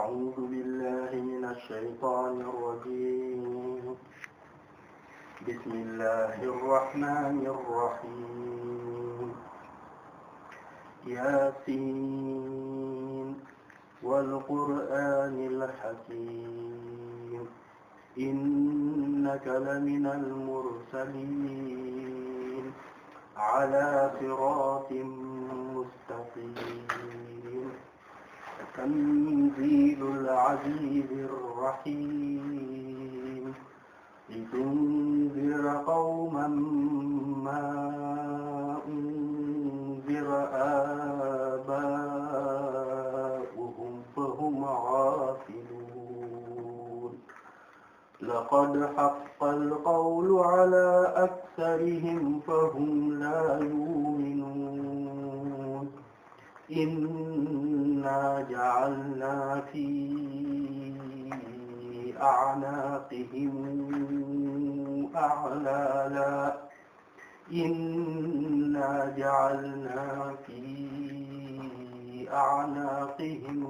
أعوذ بالله من الشيطان الرجيم بسم الله الرحمن الرحيم ياسين والقرآن الحكيم إنك لمن المرسلين على صراط مستقيم تنزيل العزيز الرحيم لتنذر قوما ما أنذر آباؤهم فهم غافلون لقد حق القول على أكثرهم فهم لا يؤمنون إن إنا جعلنا في أعناقهم أعلالا إنا جعلنا في أعناقهم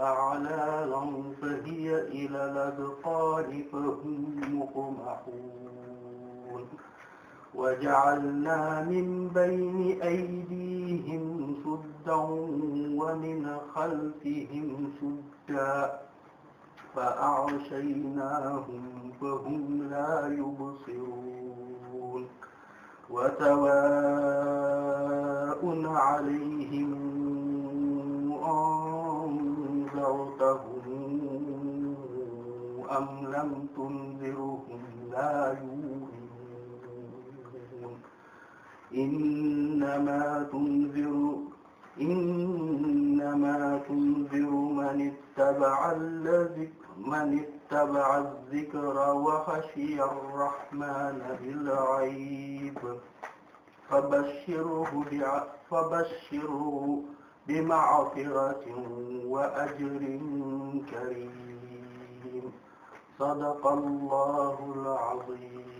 أعلالا فهي إلى الأذقان فهم مقمحون وجعلنا من بين أيديهم سدا ومن خلفهم سدا فأغشيناهم فهم لا يبصرون وسواء عليهم أنذرتهم أم لم تنذرهم لا يؤمنون إنما تنذر إنما تنذر من اتبع الذكر من اتبع الذكر وخشي الرحمن بالغيب فبشره فبشره بمغفرة وأجر كريم صدق الله العظيم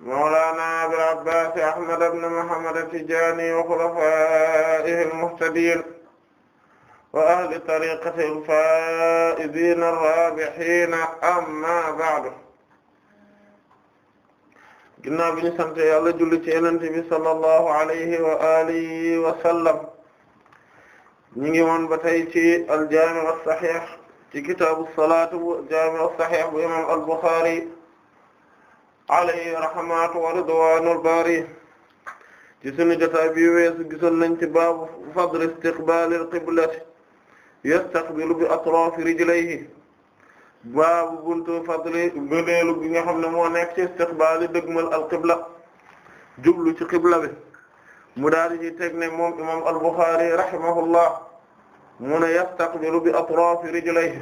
mawlaana abil abbaas ahmad ibn muhammad at-tijaani wa xulafaa'ihi al-muhtadiin wa ahli tariiqatihi al-faa'iziina ar-raabihiina ammaa ba'du ginnaaw bi ñu sant Yàlla julli ci Yonent bi sallallahu alayhi wa aalihi wa sallam ñu ngi woon ba tey ci al-jaami' as-sahiih ci kitaabu salaat bu jaami' as-sahiih bu imaam al-Buxaari alayhi rahmatu wa ridwanul bari ci sunu jotaay bi weesu gisoon nañ ci baabu fadl istiqbalil qiblati yastaqbilu bi atrafi rijlayhi baabu buntu fadli gëneelu gi nga xam ne moo nekk ci istiqbali dëgmal al qibla jublu ci qibla bi mu daal di teg ne moom imam al Bukhari rahimahullah mu ne yastaqbilu bi atrafi rijlayhi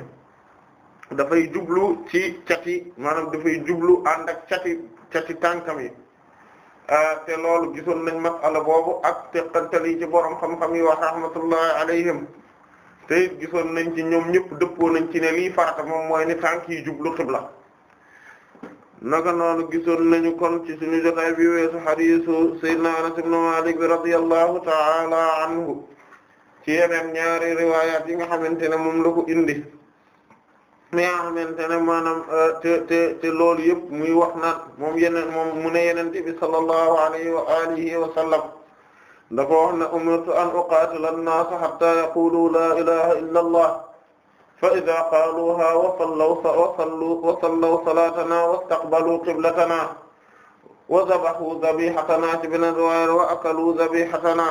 dafay jublu ci cati maanaam dafay jublu ànd ak cati cati tànkam yi ah, te loolu gisoon nañ masala boobu ak teqantali ci borom xam-xam yi wax rahmatullahi alayhim te gisoon nañ ci ñoom ñëpp dëppoo nañ ci ne lii farata moom mooy ni tànk yi jublu xibla naka noonu gisoon nañu kon ci suñu jotaay bi weesu hadiisu sayyidina Anas ibn Maalik bi radiyallahu ta'ala anhu ci yeneen ñaari riwaayaat yi nga xamante ne moom la ko indi mi nga xamante ne maanaam euh, te te te loolu yëpp muy wax naan moom yeneen moom mu ne yeneen bi sallallahu alayhi wa alihi wa sallam dafa wax ne umirtu an uqaatila an-naas hatta yaqulu la ilaha illa allah fa idha qaaluha wa sallaw wa sallu wa sallaw salatana wa istaqbalu qiblatana wa dhabahu dhabihatana ci beneen riwaaya wa akalu dhabihatana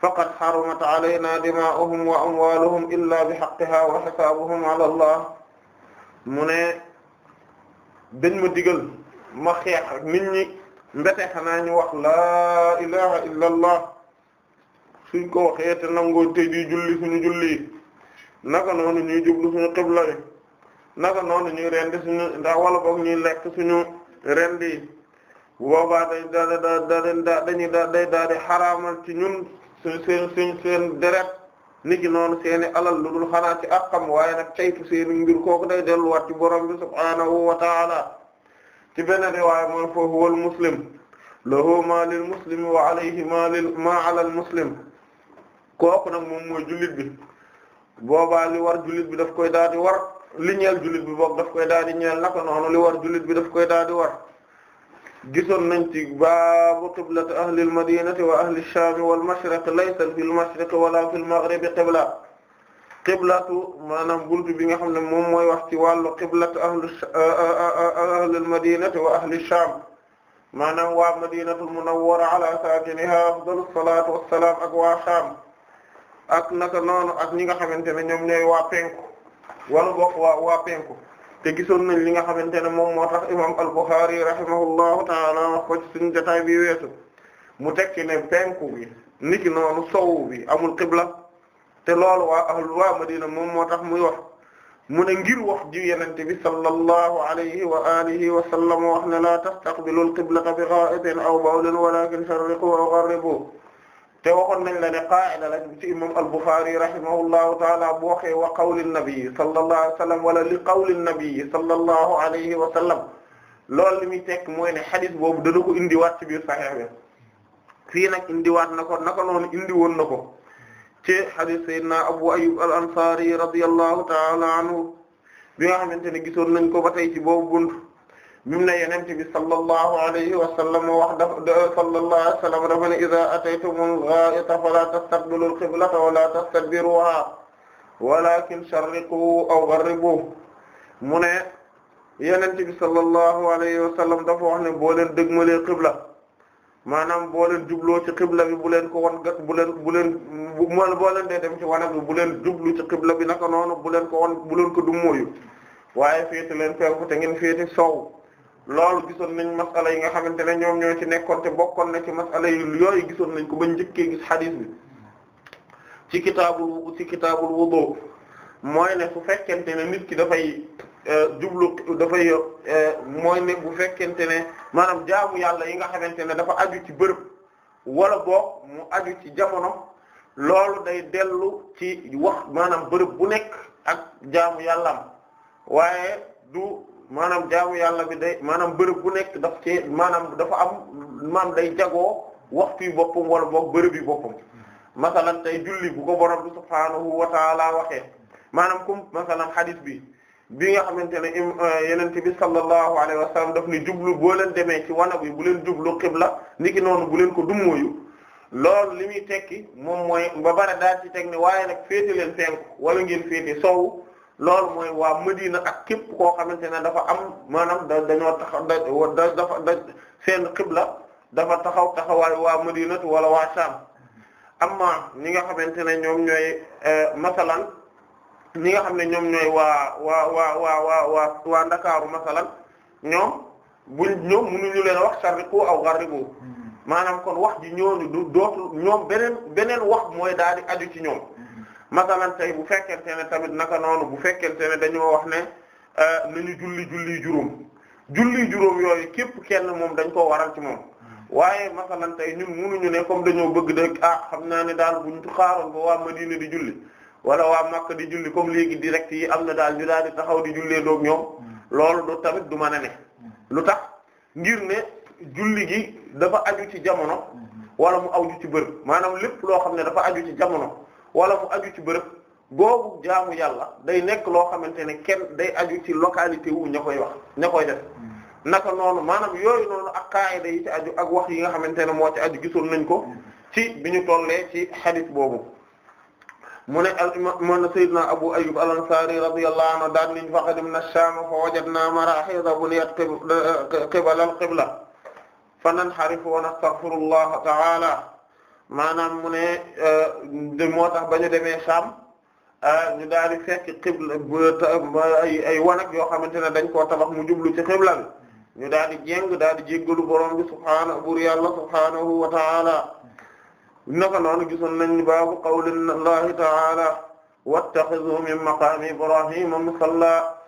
faqad xarumata alayna dima'uhum wa amwaluhum illa bi haqqiha wa xisaabuhum ala mu ne dañ ma digal ma xeex ak nit ñi mbete xanaa ñu wax laa ilaha illa suñ ko waxee nangoo te julli suñu julli naka noonu ñuy jublu suñu xibla yi noonu ñuy rendi suñu ndax wala boog ñuy lekk suñu rendi boobaa day daal da da dañuy daal day daal di xaraamal ci ñun seen seen seen deret ni ki noonu seeni alal lu dul xanaa waaye nag caytu seeni kooku day delluwaat ci borom bi subhaanahu wa taala ci benn riwaaya mooy fa huwa al muslim ma lil muslimi wa alayhi ma lil muslim kooku nag moom mooy jullit bi boobaa li war jullit bi daf koy daal di war li ñeel jullit bi boog daf koy daal di ñeel naka noonu li war jullit bi daf koy daal di war gisoon nañ ci baabu qiblatu ahli al-madinati wa ahli ash-sham wal-mashriq laysa fi al-mashriq wala fi al-maghrib qibla qiblatu maanaam buntu bi nga xam ne moom mooy wax ci wàllu qiblatu ahli ahli al-madinati wa ahli ash-sham maanaam waa madinatul munawwara ala saakiniha afdalu salaatu wassalaam ak waa Sham ak naka noonu ak ñi nga xamante ne ñoom ñooy waa penku wala bokk waa waa penku te gisoon nañ li nga xamante ne moom moo tax imam al-Bukhari rahimahullahu taala wax ko ci bi weesu mu tekki ne penku bi niki noonu sowu bi amul qibla te loolu waa ahlu waa Madina moom moo tax muy wax mu ne ngir wax ji yenente bi sallallahu alayhi wa alihi wa sallam wax ne la tastaqbilu al-qiblata bi gha'itin aw bawlin walakin sharriqu aw gharribu te waxoon nañ la ne qaa'ida la ci imam al-Bukhari rahimahullahu taala bu waxee wa qawli nabi sallallahu alayhi wa sallam wala li qawli nabi sallallahu alayhi wa sallam loolu li muy tekk mooy ne xadis boobu dana ko indiwaat ci biir Sahih bi fii nag indiwaat na ko naka noonu indi woon na ko ci xadis Seydina Abu Ayyub al-Ansari radiyallahu taala anhu bi nga xamante ne gisoon nañ ko ba tey ci boobu buntu. mi mu ne yenente bi sallallahu alayhi wa sallam wax daf sallallahu alayhi wa sallam dafa ne idha ataytumul gha'ita fala tastaqbilul qiblata wala tastadbiruha walakin sharriqu aw gharribu mu ne yenente bi sallallahu alayhi wa sallam dafa wax ne boo leen dëgmalee qibla maanaam boo leen jubloo ci qibla bi bu leen ko won gat bu leen bu leen boo leen dee dem ci wanag bi bu leen jublu ci qibla bi naka noonu bu leen ko wan bu leen ko dummóoyu waaye féete leen penku te ngeen féete sow loolu gisoon nañ masala yi nga xamante ne ñoom ñoo ci nekkoon te bokkoon na ci masala yi yooyu gisoon nañ ko ba njëkkee gis xadis bi ci kitaabul ci kitaabul wudu mooy ne su fekkente ne nit ki dafay euh, jublu dafay euh, mooy ne bu fekkente ne maanaam jaamu yàlla yi nga xamante ne dafa aju ci bërëb wala boo mu aju ci jamono loolu day dellu ci wax maanaam bërëb bu nekk ak jaamu yàllaam waaye du maanaam jaamu yàlla bi day maanaam bërëb bu nekk daf ci maanaam dafa am maam day jagoo wax yi boppam wala boog bërëb yi boppam masalan tey julli bu ko borom bi subhaanahu wa taala waxee maanaam comme masalan hadith bi bi nga xamante ne euh, yenente bi sallallahu alayhi wa sallam daf ni jublu boo leen demee ci wana bi bu leen jublu xibla niki noonu bu leen ko dummóoyu loolu li muy tekki moom mooy ba bare daal ci teg ne waaye nag féete leen fenk wala ngeen féete sow loolu mooy waa Madina ak képp koo xamante ne dafa am maanaam da dañoo taxaw da dafa da seen xibla dafa taxaw taxawaay waa Madina wala waa Sham amma ñi nga xamante ne ñoom ñooy eh, masalan ñi nga xam ne ñoom ñooy waa waa waa waa waa waa Ndakaaru masalan ñoom bu ñoom mënuñu leen wax sharriqu aw gharribu mm-hmm. maanaam kon wax ji ñooñu du ñoom beneen beneen wax mooy daal di aju ci ñoom masalan tey bu fekkente ne tamit naka noonu bu fekkente ne dañoo wax ne euh, nañu julli julli juróom julli juróom yooyu képp kenn moom dañ koo waral ci moom waaye masalan tey ñun munuñu ne comme dañoo bëgg de ah xam naa ne daal bu ñu xaaroon ba waa Madina di julli wala waa Makka di julli comme léegi direct yi am na daal ñu daal di taxaw di jullee doog ñoom hmm. loolu du tamit du mën a hmm. lu tax ngir ne julli gi dafa aju ci jamono hmm. wala mu aju ci bërëb maanaam lépp loo xam ne dafa aju ci jamono wala mu aju ci bërëb boobu jaamu yàlla day nekk loo xamante ne kenn day aju ci localité wu ña koy wax ña koy hmm. naka noonu maanaam yooyu noonu ak kaayida yi ci aju ak wax yi nga xamante ne moo ci aju gisoon nañ ko hmm. ci bi ñu tollee ci xadis boobu mu ne al imam sayyidina Abu Ayyub al-Ansari radiyallahu anhu daal nañ fa qadimna Sham fa wajadna marahida bu qibla al-qibla fa nanharifu wa nastaghfirullaha ta'ala maanaam mu ne euh, moo tax ba ñu demee Saam euh, ñu daal di fekk xibla ay ay wanag yoo xamante ne dañ koo tabax mu jublu ci xibla ñu daal di jéng daal di jéggalu borom bi subhaanahu buur yàlla subhaanahu wa taala naka noonu gisoon nañ baabu qawlillahi taala wattaxizu min maqaami ibrahima musalla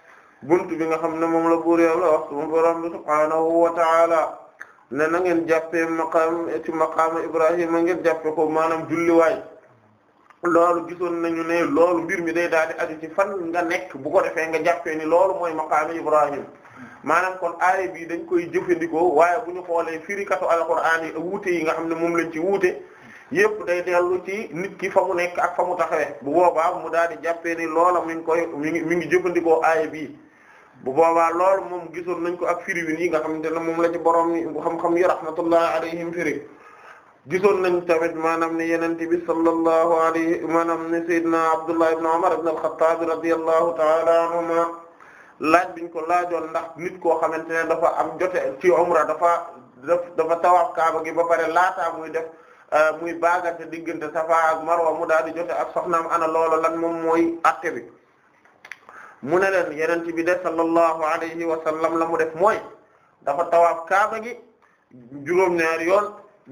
bunt bi nga xam ne moom la buur yàlla wax borom bi subhaanahu wa taala ne na ngeen jàppee maqaam ci maqaama Ibrahima ngeen jàppe ko maanaam julliwaay loolu gisoon nañu ne loolu mbir mi day daal di aju ci fan nga nekk bu ko defee nga jàppee ni loolu mooy maqaama Ibrahima maanaam kon aaya bi dañ koy jëfandikoo waaye bu ñu xoolee firikatu alquraan yi wuute yi nga xam ne moom lañ ci wuute yëpp day dellu ci nit ki fa mu nekk ak fa mu taxawee bu boobaa mu daal di jàppee ni loola mi koy mi ngi mi ngi jëfandikoo aaya bi bu boobaa loolu moom gisoon nañ ko ak firiwin yi nga xamante ne moom la ci borom ni xam-xam yi rahmatullahi alayhim firi gisoon nañ tamit maanaam ne yenente bi sallallahu alayhi maanaam ne sayyidina Abdullah ibn Umar ibn al-Khattab radiyallahu ta'ala anhuma laaj biñ ko laajoon ndax nit koo xamante ne dafa am jote ci umra dafa dafa tawaaf kaaba gi ba pare laataa muy def euh, muy baagante diggante Safa ak Marwa mu daal di jote ak soxnaam ana loolu lan moom mooy acte bi mu ne leen yenent bi de sallallahu alayhi wa sallam la mu def mooy dafa tawaaf kaaba gi juróom-ñaari yoon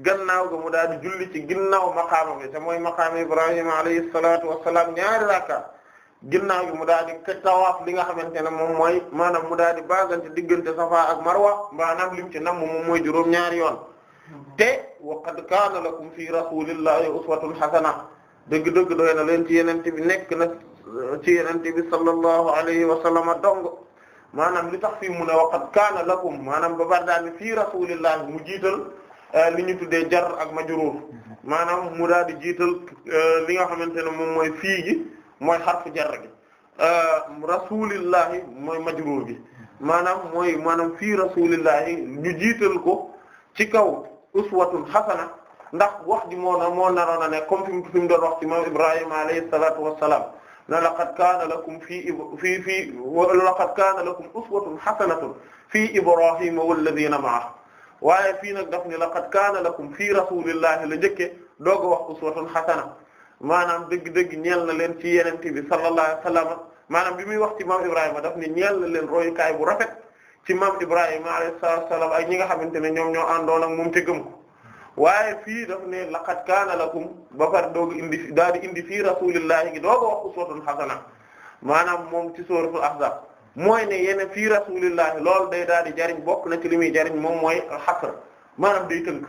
gannaaw ga mu daal di julli ci ginnaaw maqaama bi te mooy maqaama Ibrahima alayhi salaatu wa salaam ñaari rakka ginnaaw gi mu daal di tawaaf li nga xamante ne moom mooy maanaam mu daal di baagante diggante Safa ak Marwa maanaam lim ci nam moom mooy juróom-ñaari yoon te wa qad kaana lakum fi rasulillahi uswatun hasana dëgg-dëgg doy na leen ci yenente bi nekk na ci yenente bi sallallahu alayhi wa sallama dong maanaam li tax fii mu ne waqad kaana lakum maanaam ba bar daal fii rasulillah mu jiital eh, li ñu tuddee jar ak majruur maanaam mu daal di jiital eh, li nga xamante ne moom mooy fii gi mooy xarfu jar gi eh, rasulillahi mooy majruur gi maanaam mooy maanaam fii rasulillahi ñu jiital ko ci kaw uswatun xasana ndax wax ji moo na moo naroon a ne comme fi mu doon wax ci moom Ibrahima alayhi salaatu wassalaam na laqad kaana lakum fii fii fii laqad kaana lakum uswatun hasanatun fii ibrahima walladina ma'ahu waaye fii nag daf ne laqad kaana lakum fii rasulillahi la njëkke doog a wax uswatun hasana maanaam dëgg-dëgg ñeel na leen ci yenente bi sallallahu alayhi wa sallam maanaam bi muy wax ci maam ibrahima daf ne ñeel na leen royukaay bu rafet ci maam ibrahima alayhi salaam ak ñi nga xamante ne ñoom ñoo àndoon ak moom te gëm ko waaye fii daf ne laqad kaana lakum ba pare dooga indi daal di indi fii rasulillahi gi dooga wax uswatun hasana maanaam moom ci sóoratul ahzab mooy ne yene fii rasulillahi lool day daal di jariñ bokk na ci li muy jariñ moom mooy xasr maanaam day tënk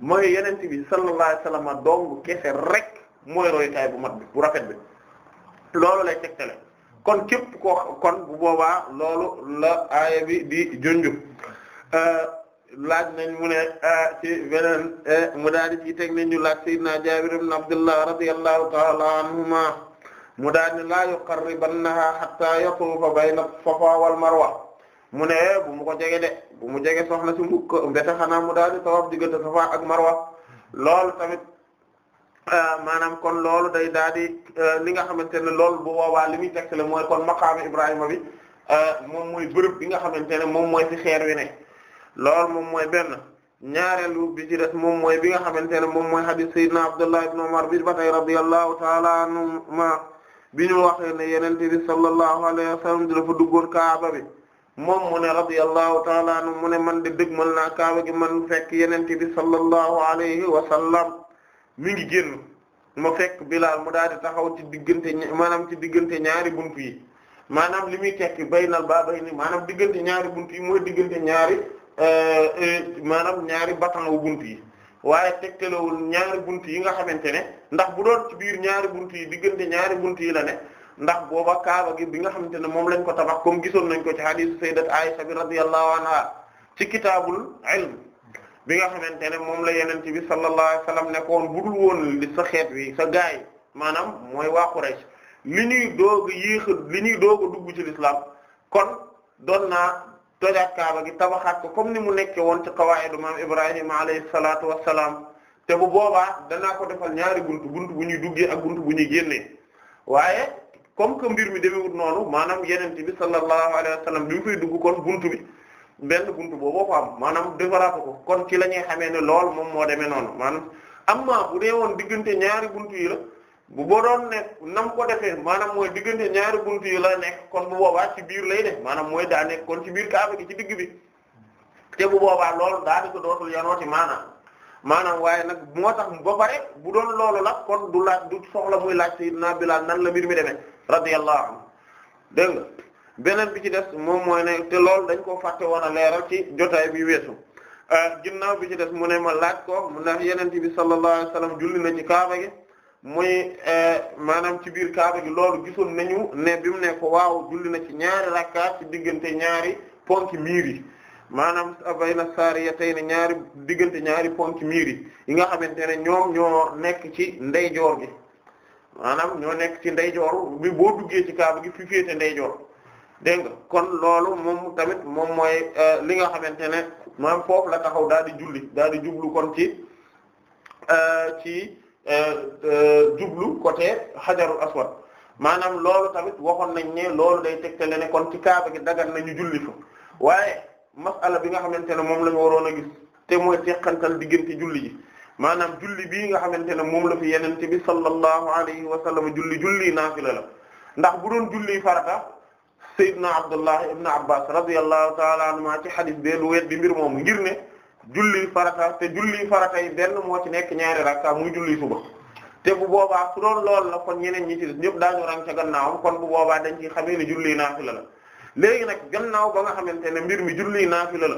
mooy yeneen bi sallallahu alayhi wasallam dong kese rek mooy royukaay bu mat bi bu rafet bi loolu lay tegtale kon képp koo kon bu boobaa loolu la aaya di junju euh, laaj nañ mu ne ci beneen e, mu daal di ci teg nañ ñu laaj sayyidina Jaabir ibn Abdullah radiyallahu ta'ala anhuma mu daal di laa yuqarribannaha hatta yatufa bayna safa wal marwa mu ne bu mu ko jege de bu mu jege soxna si mukk mbete xanaa mu daal di tawaf diggante safa ak marwa loolu tamit e, maanaam kon loolu day daal di e, li nga xamante ne loolu bu boobaa li muy tegtale mooy kon maqaam Ibrahima bi moom muy bërëb bi nga xamante ne moom mooy fi xeer wi loolu moom mooy benn ñaareelu bi ci moom mooy bi nga xamante ne moom mooy hadith sayyidina Abdullah ibn Umar bi ba tey radiyallahu ta'ala anhuma bi ñu waxee ne yonent bi sallallahu alayhi wa sallam di dafa duggoon kaaba bi moom mu ne radiyallahu ta'ala anhu mu ne man de dëgmal naa kaaba gi man fekk yonent bi sallallahu alayhi wa sallam mi ngi génn ma fekk Bilaal mu daal di taxaw ci diggante maanaam ci diggante ñaari buntu yi maanaam li muy tekki baynal baabayni maanaam diggante ñaari buntu yi mooy diggante ñaari Euh, euh, maanaam ñaari batan wu bunt yi waaye tegtalewul ñaari bunt yi nga xamante ne ndax bu doon ci biir ñaari bunt yi diggante ñaari bunt yi la ne ndax booba kaaba gi bi nga xamante ne moom lañ ko tabax comme gisoon nañ ko ci hadith sayyidat Aisha bi radiyallahu anha ci kitaabul ilm bi nga xamante ne moom la yenente bi sallallahu alayhi wasallam nekkoon budul woon li sa xeet wi sa gaay maanaam mooy waa Quraysh li ñuy doog a yéex li ñuy doog a dugg ci l'islam kon doon naa tojaat kaaba gi tabaxaat ko comme ni mu nekke woon ci qawaa'idu maam Ibrahima alayhi salaatu wa salaam te bu boobaa danaa ko defal ñaari buntu buntu bu ñuy duggee ak buntu bu ñuy génnee waaye comme que mbir mi demewut noonu maanaam yonent bi sallallahu alayhi wa sallam bi mu koy dugg kon buntu bi benn buntu booboo ko am maanaam développé ko kon ci la ñuy xamee ne lool moom moo demee noonu maanaam amma bu dee woon diggante ñaari buntu yi la. bu boo doon ne nam ko defee maanaam mooy diggante ñaari buntu yi la nekk kon bu boobaat ci biir lay ne maanaam mooy daa nekk kon ci biir kaaba gi ci digg bi te bu boobaa lool daa di ko dootul yanooti maanaam maanaam waaye nag moo tax ba pare bu doon loolu la kon du laaj du soxla muy laaj sayyidina Bilaal nan la mbir mi demee radiyallahu anhu dégg nga beneen bi ci des moom mooy ne te lool dañ koo fàtte woon a leeral ci jotaay bi weesu euh, ginnaaw bi ci des mu ne ma laaj ko mu ndax yeneen bi sallallahu alayhi wasallam julli na ci kaaba gi muy eh, maanaam ci biir kaaba gi loolu gisoon nañu ne bi mu ne waaw julli na ci ñaari rakka diggante ñaari ponki miir yi maanaam bayna sariyatayn ñaari diggante ñaari ponki miir yi yi nga xamante ne ñoom ñoo nekk ci ndeyjoor gi ñoo nekk ci ndeyjoor bi boo duggee gi fi féete dégg nga kon loolu moom tamit moom mooy eh, li nga xamante ne maanaam foofu la taxaw daal di julli daal di jublu kon ci eh, ci Euh, euh, jublu côté xajarul aswad maanaam loolu tamit waxoon nañ ne loolu day tegtale ne kon ci kaaba gi dagan nañu julli fa waaye masala bi nga xamante ne moom la ñu waroon a gis te mooy teqantal diggante julli ji maanaam julli bii nga xamante ne moom la fi yenente bi sallallahu alayhi wa sallam julli julli naafila la ndax bu doon julli farata sayyidna abdullah ibn abbas radiyallahu ta'ala anhuma ci xadis bee lu wet di mbir moom ngir ne julli farata te julli farata yi benn moo ci nekk ñaari rakka muy julli suba te bu boobaa su doon lool la kon ñeneen ñi ci des ñëpp daañu rang ca gannaawam kon bu boobaa dañ ci xamee ne julli naafila la léegi nag gannaaw ba nga xamante ne mbir mi julli naafila la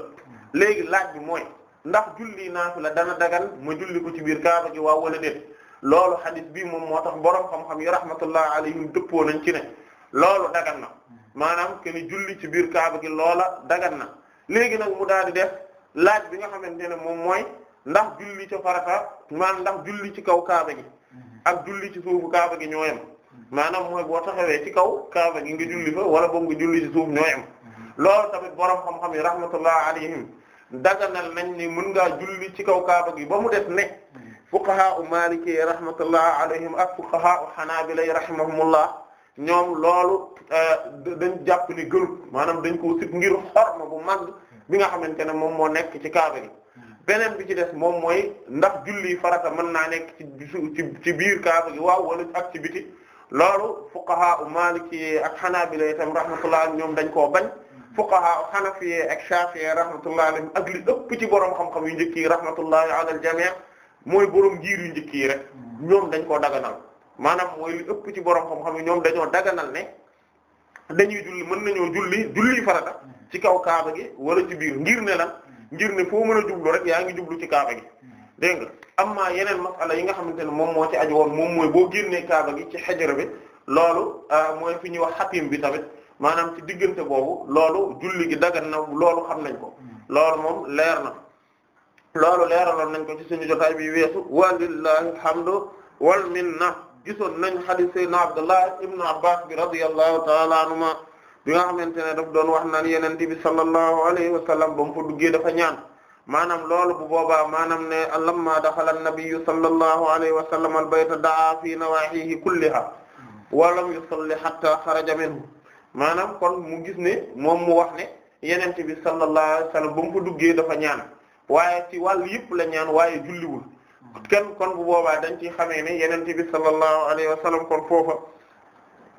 léegi laaj bi mooy ndax julli naafila dana dagal ma julli ko ci biir kaaba gi waaw wala déet loolu hadith bi moom moo tax borom xam-xam yi rahmatullah alayhim dëppoo nañ ci ne loolu dagan na maanaam ke ni ci biir kaaba gi loola dagan na léegi nag mu daal di def laaj bi nga xamante ne moom mooy ndax julli ci farata maanaam ndax julli ci kaw kaaba gi ak julli ci suufu kaaba gi ñoo yem maanaam mooy boo taxawee ci kaw kaaba gi nga julli fa wala boog nga julli ci suuf ñoo yem loolu tamit borom xam-xam yi rahmatullah alayhim daganal nañ ni mën ngaa julli ci kaw kaaba gi ba mu def ne fuqaha u maliki rahmatullah alayhim ak fuqaha u hanabila rahimahumullah ñoom loolu euh, dañ jàpp ni gënut maanaam dañ ko sit ngir xorma bu mag bi nga xamante ne moom moo nekk ci kaaba gi beneen bi ci des moom mooy ndax julli farata mën naa nekk ci ci biir kaaba gi waaw wala ak ci biti loolu fuqaha u maliki ak hanabila itam rahmatullah ñoom dañ koo bañ fuqaha hanafi ak shafi'i rahmatullah alayhim ak li ëpp ci borom xam-xam yu njëkk yi rahmatullahi ala al jami' mooy borom jiir yu njëkk yi rek ñoom dañ koo daganal maanaam mooy li ëpp ci borom xam-xam yi ñoom dañoo daganal ne dañuy julli mën nañoo julli julli farata ci kaw kaaba gi wala ci biir ngir ne lan ngir ne foo mën a jublu rek yaa ngi jublu ci kaaba gi dégg nga am na yeneen masala yi nga xamante ne moom moo ci aju moom mooy boo génnee kaaba gi ci xajara bi loolu ah, mooy fi ñuy wax xatim bi tamit maanaam ci diggante boobu loolu julli gi dagan na loolu xam nañ ko loolu moom leer na loolu leeraloon nañ ko ci suñu jotaay bi weesu walillahi alhamdu wal minna gisoon nañ hadith na Abdullah ibn Abbas bi radiyallahu bi nga xamante ne daf doon wax naan yeneen bi sallallahu alayhi wa sallam ba mu fa duggee dafa ñaan maanaam loolu bu boobaa maanaam ne lamma daxala an-nabiyyu sallallahu alayhi wa sallam al-bayta da'a fi nawaahihi kulliha wa lam yusalli hatta xaraja minhu maanaam kon mu gis ne moom mu wax ne yeneen bi sallallahu alayhi wa sallam ba mu fa duggee dafa ñaan waaye ci wàll yëpp la ñaan waaye julliwul kenn kon bu boobaa dañ ci xamee ne yeneen bi sallallahu alayhi wa sallam kon foofa.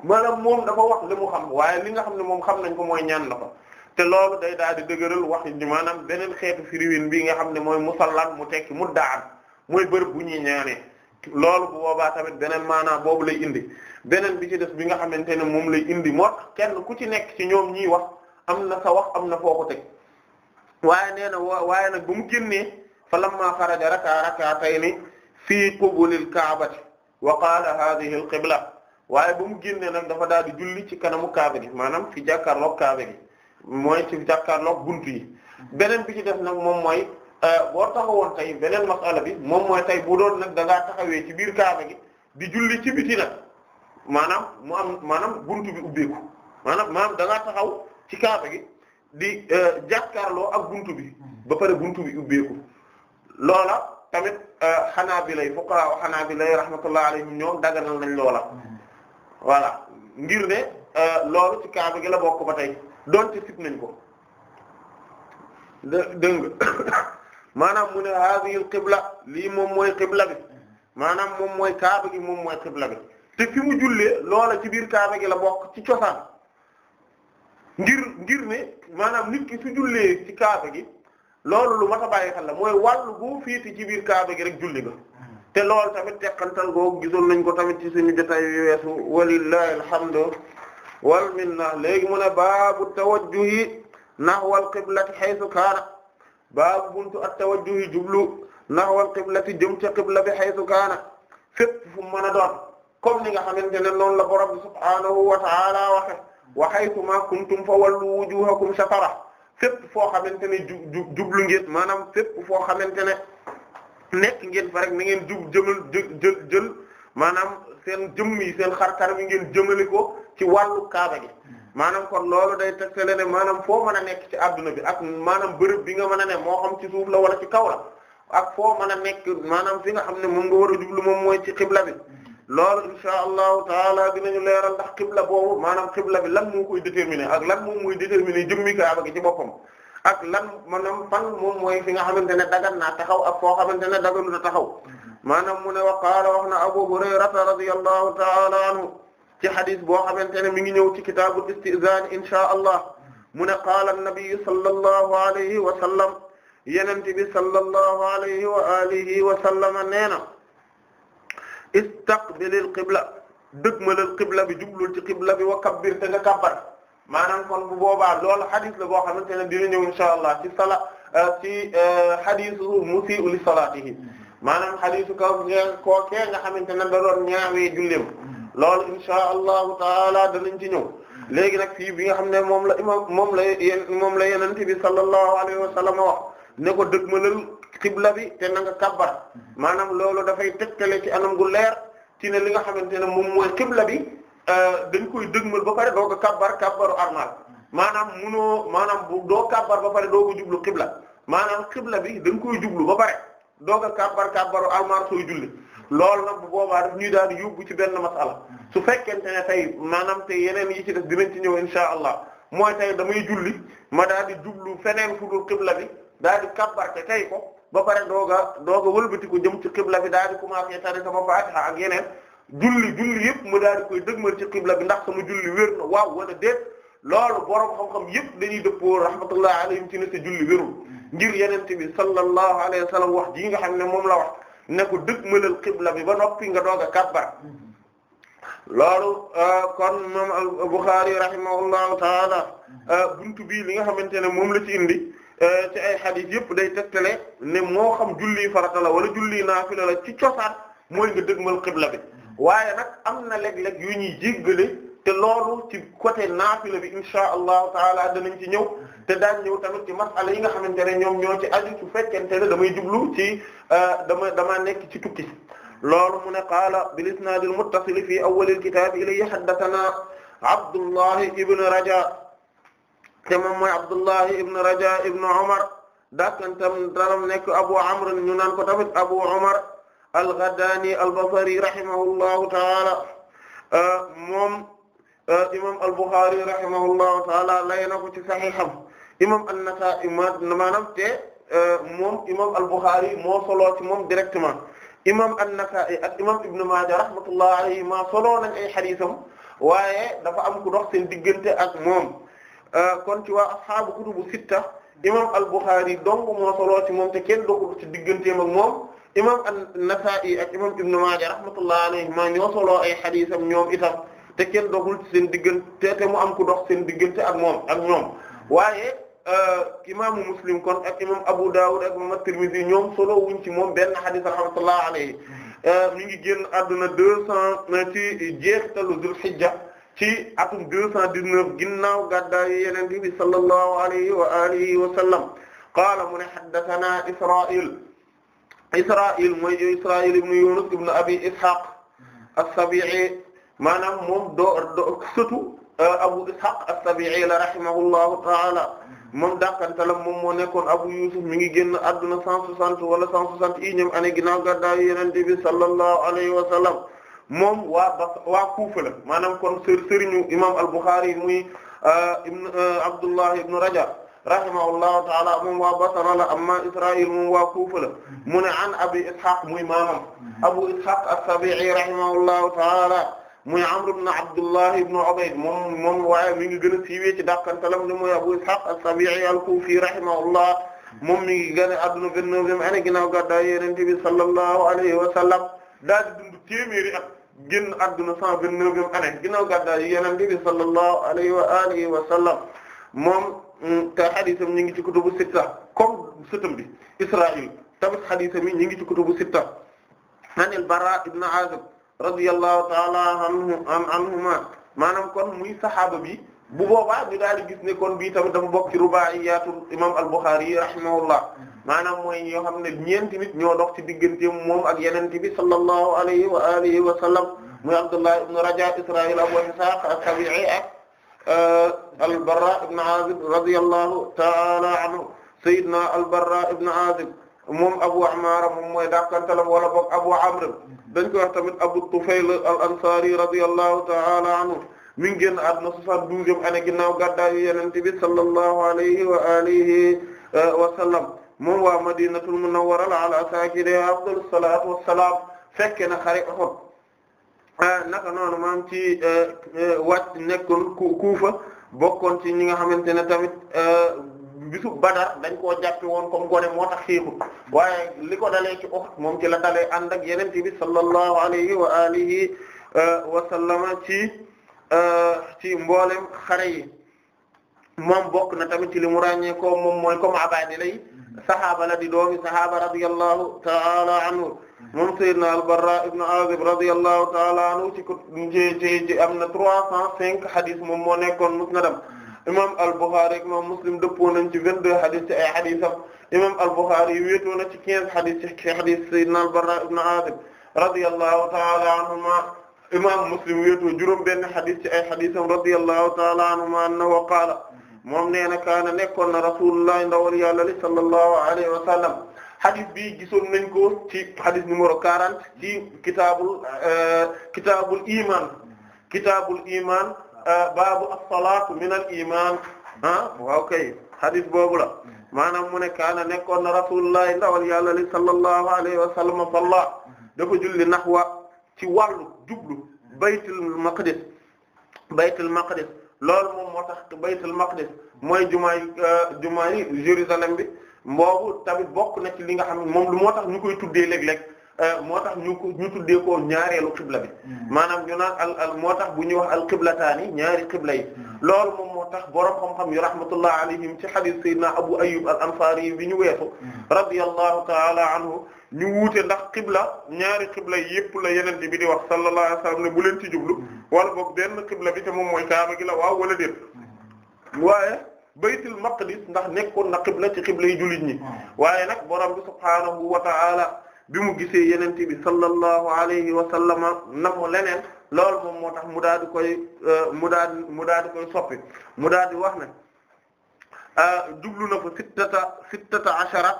maanaam moom dafa wax li mu xam waaye li nga xam ne moom xam nañ ko mooy ñaan na ko te loolu day daal di dëgëral wax ni maanaam beneen xeetu firiwin bi nga xam ne mooy musallan mu tekki mu daan mooy bërëb bu ñuy ñaanee loolu bu boobaa tamit beneen maanaam boobu lay indi beneen bi ci des bi nga xamante ne moom lay indi moo kenn ku ci nekk ci ñoom ñii wax am na sa wax am na foo ko teg waaye nee na waaye nag ba mu génnee fa lamma xaraja raka rakatayni fii qubulil kaabati wa qaala waaye ba mu génnee nag dafa daal di julli ci kanamu kaaba gi maanaam fi jàkkaarloog kaaba gi mooy ci jàkkaarloog buntu yi beneen bi ci def nag moom mooy euh, boo taxawoon tey beneen masala bi moom mooy tey boo doon nag da ngaa taxawee ci biir kaaba gi di julli ci biti maanaam mu am maanaam buntu bi ubbeeku maanaam maanaam da taxaw ci kaaba gi di euh, jàkkaarloo ak buntu bi ba pare buntu bi ubbeeku loola tamit xanaa euh, bi lay fuqaha xanaa bi lay rahmatullah alayhim ñoom daganal nañ loola voilà ngir ne euh, loolu ci kaaba gi la bokk ba tey donte sib nañ ko dégg nga maanaam mu ne hadhihi al qibla lii moom mooy qibla bi maanaam moom mooy kaaba gi moom mooy qibla bi te fi mu jullee loola ci biir kaaba gi la bokk ci cosaan ngir ngir ne maanaam nit ki su jullee ci kaaba gi loolu lu mat a bàyyi xel la mooy wàllu bu fiiti ci biir kaaba gi rek julli nga te loolu tamit teqantal googu gisoon nañ ko tamit ci suñu jotaay yu weesu walillahi alhamdu wal minna léegi mu a baabu tawajjuhi nahwal qiblati haythu kaana baabu buntu at tawajjuhi jublu nahwal qiblati jëm ca qibla bi haythu kaana fépp fu mën a doon kom ni nga xamante ne noonu la borom bi subhaanahu wa ta'ala waxe wa haythuma kuntum fa wallu wujuhakum shatara fépp foo xamante ne jublu ngeen maanaam fépp foo xamante ne nekk ngeen fa rek na ngeen jub jëmal jël jël maanaam seen jëmm yi seen xar-xar bi ngeen jëmale ko ci wàllu kaaba gi maanaam kon loolu day tegtale ne maanaam foo mën a nekk ci adduna bi ak maanaam bërëb bi nga mën a ne moo xam ci suuf la wala ci kaw la ak foo mën a nekk maanaam fi nga xam ne moom nga war a jublu moom mooy ci xibla bi loolu inshaa allahu taala dinañu leeral ndax xibla boobu maanaam xibla bi lan moo koy déterminer ak lan moom muy déterminer jëmmi kaaba gi ci boppam ak lan maanaam fan moom mooy fi nga xamante ne dagan naa taxaw ak foo xamante ne daganul taxaw mm-hmm. maanaam mu ne wa qaala wax na Abu Hurayrata radiyallahu ta'ala anhu ci xadis boo xamante ne mi ngi ñëw ci kitaabul istizaan inshaa allah mu ne qaala an-nabi sallallahu alayhi wa sallam yenente bi sallallahu alayhi wa alihi wa sallama nee na istaqbilil qibla dëgmalal qibla bi jublul ci qibla bi wa kabbir te nga maanaam kon bu boobaa loolu hadith la boo xamante ne dina ñëw insha allah ci sala euh, ci hadithu euh, musii'u li salaatihi maanaam hadithu ka kookee nga xamante ne da doon ñaawee julleem loolu insha allahu taala danañ ci ñëw léegi nag fii bi nga xam ne moom la imam moom la moom la yenente bi sallallahu alayhi wa sallam wax ne ko dëgmalal xibla bi te na nga kabbar maanaam loolu dafay tëkkale ci anam gu leer ci ne li nga xamante ne moom mooy xibla bi Euh, dañ koy dëgmal ba pare doo ko kabbar kabbaru armal maanaam munoo maanaam bu doo kabbar ba pare doo ko jublu xibla maanaam xibla bi dañ koy jublu ba pare doo ko kabbar kabbaru armal sooy julli loolu nag bu boobaa daf ñuy daal yóbbu ci benn masala su fekkente ne tey maanaam te yeneen yi ci def dinañ ci ñëw insha allah mooy tey damay julli ma daal di jublu feneen fu dul xibla bi daal di kabbar te tey ko ba pare dooga dooga wëlbati ko jëm ci xibla bi daal di commencé tari sama faatiha ak yeneen julli julli yëpp mu daal di koy mël ci xibla bi ndax sama julli wér na waaw wala déet loolu borom xam-xam yëpp dañuy dëppoo rahmatullah alayhim ci ne sa julli wérul ngir yenente bi sallallahu alayhi wa sallam wax jii nga xam ne moom la wax ne ko dëgmalal xibla bi ba noppi nga doog a kàbbar loolu euh, kon moom al-Bukhari rahimahullahu taala euh, buntu bii li nga xamante ne moom la ci indi euh, ci ay xadis yëpp day tegtale ne moo xam julli farata la wala julli naafila ci cosaan mooy nga dëgmal xibla bi waaye nag am na léeg-léeg yu ñuy jéggale te loolu ti côté naafila bi insha allahu taala danañ ci ñëw te daan ñëw tamit ci masala yi nga xamante ne ñoom ñoo ci aju su fekkente ne damay jublu ci euh, dama damaa nekk ci tukki loolu mu ne qaala bil isnaad al muttasil fi awwal al kitaab ilayhi haddathanaa Abdullahi Ibn Raja te moom mooy Abdullahi Ibn Raja Ibn Omar dàkkantam daram nekk Abu Amr ñu naan ko tamit Abu Omar. al-Ghaddaani al-Basri rahimahullahu taala euh, moom euh, imam al-Bukhari rahimahullahu taala lay na ko ci saxiixam imam an-Nasaa'i maanaam te euh, moom imam al-Bukhari moo solo ci moom directement imam an-Nasaa'i ak imam Ibn Maaja rahmatullahi alayhi ma solo nañ ay xadiisam waaye dafa am ku dox seen diggante ak moom kon ci waa ashaabu kutubu sitta imam al-Bukhari dong moo solo ci moom te kenn doxul ci digganteem ak moom. imam an-Nasa'i ak imam Ibn Maaja rahmatullahi alayhima ñoo soloo ay xadiisam ñoom itam te kenn doxul ci seen te mu am ku dox seen diggante ak moom ak ñoom waaye euh, imaamu Muslim kon ak imam Abu Dawud ak imam at-Tirmidhi ñoom solo wuñ ci moom benn xadiis rahmatullahi alayhi euh, mi ngi génn àdduna deux cent euh, ci jeextalu Dul Hijja ci atum deux cent dix-neuf ginnaaw gàddaay Yonent bi sallallahu qaala mu ne haddathana Israa'il mooy Israa'il ibn Yunus ibn Abi Ishaq as-Sabi'i maanaam moom doo surtout euh, Abu Ishaq as-Sabi'i la rahimahullahu ta'ala moom dàqantalam moom moo nekkoon Abu Yusuf mi ngi génn adduna 160 wala 160 i ñoom année ginnaaw gàddaay Yonent bi sallallahu alayhi wa sallam moom waa ba waa Kufa la maanaam kon sër sëriñu imam al muy a euh, euh, Abdullah ibn Rajab rahimahullahu taala moom waa Basra la amma Israa'il moom waa Kufa la mu ne an abi Ishaq muy maamam abu Ishaq as-Sabi'i rahimahullahu taala muy Amr ibn Abdullah ibn Ubayd moom moom waaye mi ngi gën a siiwee ci dàqantalam ni muy abu Ishaq as-Sabi'i al-Kufi rahimahullah moom mi ngi gën a adduna vingt-neuvième année ginnaaw gàddaay Yonent bi sallallahu alayhi wa sallam daal di dund téeméeri at génn adduna cent vingt-neuvième année ginnaaw gàddaay Yonent bi sallallahu alayhi wa alihi wa sallam moom te xadisam ñi ngi ci kutubu sitta comme sëtam bi Israa'il tamit xadisam yi ñi ngi ci kutubu sitta anil Bara ibn Azib radiyallahu ta'ala anhu anhuma maanaam kon muy saxaaba bi bu boobaa ñu daal di gis ne kon bii tamit dafa bokk ci rubaa'iyatul imaam al-Bukhari yi rahimahullah maanaam mooy ñoo xam ne ñeenti nit ñoo dox ci digganteem moom ak yeneen bi sallallahu alayhi wa alihi wa sallam muy Abdullah ibn Raja Israa'il Abu Ishaq as-Sabi'i ak al-Barra ibn Azib radiyallahu ta'ala anhu Seydina al-Barra ibn Azib moom Abu Ammaara moom mooy dàqantalam wala boog Abu Amr dañ koy wax tamit Abu Tufayl al-Ansari radiyallahu ta'ala anhu mi ngi génn àdduna 72e année ginnaaw gàddaayu Yonent bi sallallahu alayhi wa alihi euh, wa sallam moom waa Madinatul Munawwara ala saakinihaa afdalu salaatu wa salaam fekke na xare Uhud Euh, naka noonu maam ci euh, euh, wàcc nekkoon Kuufa bokkoon ci ñi nga xamante ne tamit bisu Badar dañ koo jàppe woon kom gone moo tax xiixut waaye li ko dalee ci Uhud moom ci la dalee ànd ak Yonent bi sallallahu alayhi wa alihi wa sallama ci ci mboolem xare yi moom bokk na tamit ci li mu ràññee ko moom mooy comme abadila la di doomi sahaaba radiyallahu ta'ala anhu moom Seydina al-Barra ibn Azib radiyallahu ta'ala anhu ci ci ci am na trois cent cinq hadith moom moo nekkoon musnadam imam al-Bukhari ak imam Muslim dëppoo nañ ci vingt deux hadith ci ay haditham imam al-Bukhari wéetoo na ci quinze hadith ci hadith Seydina al-Barra ibn Azib radiyallahu ta'ala anhuma imam Muslim wéetoo juróom benn hadith ci ay haditham radiyallahu ta'ala anhuma annahu qaala moom nee na kaana na rasulullah ndawal yàlla li sallallahu alayhi wa hadith bi gisoon nañ ko ci hadith numéro 40 ci kitaabul euh, kitaabul iman kitaabul iman euh, baabu as-salaatu min al iman ah waaw kay hadith boobu la maanaam mu ne kaana nekkoon na rasulullahi ndawal yàlla li sallallahu alayhi wa sallam salla dafa julli nahwa ci wàllu jublu baytul maqdis baytul maqdis loolu moom moo tax baytul maqdis mooy jumaay euh, jumaay Jérusalem bi mboobu tamit bokk na ci li nga xam ne moom lu moo tax ñu koy tuddee léeg-léeg euh, moo tax ñu ko ñu tuddee koo ñaareelu xibla bi mm. maanaam ñu naan al al moo tax bu ñuy wax alqiblataani ñaari xibla yi mm. loolu moom moo tax borom xam-xam yu rahmatullah alayhim ci hadith sayyidina abu ayyub al ansari bi ñu weesu mm. radiyallahu ta'ala anhu ñu wuute ndax xibla ñaari xibla yépp la yeneen bi di wax sallallahu alayhi wasallam ne bu leen ci jublu wala boog benn xibla bi te moom mooy kaaba gi la waaw wala déet waaye baytul maqdis ndax nekkoon na xibla ci xibla yi juli ñi hmm. waaye nag borom bi subhaanahu wa ta'ala bi mu gisee yenente bi sallallahu alayhi wa sallama na mu leneen lool moom moo tax mu daal di koy euh, mu daal di mu daal di koy soppi mu daal di wax ne euh, jublu na fa sittata sittata ashara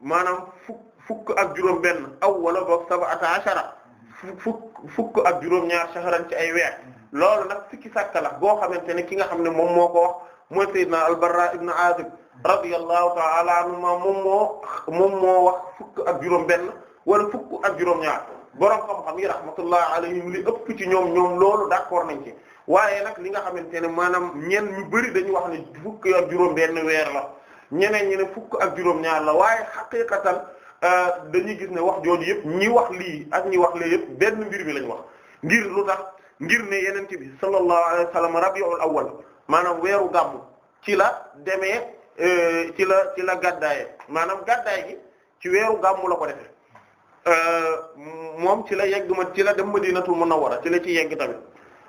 maanaam fukk fukk ak juróom aw wala boog sab'ata ashara hmm. fukk fukk ak juróom ñaar shahran ci ay weer hmm. lool nag sikki sàkka la boo xamante ne ki nga xam ne moom moo ko wax mooy Seydina al-Barra ibn Azib radiyallahu ta'ala anhuma moom moo moom moo wax fukk ak juróom benn wala fukk ak juróom ñaar borom xam-xam yi rahmatullah alayhim li ëpp ci ñoom ñoom loolu d'accord nañ ci waaye nag li nga xamante ne maanaam ñenn ñu bari dañu wax ne fukk ak juróom benn weer la ñeneen ñi ne fukk ak juróom ñaar la waaye xaqiiqatan euh, dañuy gis ne wax jooju yëpp ñi wax lii ak ñi wax lee yëpp benn mbir bi lañ wax ngir lu tax ngir ne yeneen ci bi sallallahu alayhi wa sallam rabiul awwal maanaam weeru gàmmu ci la demee euh, ci la ci la gàddaaye maanaam gàddaay gi ci weeru gàmmu la ko defee euh, moom ci la yegg ma ci la dem Madinatul Munawwara ci la ci yegg tamit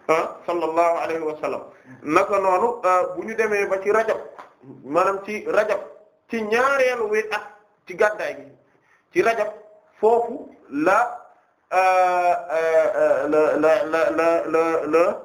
ah sallallahu alayhi wa sallam naka noonu euh, bu ñu demee ba ci rajab maanaam ci rajab ci ñaareelu wi at ci gàddaay gi ci rajab foofu la la la la la la.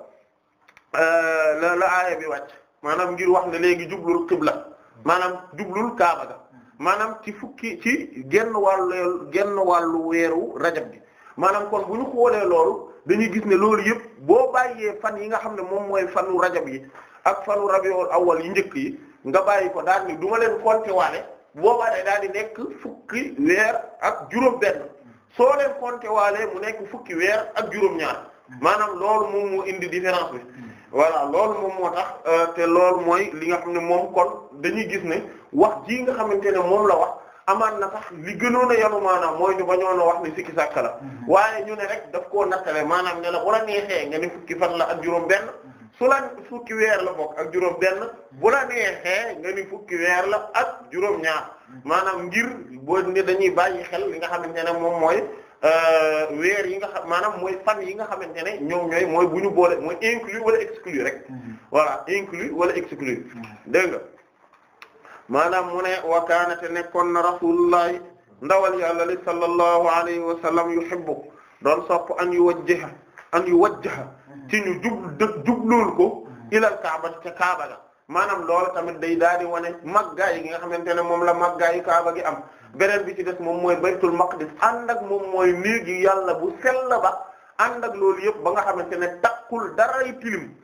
Euh, la la aaya bi wàcc maanaam ngir wax ne léegi jublul qibla maanaam jublul kaaba ga maanaam ci fukki ci genn wàllu wàllu weeru rajab bi maanaam kon bu ñu xoolee loolu dañuy gis ne loolu yëpp boo bàyyee fan yi nga xam ne moom mooy fanu rajab yi ak fanu rabiul awal yi njëkk yi nga bàyyi ko daal ni du ma leen compter waale boobaa day daal di nekk fukki weer ak juróom-benn soo leen compter waale mu nekk fukki weer ak juróom-ñaar maanaam loolu moom indi différence bi. voilà loolu moom moo tax euh, te loolu mooy li nga xam ne moom kon dañuy gis ne wax jii nga xamante ne moom la wax amaan na tax li gënoon a yanu maanaam mooy ñu bañoon wax ni sikki sàkk la mhm. waaye ñu ne rek daf koo nattale maanaam ne la bu la neexee nga ni fukki fan la ak juróom benn mhm. su la fukki weer la bokk ak juróom benn bu la neexee nga ni fukki weer la ak juróom ñaar mhm. maanaam ngir boo ne dañuy bàyyi xel li nga xamante ne moom mooy Euh, weer yi nga xam maanaam mooy fan yi nga xamante ne ñoom ñooy mooy bu ñu boole mooy inclus wala exclus rek mhm. voilà inclus wala exclus mhm. dégg nga maanaam mu ne wa kaanate nekkoon na rasulullahi ndawal yàlla li sallallahu alayhi wa sallam yuhibbu doon sopp an yuwajjaha an yuwajjaha mhm. ci ñu jub jubluul ko ilal kaaba ca kaaba ga maanaam loolu tamit day daal di wane màggaay yi nga xamante ne moom la màggaay yi kaaba gi am beneen bi ci def moom mooy baytul maqdis ànd ak moom mooy néegi yàlla bu sell ba ànd ak loolu yëpp ba nga xamante ne takkul daray tilim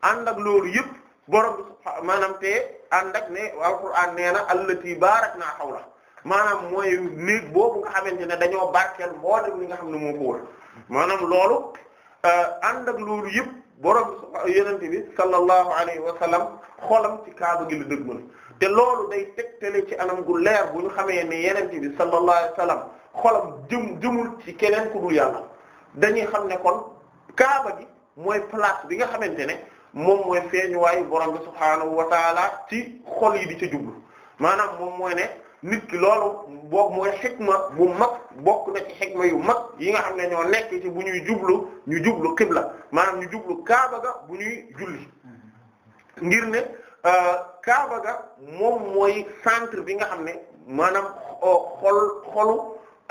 ànd ak loolu yëpp borom bi subhaanahu maanaam te ànd ak ne alquran nee na allati baarakna hawla maanaam mooy néeg boobu nga xamante ne dañoo barkeel mboolem li nga xam ne moo ko wër maanaam loolu euh, ànd ak loolu yëpp borom bi yenente bi sallallahu alayhi wa sallam xolam ci kaaba gi la dëgmal te loolu day tegtale ci anam gu leer bu ñu xamee ne yeneen bi sallallahu alayhi wasallam xolam jëmul ci keneen ku dul yàlla dañuy xam ne kon kaaba gi mooy place bi nga xamante ne moom mooy feeñuwaayu borom bi subhaanahu wa taala ci xol yi di ca jublu maanaam moom mooy ne nit ki loolu boo mooy xikma bu mag bokk na ci xikma yu mag yi nga xam ne ñoo nekk ci bu ñuy jublu ñu jublu la maanaam ñu jublu kaaba ga bu ñuy julli ngir ne. Euh, Kaaba ga moom mooy centre bi nga xam ne maanaam xol xolu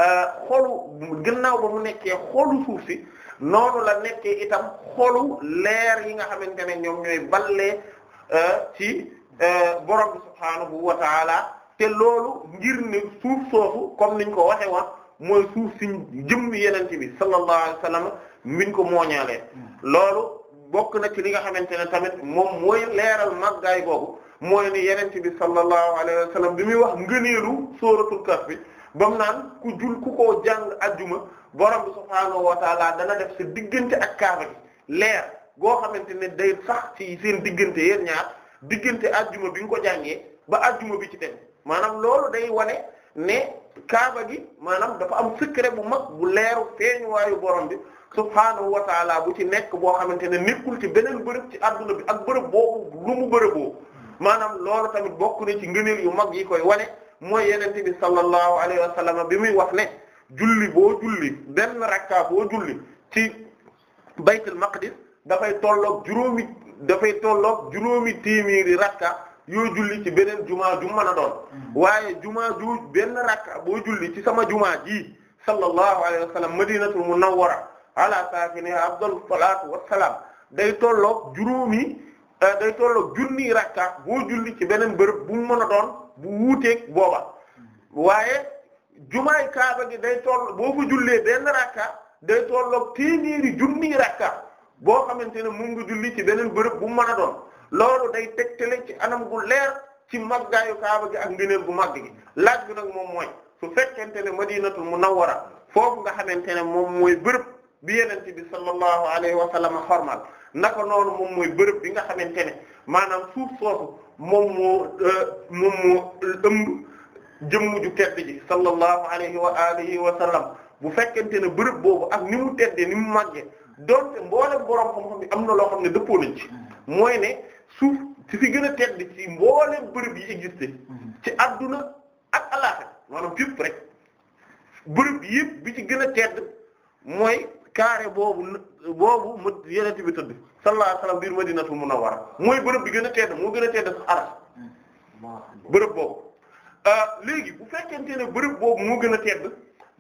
euh, xolu gannaaw ba mu nekkee xolu suuf si noonu la nekkee itam xolu leer yi nga xamante ne ñoom ñooy ballee euh, ci euh, borom bi subhaanahu wa te loolu ngir ne suuf soofu comme niñ ko waxe wax mooy suuf si jëmm yenente bi sallallahu alayhi wa sallam ko mooñaalee hmm. loolu bokk na ci li nga xamante ne tamit moom mooy leeral màggaay boobu mooy ni yenente bi sallallahu alayhi wa sallam bi muy wax ngëneelu sóoratul Kahf bi bam naan ku jul ku koo jàng ajjuma borom bi subhaanahu wa taala dana def sa diggante ak kaaba leer goo xamante ne day sax ci seen diggante yéen ñaar diggante ajjuma bi nga ko jàngee ba ajjuma bi ci teg maanaam loolu day wane ne kaaba gi maanaam dafa am secret bu mag bu leeru feeñuwaayu borom bi subhaanahu wa taala bu ci nekk boo xamante ne nekkul ci beneen bërëb ci adduna bi ak bërëb boobu lu mu bërëboo maanaam loolu tamit bokk na ci ngëneel yu mag yi koy wane mooy yenente bi sallallahu alayhi wa sallam bi muy wax ne julli boo julli benn rakka boo julli ci baytul maqdis dafay tolloog juróomi dafay tolloog juróomi téeméeri rakka yoo julli ci beneen jumaa ju mën doon hmm. waaye jumaa ju benn rakka boo julli ci sama jumaa ji sallallahu alayhi wa sallam madinatul munawwara ala saakiniha afdalu salaatu wassalaam day tolloog juróomi Euh, day tolloog junniy rakka boo julli ci beneen bërëb bu mu mën a doon bu wuuteeg booba waaye jumaay kaaba gi day toll boo fa jullee benn rakka day tolloog téeméeri junniy rakka boo xamante ne mu ngi julli ci beneen bërëb bu mu mën doon loolu day teg tegtale ci anam gu leer ci maggaayu kaaba gi ak ngëneel gu màgg gi laaj bi nag moom mooy su fekkente ne madinatul munawwara foofu nga xamante ne moom mooy bërëb bi yenente bi sallallahu alayhi wa sallam naka noonu moom mooy bërëb bi nga xamante ne maanaam suuf soosu moom moo euh, moom moo ëmb jëmm ju tedd ji sallallahu alayhi wa alihi wa bu fekkente ne bërëb boobu ak ni mu teddee ni mu màggee donte mboolem borom xam-xam bi am na loo xam ne dëppoo nañ ci mooy ne suuf si fi gën a tedd ci mboolem bërëb yi existé ci adduna ak alaaka maanaam fépp rek bërëb yëpp bi ci gën a tedd mooy carré boobu boobu ma yenente bi tëdd sallallahu alayhi wasallam biir madinatul munawwara mooy bërëb bi gën a tedd moo gën a tedd sax aras bërëb boobu euh, léegi bu fekkente ne bërëb boobu moo gën a tedd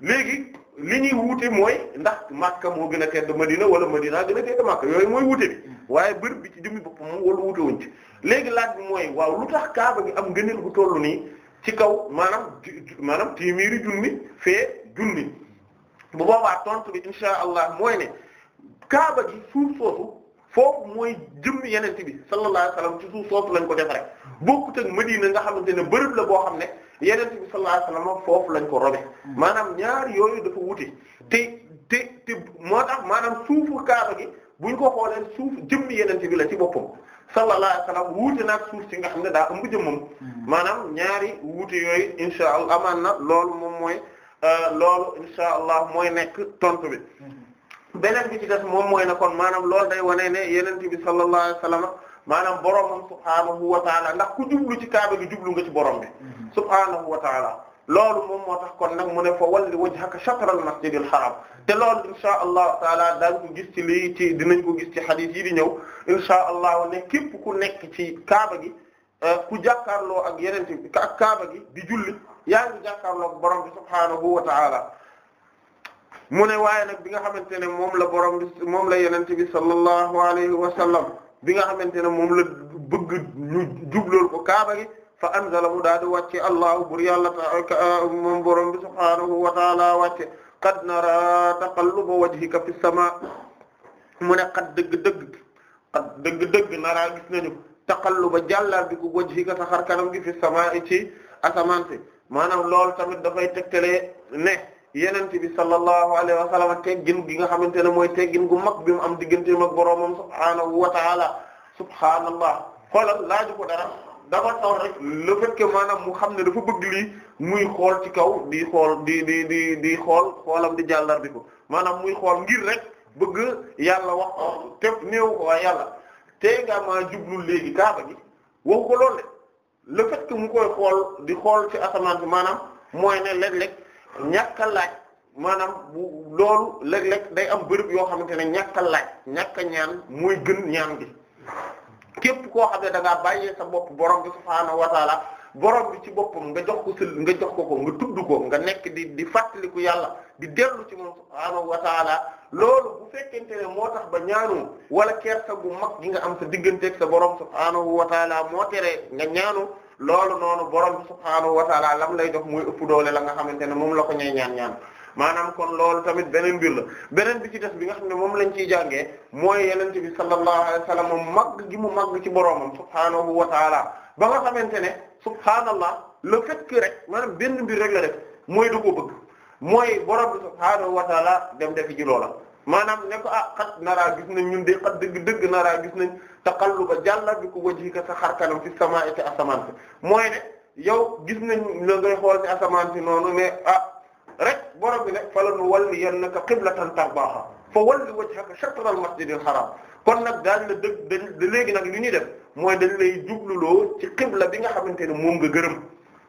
léegi li ñuy wuute mooy ndax Makka moo gën a tedd Madina wala Madina gën a tedd Makka yooyu mooy wuute bi waaye bërëb bi ci jëmmi bopp moom wala wuute wuñ ci léegi laaj bi mooy waaw lu tax Kaaba gi am gëneel bu tollu nii ci kaw maanaam maanaam téeméeri junni fee junni bu boobaa tontu bi insha allah kaaba gi suuf soosu foofu mooy jëm yeneen bi sallallahu alayhi wasallam ci suuf soosu lañ ko defaree bokkut ma Medina nga xamante ne bërëb la boo xam ne yeneen bi sallallahu alayhi wasallam foofu lañ ko hmm. maanaam ñaar yooyu dafa wute te te moo tax maanaam suufu kaaba gi buñ ko xoolee suuf jëmm yeneen bi la ci boppam sallallahu alayhi wasallam wuute naag suuf si nga xam ne daa am bu jëmmam hmm. maanaam ñaari wuute yooyu insha allah amaan na loolu moom mooy euh, loolu insha allah mooy nekk tontu bi. Hmm. beneen bi ci des moom mooy ne kon maanaam lool day wane ne yeneen bi sallallahu alayhi wa borom maanaam boromam subhaanahu wa taala ndax ku jublu ci kaaba gi jublu nga ci borom bi mhm. subhaanahu wa taala loolu moom moo tax kon nag mu ne fa walli wajhaka shatral masjidil haram te loolu insha allahu taala daal ko gis ci lii ci dinañ ko gis ci hadith yi di ñëw insha allah ne képp ku nekk ci kaaba gi euh, ku jàkkaarloo ak yeneen bi ak kaaba gi di julli yaa ngi jàkkaarloo ak borom bi subhaanahu wa taala mu ne waaye nag bi nga xamante ne moom la borom bi moom la yenent bi sallallahu alayhi wa bi nga xamante ne moom la bëgg ñu jublool ko kaaba gi fa anzala mu daal di wàcce allahu bur yàlla ta moom borom bi subhaanahu wa taala wàcce qad nara taqalluba wajhika fi sama mu ne qad dëgg-dëgg qad dëgg-dëgg naraa gis nañu bi ku wajhika sa xar kanam gi fi sama ci asamaan si maanaam loolu tamit dafay tegtale ne yenente bi sallallahu alayhi wa sallam teggin gi nga xamante ne mooy teggin gu mag bi mu am diggante mag boroomam subhaanahu wa ta'ala subhaanallah xoolal laaju ko dara dafa taw rek le fait que maanaam mu xam ne dafa bëgg lii muy xool ci kaw di xool di di di di xool xoolam di jàllar maanaam muy xool ngir rek bëgg yàlla wax te néew ko waaye yàlla tey nga ma jublu léegi kaaba gi waxu ko loolu le le fait que mu koy xool di xool ci asamaan si maanaam mooy ne léeg-léeg ñàkk a laaj maanaam bu loolu léeg-léeg day am bërëb yoo xamante ne ñàkk a laaj ñàkk ñaan mooy gën ñaan gi képp koo xam ne da ngaa bàyyee sa bopp borom bi subhaanahu wa taala borom bi ci boppam nga jox ko sël nga jox ko ko nga tudd ko nga nekk di di fàttaliku yàlla di dellu ci moom subhaanahu wataala taala loolu bu fekkente ne moo tax ba ñaanu wala kersa gu mag gi nga am sa digganteek sa borom subhaanahu wa taala moo tere nga ñaanu loolu noonu borom bi subhaanahu wa taala lam lay jox muy ëpp doole la nga xamante ne moom la ko ñay ñaan ñaan maanaam kon loolu tamit beneen mbir la beneen bi ci des bi nga xam ne moom lañ ciy jàngee mooy yenente bi sallallahu alayhi wa sallam mu mag gi mu màgg ci boroomam subhaanahu wa taala ba nga xamante ne subhaanallah le fait que rek maanaam benn mbir rek la def mooy du bëgg mooy borom bi subhaanahu wa taala dem defi ji loola maanaam ne ko ah xat naraa gis nañ ñun de xat dëgg dëgg naraa gis nañ taqalluba jàlla bi ko wajhika sa xar kanam fi samaa'i ci asamaan si mooy ne yow gis nañ la ngay xool ci asamaan si noonu ne a ah, rek borom bi ne falanuwalliyannaka qiblatan tarbaaha fa walli wajhaka shatral masjidil haram kon nag daañu la dëgg dañ léegi nag li ñuy def mooy dañ lay jubluloo ci qibla bi nga xamante ne moom nga gërëm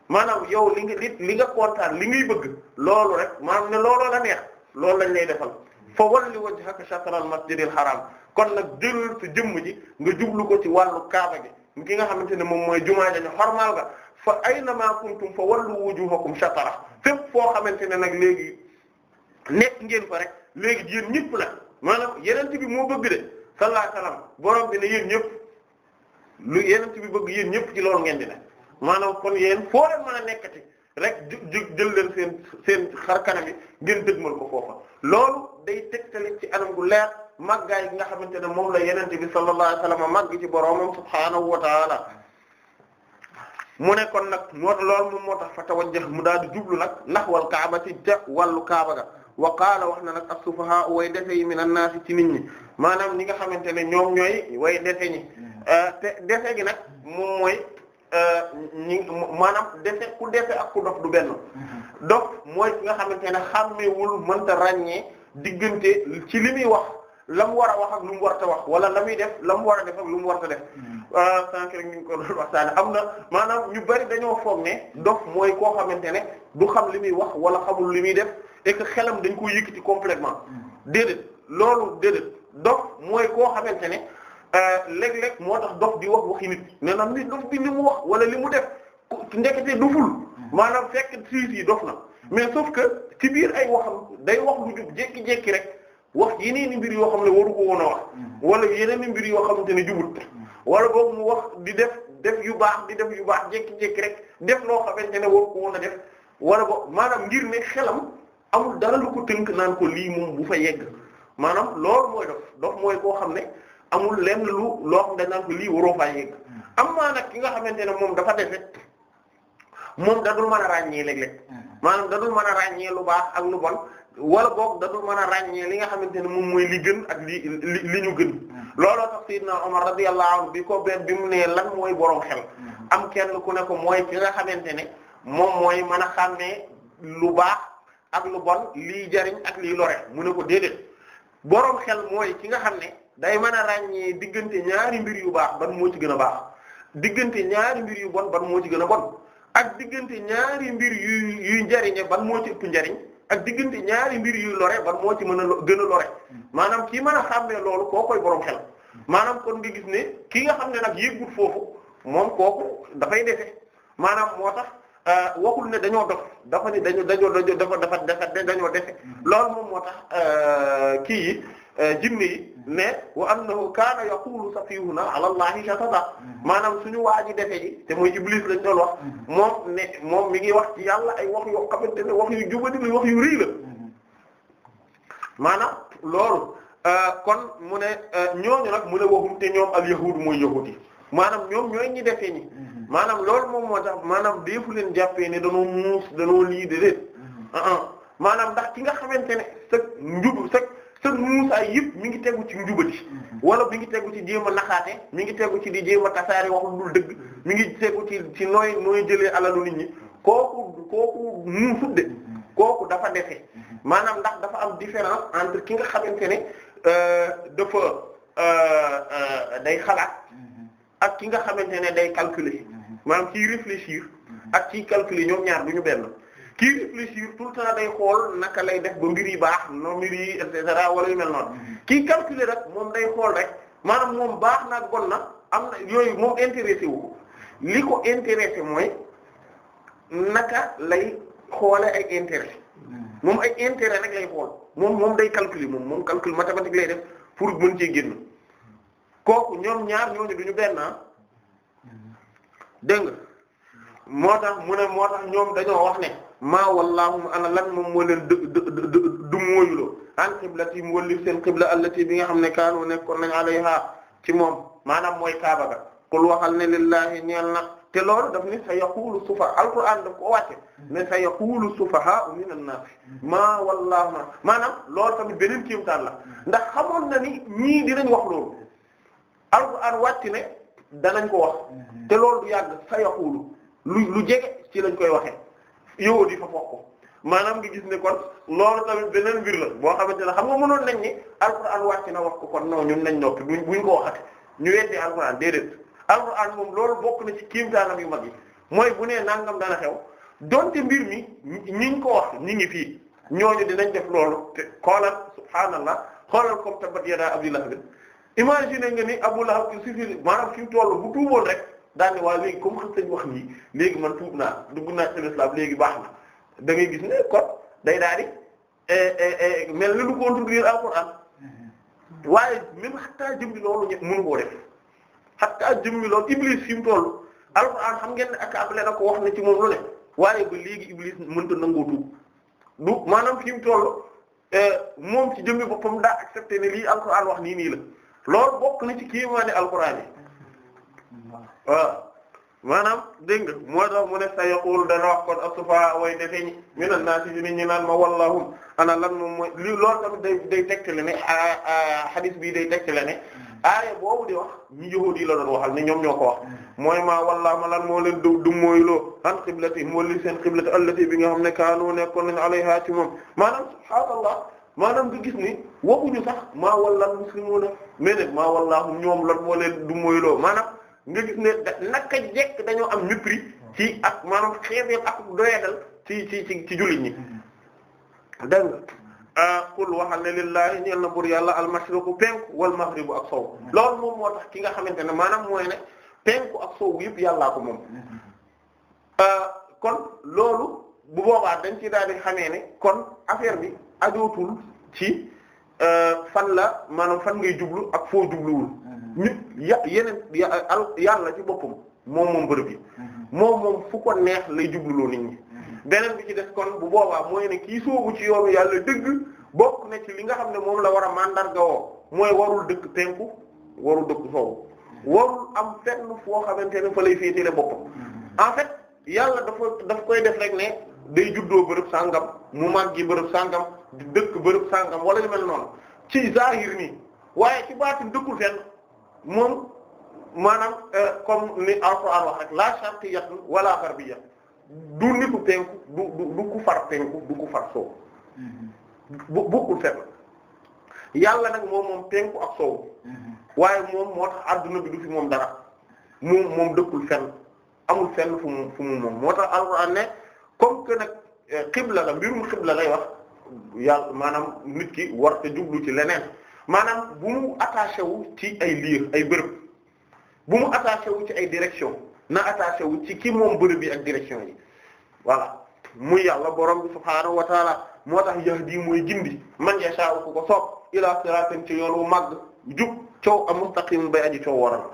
maanaam yow li nga li nga kontaan li ngay bëgg loolu rek maanaam ne looloo la neex loolu lañ lay defal. fa walli wajhaka shatral masjidil haram kon nag jëlul sa jëmm ji nga jublu ko ci wàllu kaaba gi ki nga xamante ne moom mooy jumaa ja ñu xormaal nga fa aynama kuntum fa wallu wujuhakum shatara fépp foo xamante ne nag léegi nekk ngeen fa rek léegi yéen ñëpp la maanaam yenent bi moo bëgg de sallallahu alayhi wasallam borom bi ne yéen ñëpp lu yenent bi bëgg yéen ñëpp ci lool ngeen di ne maanaam kon yéen foo leen mën nekkati rek ju jël leen seen seen xar kanam yi ngeen dëgmal ko foofa loolu teg tegtale ci anam gu leer màggaay gi nga xamante ne moom la yenente bi sallallahu alayhi wasallam màgg ci boroomam subhaanahu wa taala mu nekkoon nag moo lool moom moo tax fa tawajjah mu daal di jublu nag nax naxwal kaaba ci ja wàllu kaaba ga wa qaala wax na nag as-sufahaa way defe yi min an-naas ci nit ñi maanaam ñi nga xamante ne ñoom ñooy way defe ñi hmm. euh, te defe gi nag moom mooy Euh, ñi maanaam defe ku defe ak ku dof du benn mhm. dof mooy ki nga xamante ne xàmmewul mënta ràññee diggante ci li muy wax la mu war a wax ak lu mu war ta wax wala la muy def la mu war a def ak lu mu war ta def mhm. euh, sànq rek ñu ngi ko doon waxtaane am na maanaam ñu bari dañoo foog ne dof mooy koo xamante ne du xam li muy wax wala xamul li muy def et xelam dañ ko yëkkati complètement mhm. déedéet loolu déedéet dof mooy koo xamante ne Euh, léeg-léeg moo tax dof di wax waxi nit nee na nit dof bi li mu wax wala li mu def ndekete doful hmm. maanaam fekk siis yi dof na mais sauf que ci biir ay waxam day wax lu jub jékki-jékki rek wax yeneen i mbir yoo xam ne waru ko woon a hmm. wala yeneen i mbir yoo xamante ne jubul hmm. wala boog mu wax di def def yu baax di def yu baax jékki-jékki rek def loo xamante ne waru ko woon a def wala boog maanaam ngir ne xelam amul dara ko tënk naan ko lii moom bu fa yegg maanaam loolu mooy dof dof mooy koo xam ne amul lenn lu loo xam dañ lii waroo faa yegg mm. am maa nag ki nga xamante ne moom dafa defe moom dadul mën a ràññee léeg-léeg mm. maanaam a ràññee lu baax ak lu bon wala boog dadul mën a ràññee li nga xamante ne moom mooy li gën ak li li ñu gën mm. looloo tax Seydina Omar radiyallahu anhu bi ko benn bi mu ne lan mooy boroom xel am kenn ku ne ko mooy ki nga xamante ne moom mooy mën a xàmmee lu baax ak lu bon lii jariñ ak lii lore mu ne ko déedéet borom xel mooy ki nga xam ne day man a ràññee diggante ñaari mbir yu baax ban moo ci gën a baax diggante ñaari mbir yu bon ban moo ci gën a bon ak diggante ñaari mbir yu yuy njariñe ban moo ci ëpp njariñ ak diggante ñaari mbir yuy lore ban moo ci mën a gën a lore hmm. maanaam kii man a xàmmee loolu koo koy boroom xel hmm. maanaam kon nga gis ne kii nga xam ne nag yëggut foofu moom kooku dafay defe maanaam moo tax euh, waxul ne dañoo dof dafa ne dañoo dañoo dafa dafa dafa dañoo defe hmm. loolu moom moo tax euh, kii yi Eh, jinne yi ne wa annahu kaana yaqulu safihuna ala allahi shatata mm-hmm. maanaam suñu waa ji defe ji te mooy iblis lañ doon wax mm-hmm. moom moom mi ngi wax ci yàlla ay wax yoo xamante ne wax yu di la wax yu rëy la mm-hmm. maanaam loolu eh, kon mu ne eh, ñooñu nag mu ne waxum te ñoom al yahud mooy yahud maanaam ñoom ñooy ñi defe maanaam loolu moom moo tax maanaam deefu leen jàppee ne danoo muus danoo lii de déet ah, ah. maanaam ndax ki nga xamante ne sëg njub sëg sër Muusaa yëpp mi ngi tegu ci njubati wala mi ngi tegu ci jéem a naxaate mi ngi tegu ci di jéem a tasaare waxul dul dëgg mi ngi tegu ci ci nooy nooy jëlee alalu nit ñi kooku kooku muusut de kooku dafa defe maanaam ndax dafa am différence entre ki nga xamante ne euh, dafa euh, euh, day xalaat ak ki nga xamante ne day calculer maanaam ciy réfléchir ak ciy calculer ñoom ñaar du ñu benn kii réfléchir tout le temps day xool naka lay def ba mbir yi baax no mbir yi et cetera wala yu mel noonu mm-hmm. kii calculer rek moom day xool rek maanaam moom baax naag bon na am na yooyu moom intéressé wu ko li ko intéressé mooy naka lay xoole ay intérêt mm-hmm. moom ay intérêt rek lay xool moom moom day calculer moom moom calcul mathématique lay def pour mën cee génn kooku ñoom ñaar ñooñu duñu benn ah. mm-hmm. dégg nga moo tax mu ne moo tax ñoom dañoo wax ne maa wallaahu ana lan moom moo leen dë dë du mooyuloo an qiblati mu wallif seen qibla allati bi nga xam ne kaanu nekkoon nañ alayha ci moom maanaam mooy kaaba ga kul waxal ne lillahi ñeel na te lool daf ne sa yaqulu sufaha alquran daf ko wàcce ne sa yaqulu sufaha min an-nas maa wallaahu na maanaam loolu tamit beneen kéimtaan la ndax xamoon na ni ñii dinañ wax loolu alquran wàcc ne danañ ko wax te loolu du yàgg sa yaqulu lu lu jege ci lañ koy waxee yow di fa bokk maanaam nga gis ne kon loolu tamit beneen mbir la boo xamante ne xam nga mënoon nañ ni alxuraan wàcc na wax ko kon non ñun nañ noppi buñ buñ ko waxati ñu weddi alxuraan déedéet alxuraan moom loolu bokk na ci kiimtaanam yu mag yi mooy bu nee nangam dana xew donte mbir mi ñi ko wax ñi ngi fii ñooñu dinañ def loolu te xoolal subhaanallah xoolal comme tabbat yadaa Abi Lahab imagine nga ni Abu Lahab ci suuf maanaam fi mu toll bu tuuboon rek. daal ne waa léegi comme xam sañ wax nii léegi man tuub naa dugg naa ci léegi baax na dangay gis ne kon day daal eh, eh, eh, mel ni lu contredire alquran waaye même xattaa jëmmi loolu ñëpp mënu koo fi mu toll alquran xam ngeen ak ab leen a ko wax na ci moom lu ne léegi iblis mënta nangoo tuub maanaam fi mu toll moom ci jëmmi boppam daa accepté ne lii alquran wax nii nii la lool bokk na ci kéemaane alquran yi waaw maanaam dégg nga moo tax mu ta sa yaqul dana wax kon asufa way defee ñi minan naasi si nit ñi naan ma wallahum ana lan moom mooy li loolu tamit day day tegtale ne hadith bii day tegtale ne aaya boobu di wax ñu yahuud yi la doon waxal ni ñoom ñoo ko wax mooy ma maa wallahuma lan moo leen dëw dum mooyloo an qiblati moo li seen qiblati allati bi nga xam ne kaanu nekkoon nañu alayha ci moom maanaam subhaanallah maanaam nga gis ni waxuñu sax maa wallal muslimuuna mais nag maa wallahum ñoom lan nga gis ne naka jekk dañoo am mépris ci ak maanaam xeebeel ak doyadal ci ci ci ci jullit ñi dégg pour euh, qul waxal ne lillahi ñeel na bur yàlla al mashriqu penku wal maghribu ak sow loolu moom moo tax ki nga xamante ne maanaam mooy ne penku ak sow yëpp yàllaa ko moom euh, kon loolu bu boobaa dañ ci daal di xamee ne kon affaire bi ajootul ci euh, fan la maanaam fan ngay jublu ak foo jubluwul nit ya yeneen yàlla ci boppam moom moom bërëb yi mhm. moom moom fu ko neex lay jubluloo nit ñi mhm. beneen bi ci des kon bu boobaa mooy ne kii soobu ci yoonu yàlla dëgg bokk na ci li nga xam ne moom la war a mandarga woo mooy warul dëkk penku warul dëkk soowu warul am fenn foo xamante ne fa lay féetale boppam mhm. en fait yàlla dafa daf koy def rek ne day juddoo bërëb sàngam mu màggi bërëb sàngam dëkk bërëb sàngam wala ñu mel noonu ci zahir nii waaye ci baatin dëkkul moom maanaam euh, comme ni alquran wax rek la sharqiyyatun wala gharbiyya du nitu penku du du du ku far penku du ku far soow mm-hmm. bu bokkul fenn yàlla nag moom moom penku ak soow mm-hmm. waaye moom moo tax adduna bi du fi moom dara mu moom dëkkul fenn amul fenn fu mu moom moo tax alquran ne comme que nag euh, xibla la mbirum xibla lay wax yàlla maanaam nit ki war te jublu ci leneen maanaam bu mu attaché wu ci ay liir ay bërëb bu mu attaché wu ci ay direction na attaché wu ci ki moom bërëb yi ak direction yi voilà muy yàlla borom bi subhaanahu wa taala moo tax yahdi mooy gindi man yashaa'u ku ko soob ila siraatin ci yoon wu màgg jub coow a mustaqim bay aji coow waral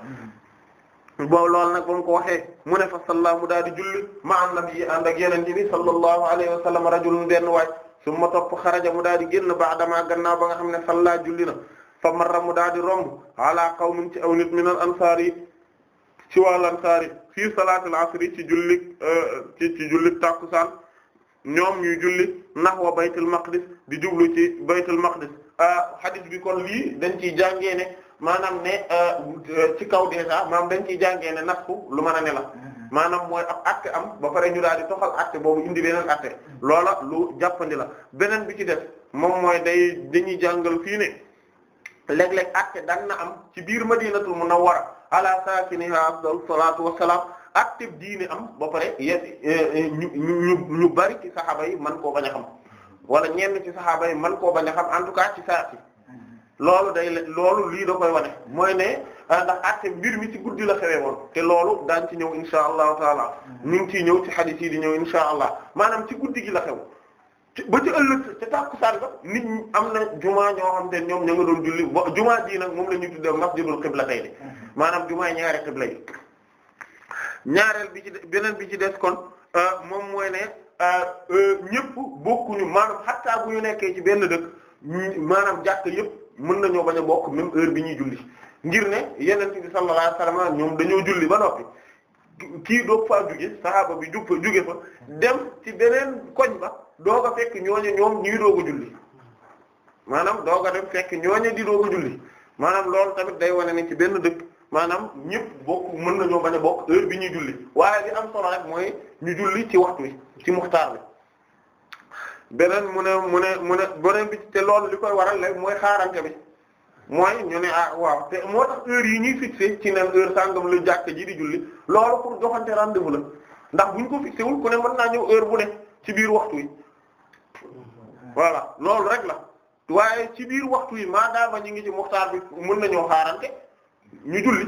boobu loolu nag boom ko waxee mu ne fa salla mu daal di julli ma an nabi ànd ak yeneen bi sallallahu alayhi wa sallam rajulun benn waay summa topp xaraja mu daal di génn ba'dama gannaaw ba nga xam ne salla julli na fa marra mu daal di romb ala qawmin ci aw nit min al ansaar yi ci wàll ansaar yi fii salaatul asri ci julli ci ci julli tàkkusaan ñoom ñuy julli nahwa baytul maqdis di jublu ci baytul maqdis hadith bi kon lii dañ ci jàngee ne maanaam ci kaw dèjà maanaam dañ ciy jàngee ne nafsu lu mën a la maanaam mooy ab atte am ba pare ñu daal di toxal atte boobu indi beneen atte loola lu jàppandi la beneen bi ci def moom mooy day dañuy jàngal fii ne léeg-léeg atte daan na am ci biir madinatul munawwara ala saakiniha afdal salaatu wassalaam atte diine am ba pare eh, eh, ñu ñu ñu bari ci saxaaba yi man koo bañ a wala ñenn ci saxaaba yi man koo bañ a xam en tout cas ci saa si loolu day loolu lii da koy wane mooy ne. Ah, ndax acte mbir mi ci guddi la xewee woon te loolu daañ ci ñëw insha allahu taala mm-hmm. ñu ngi ciy ñëw ci hadith yi di ñëw insha allah maanaam ci guddi gi la xew ba ci ëllëg ca tàkkusaan ba nit ñi am na jumaa ñoo xam te ñoom ña doon julli ba jumaa ji nag moom la ñuy tuddee masjidul qiblatayni mm-hmm. maanaam jumaa ñaari qibla yi ñaareel bi ci beneen bi ci des kon ah, moom mooy ne ah, ñëpp bokkuñu maanaam xattaa bu nekkee ci benn dëkk maanaam jàkk yëpp mën nañoo bañ a bokk même heure bi ñuy julli ngir ne yenent bi sallallahu alayhi wasallam ñoom dañoo julli ba noppi kii doog faa jóge sahaaba bi jug fa jóge fa dem ci beneen koñ ba doog a fekk ñooñu ñoom ñuy doog a julli maanaam doog dem fekk ñooñu di doog a julli maanaam loolu tamit day wane ne ci benn dëkk maanaam ñëpp bokk mën nañoo bañ a bokk heure bi ñuy julli waaye li am solo rek mooy ñu julli ci waxtu wi ci muxtaar bi beneen mu ne mu ne mu ne beneen bi te loolu li koy waral rek mooy xaarante bi mooy ñu ne ah waaw te moo tax heure yi ñuy fixé ci neen heure sàngam lu jàkk ji di julli loolu pour joxante rendez-vous la ndax buñ ko fixé wul ku ne mën naa ñëw heure bu ne ci biir waxtu yi voilà loolu rek la waaye ci biir waxtu yi maadaama ñu ngi ci muxtaar bi mën nañoo xaarante ñu julli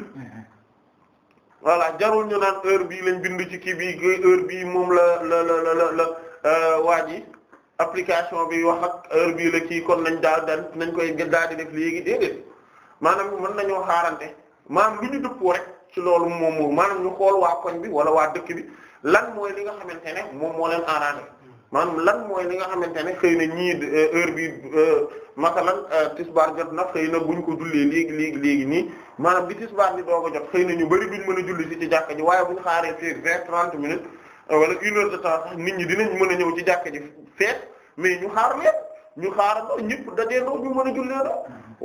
voilà jarul ñu naan heure bii lañ bind ci kii bi heure bii moom la la la la la euh, waaj yi application bi wax ak heure bii la kii kon nañ daal daal nañ koy daal di def léegi déedéet maanaam mën nañoo xaarante maanaam lu ñu dëppoo rek ci loolu moom moom maanaam ñu xool waa koñ bi wala waa dëkk bi lan mooy li nga xamante ne moom moo leen maanaam lan mooy li nga xamante ne xëy na ñii euh, heure bi euh, masalan euh, tisbaar jot na xëy na buñ ko jullee léegi léegi léegi nii maanaam bi tisbaar bi doog a jot xëy na ñu bari duñ mën a julli ci ci jàkka ji waaye buñ xaaree fii vingt trente minutes Euh, wala une heure de temps sax nit ñi dinañ mën a ñëw ci jàkka ji feet mais ñu xaar leen ñu xaar ba ñëpp dajeendoo ñu mën a jullee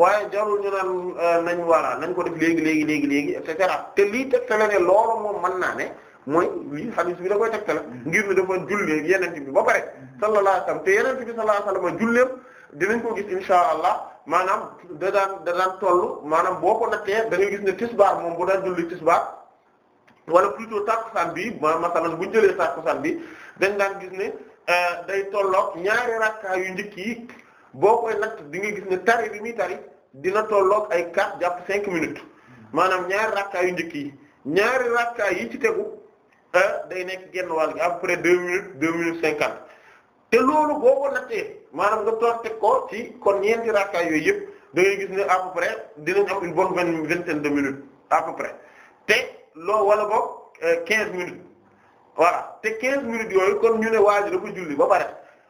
waaye jarul ñu naan euh, nañ wara nañ ko def léegi léegi léegi léegi te lii tegtale ne moom man naa ne mooy lii hadith bi da koy tegtale ngir ne dafa jullee yeneen bi ba pare sallallahu alayhi wasallam te yeneen bi sallallahu alayhi wasallam julleem dinañ ko gis insha allah maanaam da daan da daan toll maanaam boo ko nattee da ngay gis ne tisbaar moom bu daan julli tisbaar wala plutôt tàkkusaan bi ma masalan bu jëlee tàkkusaan bi dañ daan gis ne euh, day tolloog ñaari rakka yu njëkk yi boo koy natt di nga gis ne tari bi muy tari dina tolloog ay 4 jàpp cinq minutes maanaam ñaari rakka yu njëkk yi ñaari rakka yi ci tegu euh, day nekk genn wàll gi à peu près 2 minutes 2 minutes 50 te loolu boo ko nattee maanaam nga toog teg ko ci kon ñeenti rakka yooyu yëpp da ngay gis ne à peu près dinañ am une bonne vingt vingtaine de minutes à peu te. loo wala boog euh, quinze minutes voilà te quinze minutes yooyu kon ñu ne waa ji dafa julli ba pare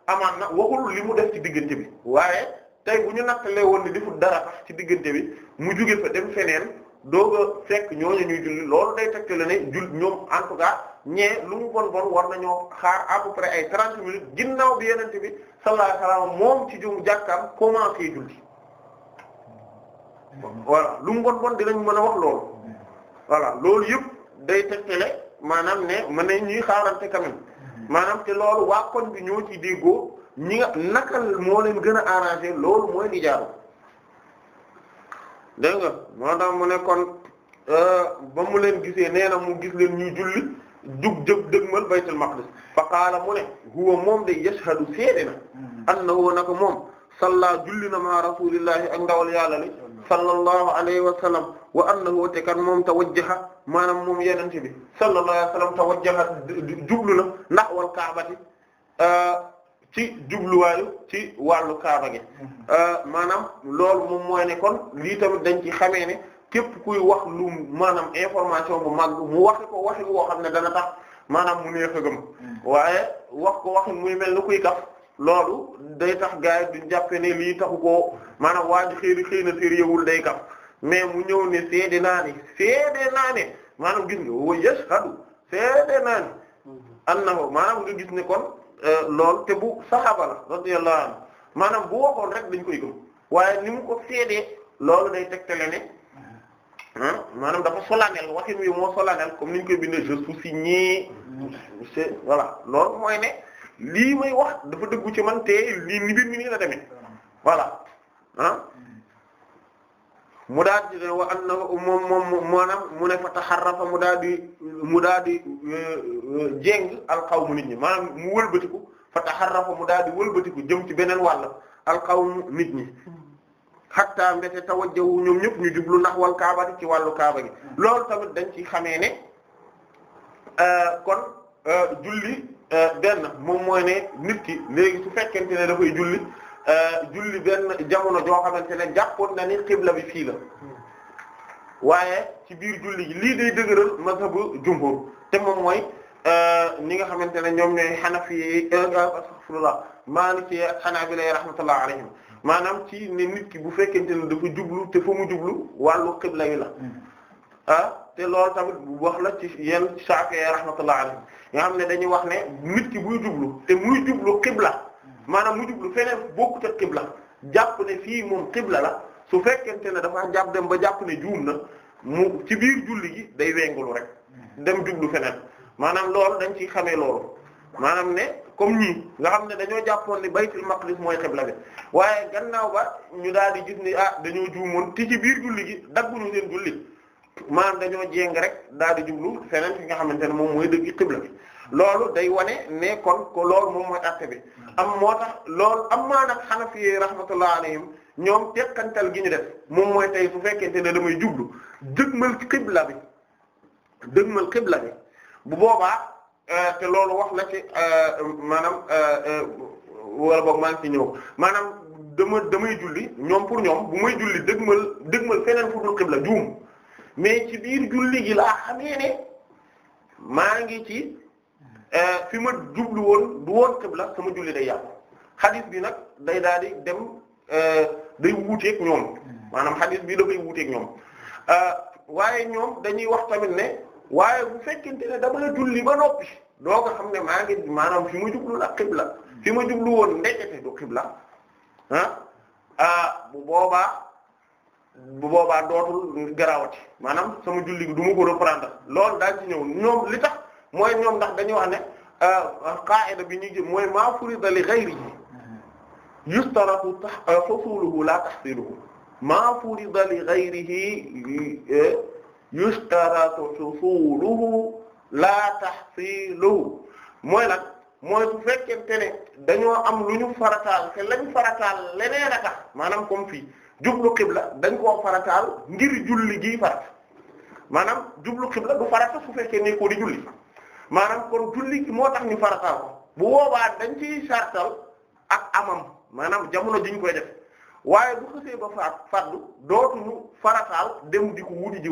amaan na waxul li mu def ci diggante bi waaye tey bu ñu nattalee woon ni deful dara tax ci diggante bi mu juge fa dem feneen doog a fekk ñooñu ñuy julli loolu day tegtale ne jul ñoom en tout cas ñee lu mu bon bon war nañoo xaar à près ay trente minutes ginnaaw bi yenente bi sallallahu moom ci jum jàkkaam commencé julli voilà lu mu bon bon dinañ mën a wax loolu voilà loolu yëpp day tegtale maanaam ne mën nañ ñuy xaarante quand mhm. maanaam te loolu waa kon bi ñoo ci déggoo ñi nga naka moo leen gën a arrangé loolu mooy li jaaru dégg nga moo tax mu ne kon euh, ba mu leen gisee nee na mu gis leen ñuy julli jug jëg dëgmal baytul maqdis fa qaala mu ne huwa moom day yashhadu seede na mhm. annahu naka moom salla julli na ma rasulillahi ak ndawal yàlla li sallallahu alayhi wa wa na te kat moom tawajjaha maanaam moom yenen bi sallallahu alayhi wa sallam tawajjaha jublu na ndax wal kaabati euh, ci jubluwaayu ci wàllu kaaba gi euh, maanaam loolu moom mooy ne kon lii tamit dañ ci xamee ne képp kuy wax lu maanaam information bu mag mu wax ko waxi woo xam ne dana tax maanaam mu neex a gëm waaye wax ko waxi muy mel ni kuy kaf loolu day tax gars yi duñ jàppe ne lii taxu ko maanaam waa ji xëy na xëy na day kaf mais mu ñëw ne seede naa ne seede naa ne maanaam gis nga wa yashhadu seede naa ne annahu maanaam nga gis ne kon euh, lool te bu sa la radiyallahu anhu maanaam bu waxoon rek dañ koy gëm waaye ni mu ko seedee loolu day tegtale ne ah dafa solennel waxin wi moo solennel comme ni ñu koy bindee je suis signé c'est voilà loolu mooy ne lii may wax dafa dëggu ci man te lii ni biir nii la demee voilà ah mu daal di ne wa an na moom moom maanaam mu ne fa taxarrafa mu daal di mu daal di euh, euh, jéng alqawmu nit ñi maanaam mu wëlbatiku fa taxarrafa mu daal di wëlbatiku jëm ci beneen wàll alqawmu nit ñi hatta mbete tawajjahu ñoom ñëpp ñu jublu ndax wal kaaba ci wàllu kaaba gi loolu tamit dañ ci xamee ne euh, kon julli benn moom mooy ne nit ki léegi su fekkente ne dafay julli Euh, julli benn jamono joo xamante ne jàppoon na ni xibla bi fii la waaye ci biir julli gi lii day dëgëral mazhabu jumhur te moom mooy euh, ñi nga xamante ne ñoom ñooy xanafi astaghfirullah maliki xanaabila rahmatullah alayhim maanaam ci ne nit ki bu fekkente ne dafa jublu te fa mu jublu wàllu xibla yi la hmm. ah te loolu tamit wax la ci yenn Shafi'i rahmatullah alayhim nga xam ne dañuy wax ne nit ki buy jublu te muy jublu xibla maanaam mu jublu feneen bokkut ak xibla jàpp ne fii moom xibla la su fekkente ne dafa jàpp dem ba jàpp ne juum na mu ci biir julli gi day wengulu rek dem jublu feneen maanaam loolu dañ ciy xamee loolu maanaam ne comme ñii nga xam ne dañoo jàppoon ni baytul maqdis mooy xibla bi waaye gannaaw ba ñu daal di gis ni ah dañoo juumoon ti ci biir julli gi dagguñu seen julli maanaam dañoo jéng rek daal di jublu feneen fi nga xamante ne moom mooy dëgg xibla bi loolu day wane ne kon ko loolu moom mooy acte bi am moo tax lool am maa nag Hanafi yi rahmatullah alayhim ñoom tekkantal gi ñu def moom mooy tey su fekkente ne damay jublu dëgmal xibla bi dëgmal xibla bi bu boobaa euh, te loolu wax na ci euh, maanaam euh, wala boog maa ngi ci ñëw maanaam dama damay julli ñoom pour ñoom bu may julli dëgmal dëgmal feneen fu dul xibla juum mais ci biir julli gi laa xamee ne maa ngi ci Eh, fi ma jublu woon du woon xibla sama julli day yàqu xadis bi nag day daal di dem eh, day wuuteeg ñoom maanaam xadis bi dafay wuuteeg ñoom eh, waaye ñoom dañuy wax tamit ne waaye bu fekkente ne dama la julli ba noppi doo xam ne maa ngi maanaam fi ma jublu la xibla fi ma jublu woon ndekete du xibla ah, ah bu booba bu boobaa dootul garawati maanaam sama julli du ma ko reprendre loolu daal ci ñëw ñoom li tax. mooy ñoom ndax dañoo ane ne euh, qaa'ida bi ñuy mooy maa furida li ghayrihi yustaraku husuluhu euh, la tahsiluhu maa furida li ghayrihi euh, yustaraku husuluhu la tahsiluhu mooy nag mooy su fekkente dañoo am lu ñu farataal te lañ farataal leneen a maanaam comme fii jublu xibla dañ koo farataal ngir julli gii farat maanaam jublu xibla du farata su fekkee ne ko maanaam kon julli moo tax ñu farataal bu woobaat dañ ciy sartal ak amam maanaam jamono jiñ koy def waaye bu xasee ba faat faddu dootuñu farataal dem di ko wuti ji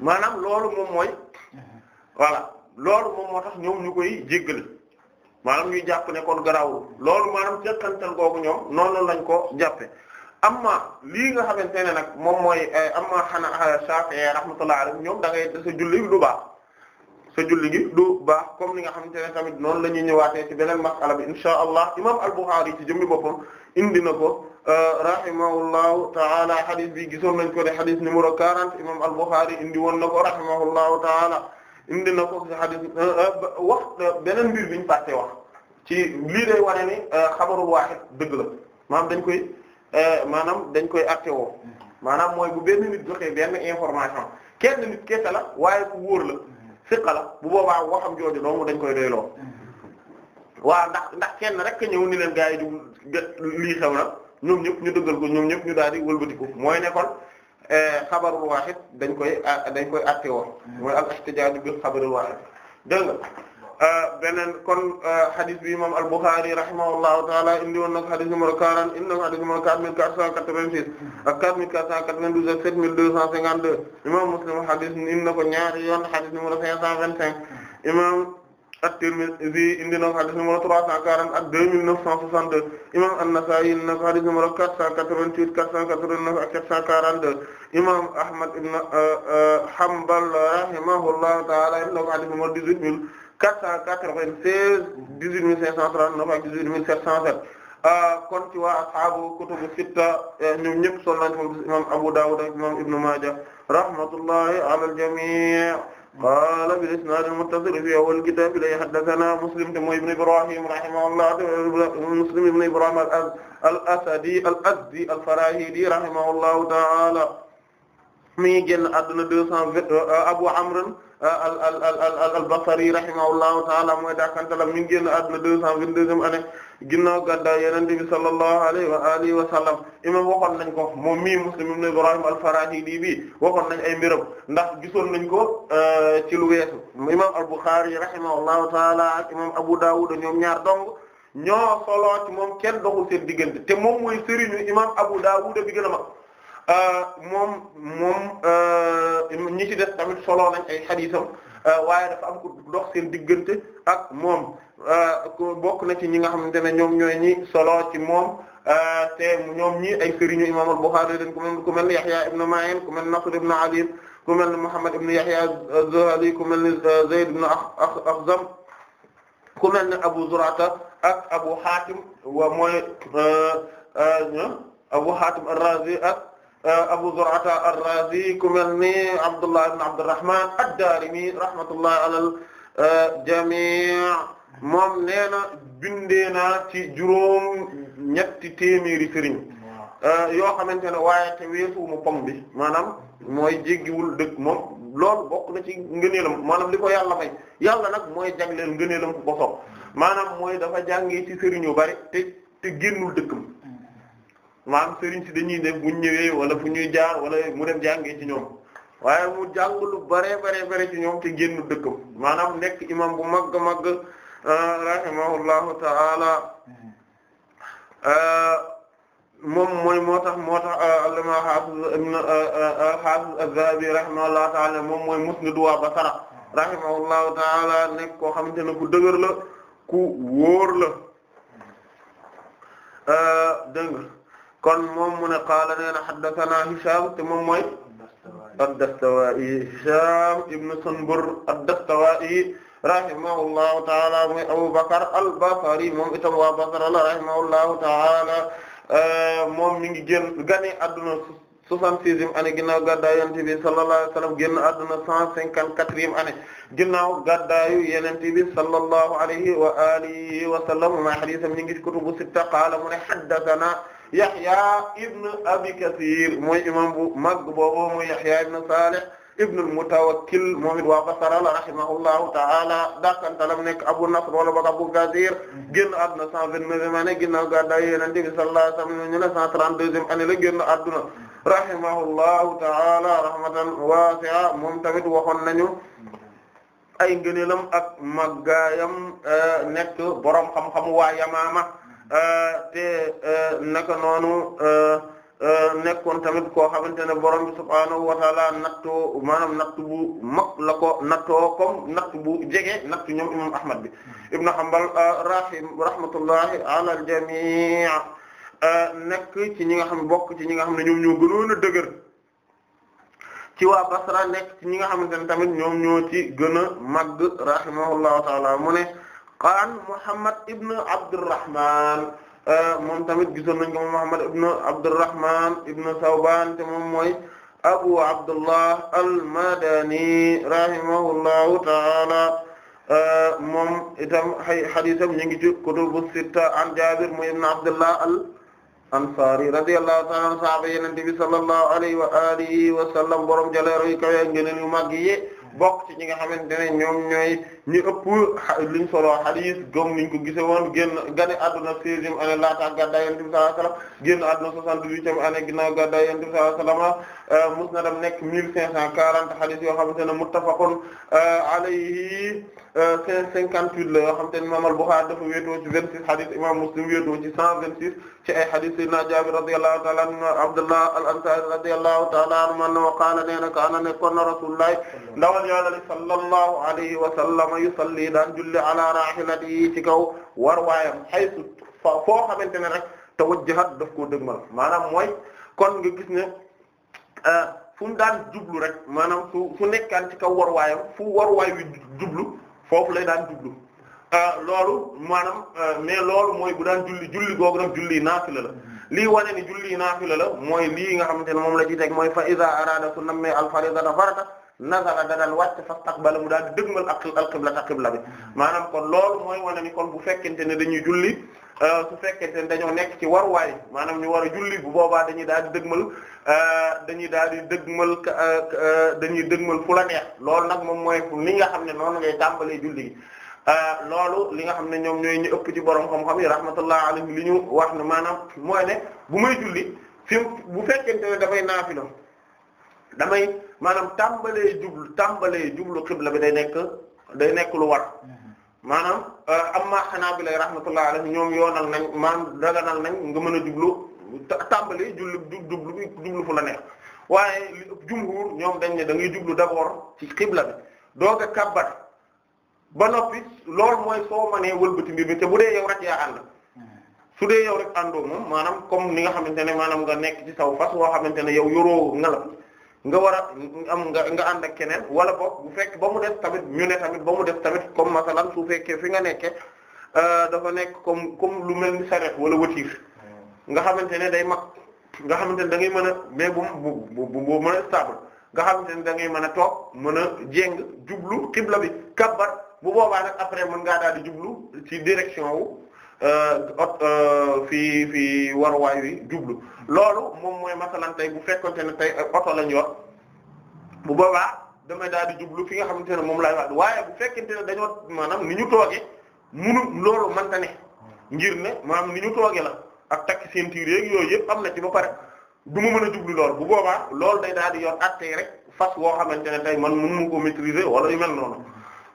maanaam loolu moom mooy voilà loolu moom moo tax ñoom ñu koy jéggale maanaam ñuy jàpp ne kon garawul loolu maanaam jekkantal googu ñoom noonu nañ ko jàppe amma lii nga xamante ne nag moom mooy eh, amma xana Shafi'i rahmatullahi alayhi ñoom da ngay julli du baax te julli gi du baax comme ni nga xamante ne tamit noonu la ñuy ñëwaatee ci beneen masala bi inshaa allah imam al-Bukhari ci jëmmi boppam indi na ko euh, rahimahullahu taala hadith bi gisoon nañ ko de hadith numéro 40 imam al-Bukhari indi woon na ko rahimahullahu taala indi na ko ci hadith euh, euh, wax beneen mbir biñu fàtte wax ci lii day wane ni xabarul waahid dëgg la maanaam dañ koy maanaam dañ koy acté woo maanaam mooy bu benn nit joxee benn information kenn nit la waaye ku wóor la siqa bu boobaa waxam jooju doomu dañ koy doyloo waaw ndax ndax kenn rek ñëw ni leen gars yi di lii xew na ñoom ñëpp ñu dëggal ko ñoom ñëpp ñu daal di wëlbatiku mooy ne kon eh, xabarul wahid dañ koy ah, dañ koy attewoo mm. mooy al ihtijaaj bil xabarul wahid dégg Ah, beneen kon hadith ah, bi imam al-Bukhari rahimahullahu ta'ala indi woon na ko hadith numéro 40 indi na ko hadith numéro 4486 ak ak 7252 imam Muslim hadith indi na ko ñaari yoon hadith numéro 525 imam at-Tirmidhi indi na ko hadith numéro 340 ak 2962 imam an-Nasa'i indi na ko hadith numéro 488 489 ak 442 imam Ahmad ibn ah, Hanbal rahimahullahu ta'ala indi na ko hadith numéro 18000 496 18539 ak 18707 euh, kon ci waa ashaabu kutubu sitta euh, ñoom ñëpp solo nañu ko imam Abu Dawud ak imam Ibn Maaja rahmatullahi ala al-jamii qaala bil-isnaad al-muttasil fii awwal kitaab ilayhi haddathanaa Muslim te mooy ibn Ibrahim rahimahullah Muslim ibn Ibrahim al-Asadi al-Azdi al-Farahidi rahimahullahu ta'ala mi génn àdduna 220 euh, Abu Amr Euh, al al al al Basri rahimahullahu ta'ala mooy daakantalam mi ngi génn àdduna deux cent vingt-deuxième année ginnaaw gàddaay Yonent bi sallallahu alayhi wa alihi wa sallam imam waxoon nañ ko moom mii Muslim ibn Ibrahim al-Farahidi bi waxoon nañ ay mbiram ndax gisoon nañ ko euh, ci lu weesu imam al-Bukhari rahimahullahu ta'ala ak imam Abu Dawud ñoom ñaar dong ñoo solo ci moom kenn doxul seen gën te moom mooy sëriñu imam Abu Dawud bi gën a Euh, moom moom euh, ñi ci def tamit solo nañ ay xadiisam euh, waaye dafa am ku dox seen diggante ak moom bokk na ci ñi nga xamante ne ñoom ñooy ñi solo ci moom te ñoom ñi ay sëriñu imam al-Bukhari dañ ko mel ku mel ni Yahya ibn Ma'in ku mel ni Nasr ibn Ali ku mel ni Muhammad ibn Yahya az-Zuhali ku mel ni Zayd ibn Akhzam ku mel ni Abu Zur'ata ak Abu Hatim wa mooy Abu Hatim ar-Razi ak Euh, Abu Zur'ata ar-Razi ku mel ni Abdullah ibn Abdurrahman ad-Darimi rahmatullah alal euh, jamii moom nee na bindee ci juróom ñetti téeméeri sëriñ euh, yoo xamante ne waaye te weesu mu pom bi maanaam mooy jéggiwul dëkk moom. loolu bokk na ci ngëneelam maanaam li ko yàlla may yàlla nag mooy jagleel ngëneelam ku ko sopp maanaam mooy dafa jàngee ci sëriñ yu bari te te génnul dëkkam maanaam sëriñ si dañuy def bu ñëwee wala fu ñuy jaar wala mu dem jàngee ci ñoom waaye mu jàng lu bare bare bare ci ñoom te génn dëkkam maanaam nekk imam bu mag a mag euh, rahimahullahu ta'ala euh, moom mooy moo tax moo tax euh, allama hafiz ibn hafiz az ta'ala moom mooy musnad wa basara rahimahullahu koo xamante ne ku dëgër la ku wóor la dëng kon moom mu ne qaala nee na haddathana Hisham te moom mooy ad-Dastuwaa'i Hisham ibn Sunbur ad-Dastuwaa'i rahimahullahu ta'ala mooy Abu Bakr al-Basri moom itam waa Basra la rahimahullahu ta'ala moom mi ngi génn gane adduna soixante-sixième année ginnaaw gàddaayu Yonent bi sallallahu alayhi wa sallam génn adduna cent cinquante-quatrième année ginnaaw gàddaayu Yonent bi sallallahu alayhi wa alihi wa sallam ma hadiisam ñu ngi kutubu sitta qaala mu ne haddathana Yahya ibn Abi Kathir mooy imam bu mag boobu mooy Yahya ibn Salih ibn al-Mutawakkil moom it waa Basra la rahimahullahu ta'ala dakantalam nekk Abu Nasr wala boog Abu Kathir génn àdduna 129e année ginnaaw gàddaay Yonent bi sallallahu alayhi wa sallam ñu ne 132e année la génn àdduna rahimahullahu ta'ala rahmatan wasi'a moom tamit waxoon nañu ay ngëneelam ak màggaayam eh, nekk borom xam-xam waa Yamaama Euh, te euh, naka noonu euh, nekkoon tamit koo xamante ne borom bi subhaanahu wa taala nattoo natt bu mag la ko nattoo natt bu jege natt ñoom imam ahmad bi mm. ibnu hanbal rahim rahmatullahi ala jamii nekk ci ñi nga xam ne bokk ci ñi nga xam ne ñoom ñoo gënoon a ñi nga xamante ne tamit ñoom ñoo ci gën a rahimahullahu taala mu ne an Muhammad ibn Abdurrahman euh, moom tamit gisoon nañ ko moom Muhammad ibn Abdurrahman ibn Thawban te moom mooy Abu Abdullah al-Madani rahimahullahu ta'ala euh, moom itam ay hadiisam ñu ngi ci kutubu sitta an Jaabir mu ibn Abdullah al-Ansari radiyallahu ta'ala anhu sahaaba Yonent bi sallallahu alayhi wa alihi wa sallam borom jaleero yi kawe ngëneel yu mag yi bokk ci ñi nga xamante ne ñoom ñooy ñu ëpp liñ solo hadith gom niñ ko gise woon génn gane adduna seizième année laata gàddaay Yonent bi sallallahu alayhi wasallam génn adduna soixante-dix-huitième année ginnaaw gàddaay Yonent bi sallallahu alayhi euh, na musnadam nekk mille cinq cent quarante hadith xam xamante ne muttafaqun euh, alayhi euh, cinq cinquante-huit la yoo xamante ne imam al-Bukhari dafa wéetoo ci vingt-six hadith imam Muslim wéetoo ci cent vingt-six ci ay hadith sayyidina Jaabir radiyallahu ta'ala anhu Abdullah al-Ansari radiyallahu ta'ala anhu man wa kaana nekkoon na Rasulullah ndawal Yàlla sallallahu alayhi wa sallam yusalli daan julli ala rahilatihi ci kaw war waayam haythu foo xamante ne rek tawajjahat daf koo dëgmal maanaam mooy kon nga gis ne euh, fu jublu rek maanaam su su nekkaan ci kaw war fu war waay foofu lay daan jublu Ah, loolu maanaam ah, mais loolu mooy bu daan julli julli googu nag julli naafila la lii wane ni julli naafila la mooy lii nga xamante ne moom la ci teg mooy fa iza arada su nammee alfaridata farata nazara da daan wàcc bala mu daal di dëgmal ak alqibla ta qibla bi maanaam kon loolu mooy wane ni kon bu fekkente ne dañuy julli ah, su fekkente ne dañoo nekk ci waruwaay maanaam ñu war a julli bu boobaa dañuy daal di dëgmal dañuy daal di dëgmal dañuy dëgmal fu la loolu nag moom mooy ni nga xam ne noonu ngay tàmbalee julli gi Euh, loolu li nga xam ne ñoom ñooy ñu ëpp ci borom xam-xam yi rahmatullah alayhi li ñu wax ne maanaam mooy ne bu may julli fi bu fekkee ne dafay naafila damay maanaam tàmbalee jublu tàmbalee jublu xibla bi day nekk day nekkulu nekk lu war maanaam euh, amma Hanaabila rahmatullah alayhi ñoom yoonal nañ maanaam daganal nañ nga mën a jublu tàmbalee julli jublu jublu fu la nekk waaye li ëpp ñoom dañ ne da ngay jublu d'abord ci xibla bi doog kàbbat ba noppi loolu mooy soo mënee wëlbati mbir mi te bu dee yow rek yaa ànd su dee yow rek àndoo moom maanaam comme ni nga xamante ne maanaam nga nekk ci saw fas woo xamante ne yow yoroo ngalab nga war am nga nga ànd keneen wala boog bu fekk ba mu def tamit ñu ne tamit ba mu def tamit comme masalan su fekkee fi nga nekke euh, dafa nekk comme comme lu mel ni saret wala watiir nga xamante ne day mag nga xamante ne da ngay mën a mais bu bu bu bu mën a nga xamante ne da ngay mën a toog mën a jéng jublu xibla bi kabbar bu boobaa nag après mën ngaa daal di jublu ci direction wu euh, ot euh, fi fi waruwaay wi jublu loolu moom mooy masalan tey bu fekkonte ne tey oto lañ yor bu boobaa damay daal di jublu fi nga xamante ne moom laay wax waaye bu fekkente ne maanaam ni ñu tooge munu loolu manta ne ngir ne maanaam ni ñu tooge la ak takk ceinture yeeg yooyu yëpp am na ci ba pare du ma mën jublu loolu bu boobaa loolu day di yor attey rek fas woo xamante ne tey man mënu mu ko maîtriser wala yu mel noonu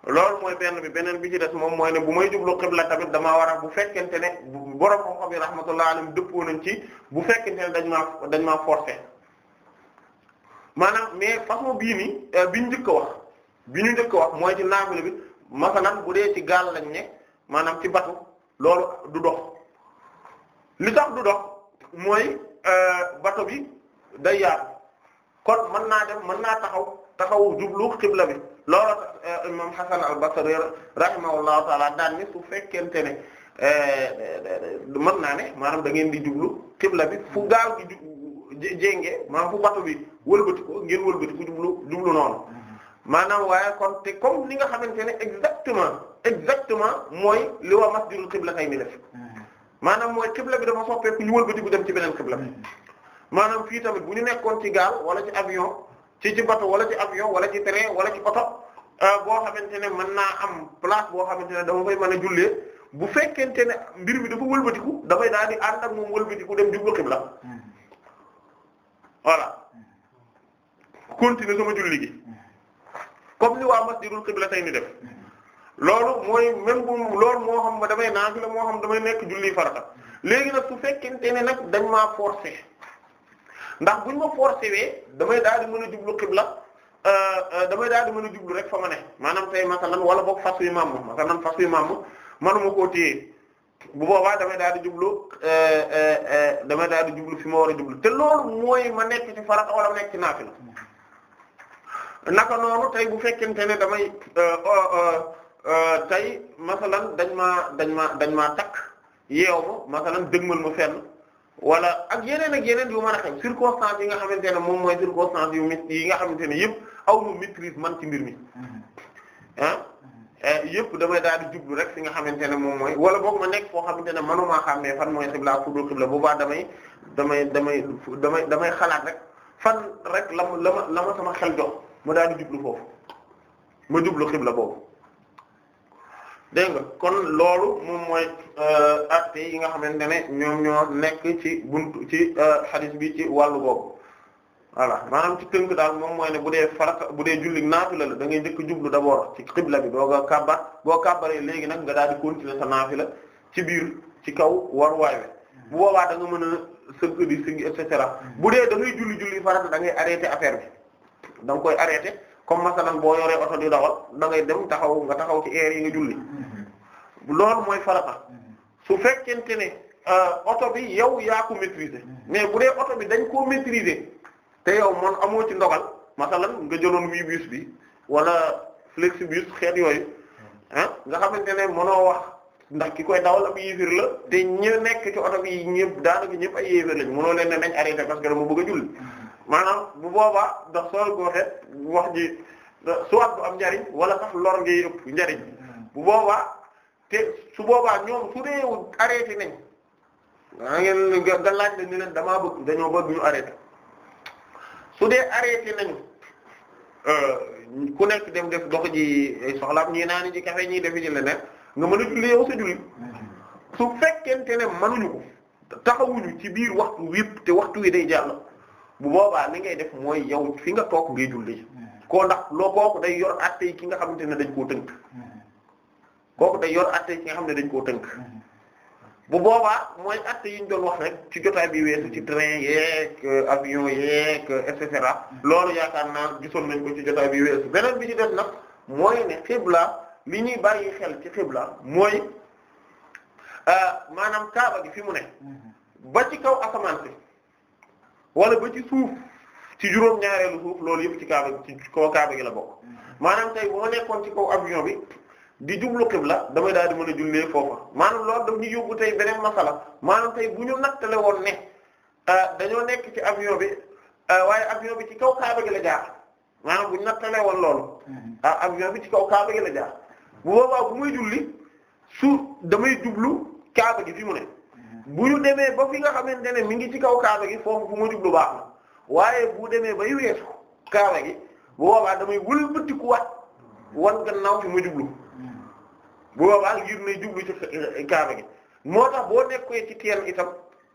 loolu mooy benn bi beneen bi ci des moom mooy ne bu may jublu xibla tamit damaa war a bu fekkente ne bu borom xam-xam yi rahmatullah alayhim dëppoo nañ ci bu fekkente ne dañ maa dañ maa forcé maanaam mais façon bii nii euh, bi ñu njëkk a wax bi ñu njëkk a wax mooy ci naafila bi masalan bu dee ci gaal lañ ne maanaam ci batu loolu du dox li tax du dox mooy euh, bato bi day yaatu kon mën naa dem mën naa taxaw taxaw jublu xibla bi. loolu tax eh, imam Hasan al-Basri rahimahullahu taala daan ne su fekkente ne eh, mën naa ne maanaam da ngeen di jublu xibla bi fu gaal gi ju jénge maanaam fu bato bi wëlbati ko ngeen wëlbati ko jublu noonu maanaam waaye kon te comme li nga xamante ne exactement exactement mooy li waa masjidul xibla tay mi def maanaam mooy xibla bi dafa soppeeku ñu wëlbati bu dem ci beneen xibla bi hmm. maanaam fii tamit bu ñu nekkoon ci gaal wala ci avion ci ci bato wala ci avion wala ci train wala ci oto euh, boo xamante ne mën naa am place boo xamante ne dama koy mën a jullee bu fekkente ne mbir mi dafa wëlbatiku damay daal di ànd ak moom wëlbatiku dem jublu xibla voilà continuer sama julli gi comme ni waa masjidul xibla tey ni def loolu mooy même bu lool moo xam damay la moo xam damay nekk julli farata léegi nag su fekkente ne nag dañ maa forcer ndax buñ ma forcé wee damay daal di mën a jublu xibla euh, euh, damay daal di mën a jublu rek fa ma ne maanaam tey masalan wala boog fas wi maam ma masalan fas wi maam ma manuma koo téye bu boobaa damay daal di jublu euh, damay daal di jublu fi ma war a jublu te loolu ma nekk ci farata wala ma nekk ci naafila naka noonu tey bu fekkente ne damay tey masalan dañ ma dañ maa dañ maa takk yeew ma masalan dëgmal ma fenn wala ak yeneen ak yeneen yu mën a xam circonstance yi nga xamante ne moom mooy circonstance yu mis yi nga xamante ne yëpp aw mu maîtrise man ci mbir mi mm-hmm. ah eh, yëpp damay daal di jublu rek si nga xamante ne moom mooy wala boog ma nekk foo xamante ne manuma xàmmee fan mooy xibla ak fudul xibla boobaa damay damay damay damay damay xalaat rek fan rek la ma la ma sama xel jox ma daal di jublu foofu ma jublu xibla boobu. dégg nga kon loolu moom mooy euh, acte yi nga xamante ne ñoom ñoo nekk ci bunt ci euh, hadith bi ci wàllu boobu voilà maanaam ci tënk daal moom mooy ne bu dee farata bu dee julli naafila la da ngay njëkk jublu d'abord ci xibla bi doo nga kàbbar boo kàbbaree léegi nag nga daal di continuer sa naafila ci biir ci kaw war waay bu boobaa da nga mën a sëgg di sëgg et cetera hmm. bu dee da ngay julli julli farata da ngay arrêter affaire bi da koy arrêter. comme masalan boo yoree oto di dawal dangay dem taxaw nga taxaw ci air yi nga julli loolu mooy farata mm-hmm. su fekkente ne euh, oto bi yow yaa ko maîtriser mm-hmm. bu dee oto bi dañ koo maîtriser te yow moon amoo ci ndogal masalan nga jëloon wii biis bi wala flexibus xeet yooyu mm-hmm. ah nga xamante ne mënoo wax ndax ki koy dawal ab yéefir la te ñu nekk ci oto bi ñëpp daanaka ñëpp ay yéefir lañ mënoo leen ne nañ arrêté parce que dama bëgg a julli maanaam bu boobaa ndax soo ko waxee wax ji su bu am njariñ wala sax lor ngay ëpp njariñ hmm. bu boobaa te su boobaa ñoom su réewu arrêté nañ maa ngeen nga laaj la ni leen damaa bëgg dañoo bëgg ñu arrêté su dee arrêté nañu euh, ku nekk dem def dox ji ay soxlaam ñii naa ni ci café ñii defi ci leneen nga mën a julli yow sa julli hmm. su fekkente ne mënuñu ko taxawuñu ci biir waxtu wépp te waxtu wi day jàll bu boobaa li ngay def mooy yow fi nga toog ngay julli mm-hmm. ko ndax loo kooku day yor àtte ki nga xamante ne dañ koo tënk mm-hmm. day yor àtte ki nga xam ne dañ koo tënk mm-hmm. bu boobaa mooy àtte yi ñu doon wax rek ci jotaay bi weesu ci train yeeg euh, avion yeeg euh, et cetera loolu yaakaar naa gisoon nañ ko ci jotaay bi weesu beneen bi ci def nag mooy ne xibla li ñuy bàyyi xel ci xibla mooy euh, maanaam kaaba gi fi mu ne ba ci kaw asamaan si wala ba ci suuf ci juróom-ñaareelu suuf loolu yëpp ci kaaba ci kaw kaaba gi la bokk maanaam tey bu ma nekkoon ci kaw avion bi di jublu xibla damay daal di mën a jullee foofa maanaam loolu daf ñu yóbbu tey beneen masala maanaam tey bu ñu nattale woon ne ah, dañoo nekk ci avion bi ah, waaye avion bi ci kaw kaaba gi la jaar maanaam woon loolu mm-hmm. ah avion bi ci kaw kaaba gi la bu boobaa bu muy julli suuf damay jublu kaaba gi fi mu ne. bu ñu demee ba fi nga xamante ne mi ngi ci kaw kaaba gi foofu fu ma jublu baax na waaye bu demee bay weesu kaaba gi bu boobaa damay wëlbatiku wat wan gannaaw fi ma jublu bu boobaa ngir jublu ci kaaba gi moo tax boo nekkee ci teen itam